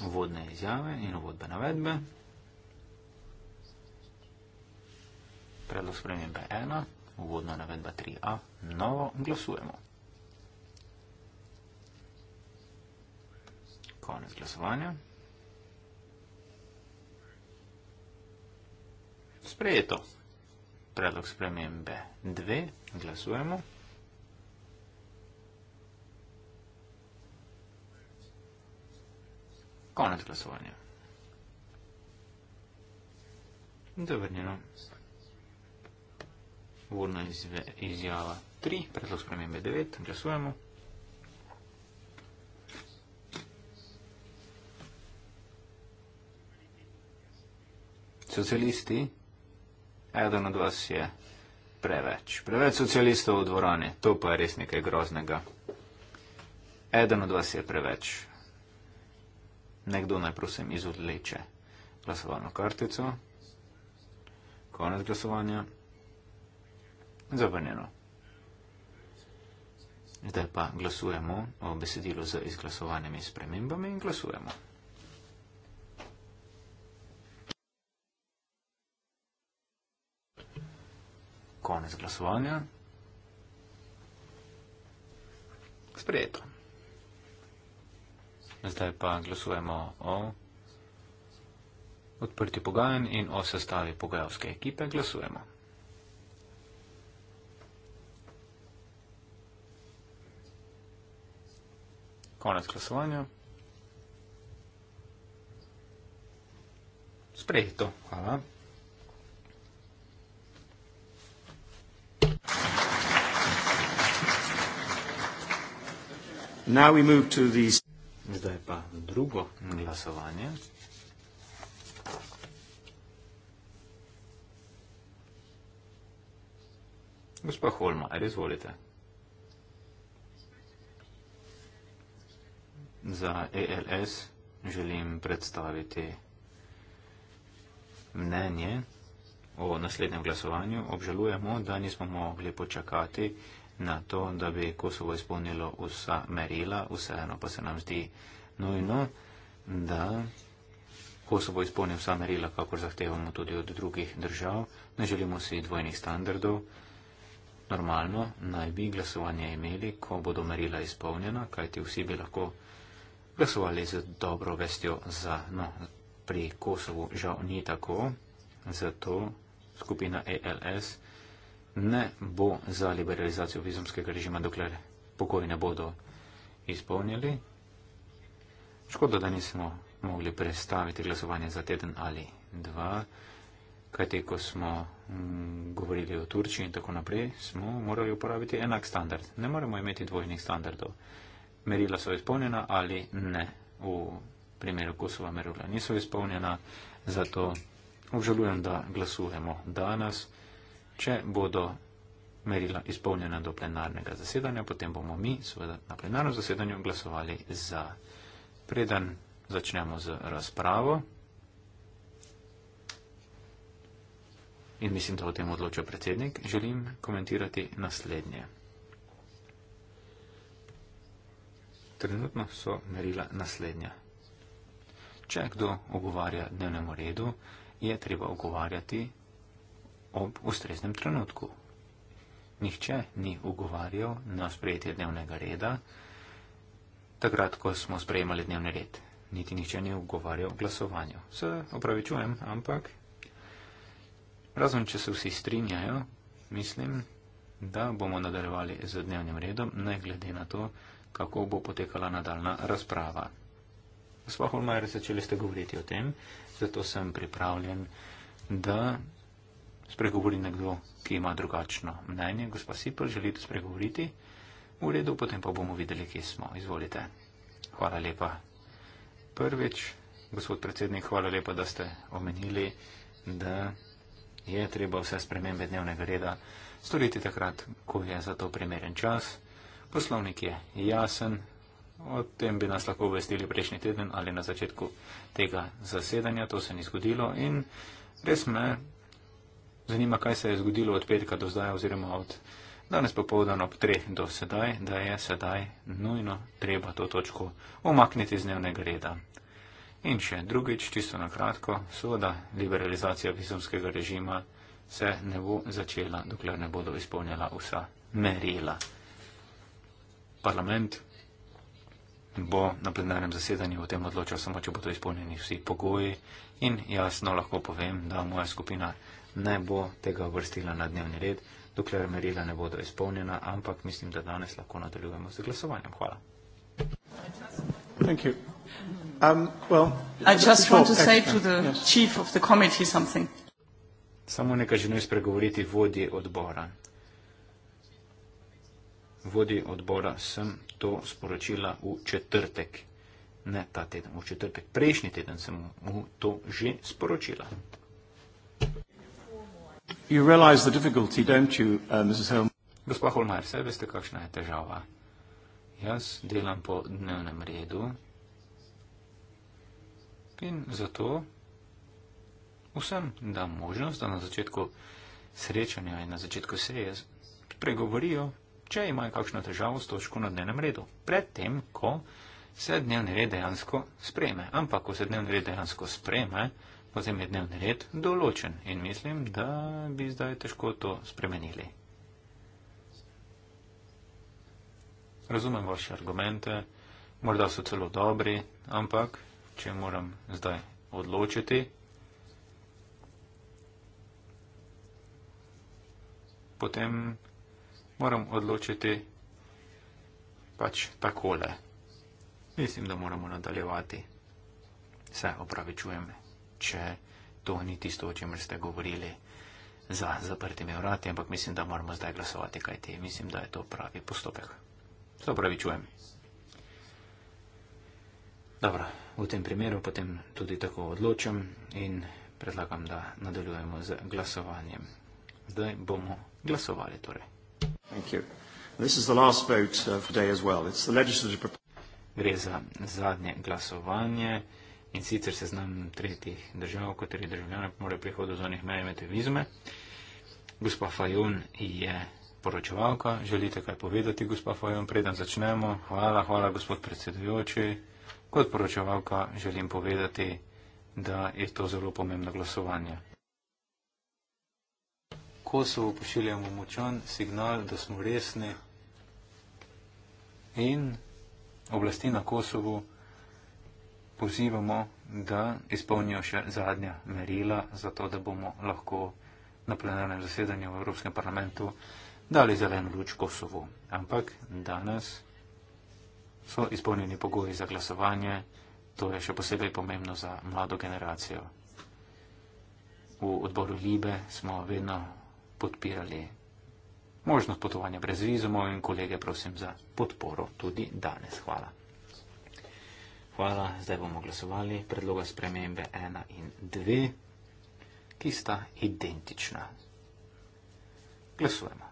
Vodne izjave in vodbe navedbe. Zavrnjeno. predlog spremembe 1, uvodna navedba 3a, novo, glasujemo. Konec glasovanja. Sprejeto. Predlog spremembe 2, glasujemo. Konec glasovanja. Zavrnjeno urna izjava 3, predlog spremembe 9, glasujemo. Socialisti, eden od vas je preveč. Preveč socialistov v dvorane, to pa je res nekaj groznega. Eden od vas je preveč. Nekdo naj prosim izodleče glasovalno kartico. Konec glasovanja zavrnjeno. Zdaj pa glasujemo o besedilu z izglasovanimi spremembami in glasujemo. Konec glasovanja. Sprejeto. Zdaj pa glasujemo o odprti pogajanj in o sestavi pogajalske ekipe. Glasujemo. Konec glasovanja. Sprejeto. Hvala. Now we move to these... Zdaj pa drugo glasovanje. Gospod Holma, ali izvolite? za ELS želim predstaviti mnenje o naslednjem glasovanju. Obžalujemo, da nismo mogli počakati na to, da bi Kosovo izpolnilo vsa merila, vseeno pa se nam zdi nujno, da Kosovo izpolni vsa merila, kakor zahtevamo tudi od drugih držav. Ne želimo si dvojnih standardov. Normalno naj bi glasovanje imeli, ko bodo merila izpolnjena, kajti vsi bi lahko glasovali z dobro vestjo za. No, pri Kosovu žal ni tako, zato skupina ALS ne bo za liberalizacijo vizumskega režima, dokler pokoji ne bodo izpolnili. Škoda, da nismo mogli prestaviti glasovanje za teden ali dva, kajte, ko smo mm, govorili o Turčiji in tako naprej, smo morali uporabiti enak standard. Ne moremo imeti dvojnih standardov merila so izpolnjena ali ne v primeru Kosova merila niso izpolnjena, zato obžalujem, da glasujemo danes. Če bodo merila izpolnjena do plenarnega zasedanja, potem bomo mi seveda na plenarnem zasedanju glasovali za. Preden začnemo z razpravo in mislim, da o tem odloča predsednik, želim komentirati naslednje. Trenutno so merila naslednja. Če kdo ogovarja dnevnemu redu, je treba ogovarjati ob ustreznem trenutku. Nihče ni ogovarjal na sprejetje dnevnega reda, takrat, ko smo sprejemali dnevni red. Niti nihče ni ogovarjal glasovanju. Se opravičujem, ampak razen, če se vsi strinjajo, mislim, da bomo nadaljevali z dnevnim redom, ne glede na to, kako bo potekala nadaljna razprava. Gospod Holmajer, začeli ste govoriti o tem, zato sem pripravljen, da spregovori nekdo, ki ima drugačno mnenje. Gospod Sipel, želite spregovoriti? V redu, potem pa bomo videli, kje smo. Izvolite. Hvala lepa. Prvič, gospod predsednik, hvala lepa, da ste omenili, da je treba vse spremembe dnevnega reda storiti takrat, ko je za to primeren čas. Poslovnik je jasen, o tem bi nas lahko obvestili prejšnji teden ali na začetku tega zasedanja, to se ni zgodilo in res me zanima, kaj se je zgodilo od petka do zdaj oziroma od danes popovdan ob treh do sedaj, da je sedaj nujno treba to točko omakniti z dnevnega reda. In še drugič, čisto na kratko, soda liberalizacija vizumskega režima se ne bo začela, dokler ne bodo izpolnjala vsa merila parlament bo na plenarnem zasedanju o tem odločal samo, če bodo izpolnjeni vsi pogoji in jasno lahko povem, da moja skupina ne bo tega vrstila na dnevni red, dokler merila ne bodo izpolnjena, ampak mislim, da danes lahko nadaljujemo z glasovanjem. Hvala. Thank you. Um, well, I just before, want to say to the yes. chief of the committee something. Samo nekaj želim spregovoriti vodji odbora vodi odbora, sem to sporočila v četrtek. Ne ta teden, v četrtek. Prejšnji teden sem mu to že sporočila. You, uh, Gospa Holmar, saj veste, kakšna je težava. Jaz delam po dnevnem redu in zato vsem dam možnost, da na začetku srečanja in na začetku seje spregovorijo če imajo kakšno težavo s točko na dnevnem redu, predtem, ko se dnevni red dejansko spreme. Ampak, ko se dnevni red dejansko spreme, potem je dnevni red določen in mislim, da bi zdaj težko to spremenili. Razumem vaše argumente, morda so celo dobri, ampak, če moram zdaj odločiti, potem moram odločiti pač takole. Mislim, da moramo nadaljevati. Se opravičujem, če to ni tisto, o čemer ste govorili za zaprtimi vrati, ampak mislim, da moramo zdaj glasovati, kaj ti. Mislim, da je to pravi postopek. Se opravičujem. Dobro, v tem primeru potem tudi tako odločam in predlagam, da nadaljujemo z glasovanjem. Zdaj bomo glasovali torej. Thank you. This is the last vote uh, of the day as well. It's the legislative Gre za zadnje glasovanje in sicer se znam tretjih držav, katerih državljane morajo prihodu z onih meje imeti vizume. Gospa Fajun je poročevalka. Želite kaj povedati, gospa Fajun, preden začnemo? Hvala, hvala, gospod predsedujoči. Kot poročevalka želim povedati, da je to zelo pomembno glasovanje. Kosovo pošiljamo močan signal, da smo resni in oblasti na Kosovo pozivamo, da izpolnijo še zadnja merila za to, da bomo lahko na plenarnem zasedanju v Evropskem parlamentu dali zelen luč Kosovo. Ampak danes so izpolnjeni pogoji za glasovanje, to je še posebej pomembno za mlado generacijo. V odboru Libe smo vedno podpirali možnost potovanja brez vizumov in kolege prosim za podporo tudi danes. Hvala. Hvala, zdaj bomo glasovali predloga spremembe 1 in 2, ki sta identična. Glasujemo.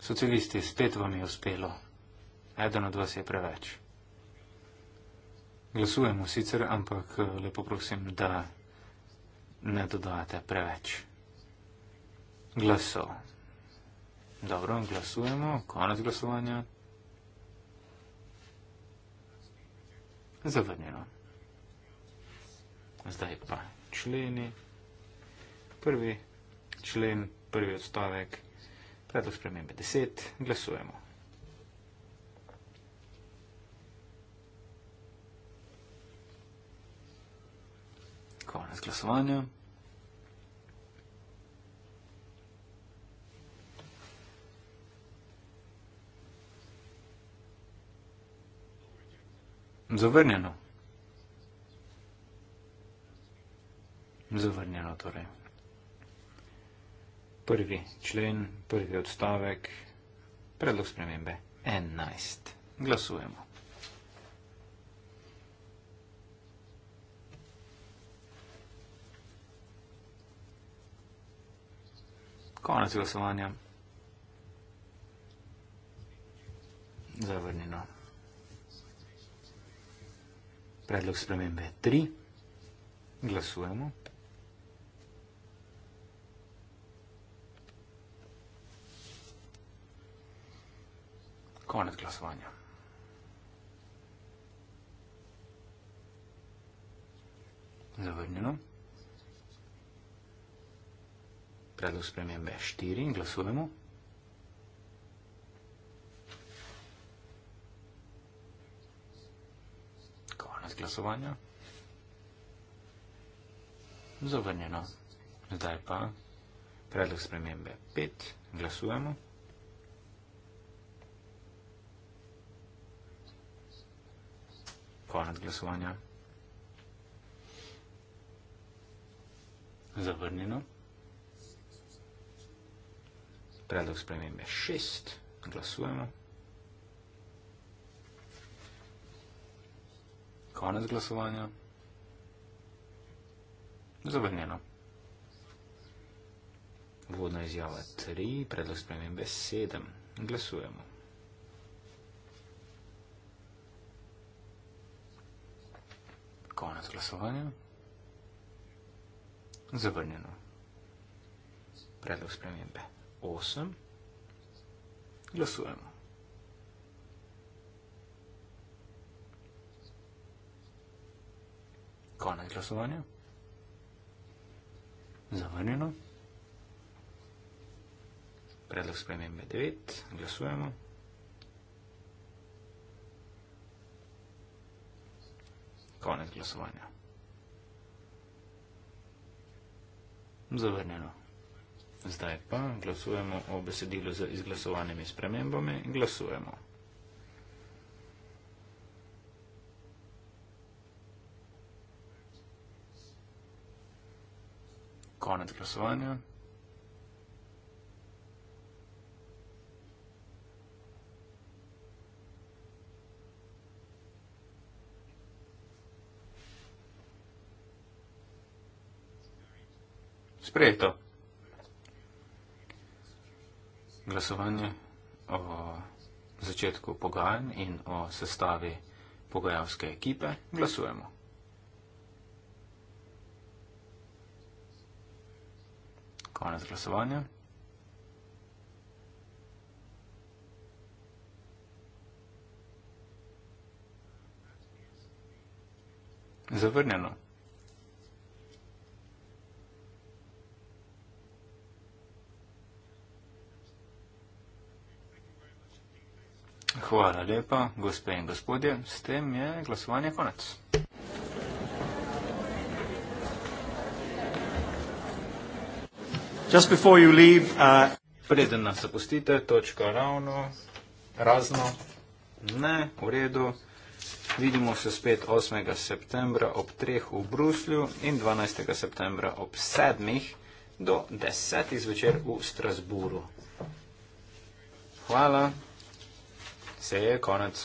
Socialisti, spet vam je uspelo. Eden od vas je preveč. Glasujemo sicer, ampak eh, lepo prosim, da ne dodajate preveč. Glasov. Dobro, glasujemo. Konec glasovanja. Zavrnjeno. Zdaj pa členi. Prvi člen, prvi odstavek. Skrat do spremembe 10, glasujemo. Konec glasovanja. Zavrnjeno. Zavrnjeno torej prvi člen, prvi odstavek, predlog spremembe 11. Glasujemo. Konec glasovanja. Zavrnjeno. Predlog spremembe 3. Glasujemo. konec glasovanja. Zavrnjeno. Predlog spremembe je 4 in glasujemo. Konec glasovanja. Zavrnjeno. Zdaj pa predlog spremembe 5. Glasujemo. konec glasovanja. Zavrnjeno. Predlog spremembe šest. Glasujemo. Konec glasovanja. Zavrnjeno. Vodna izjava tri. Predlog spremembe sedem. Glasujemo. Konec glasovanja. Zavrnjeno. Predlog spremembe. 8. Glasujemo. Konec glasovanja. Zavrnjeno. Predlog spremembe 9. Glasujemo. Glasujemo. konec glasovanja. Zavrnjeno. Zdaj pa glasujemo o besedilu z izglasovanimi spremembami. Glasujemo. Konec glasovanja. Sprejeto. Glasovanje o začetku pogajanj in o sestavi pogajalske ekipe. Glasujemo. Konec glasovanja. Zavrnjeno. Hvala lepa, gospe in gospodje. S tem je glasovanje konec. Leave, uh... Preden nas zapustite, točka ravno, razno, ne, v redu. Vidimo se spet 8. septembra ob 3. v Bruslju in 12. septembra ob 7. do 10. zvečer v Strasburu. Hvala. Seje, konec.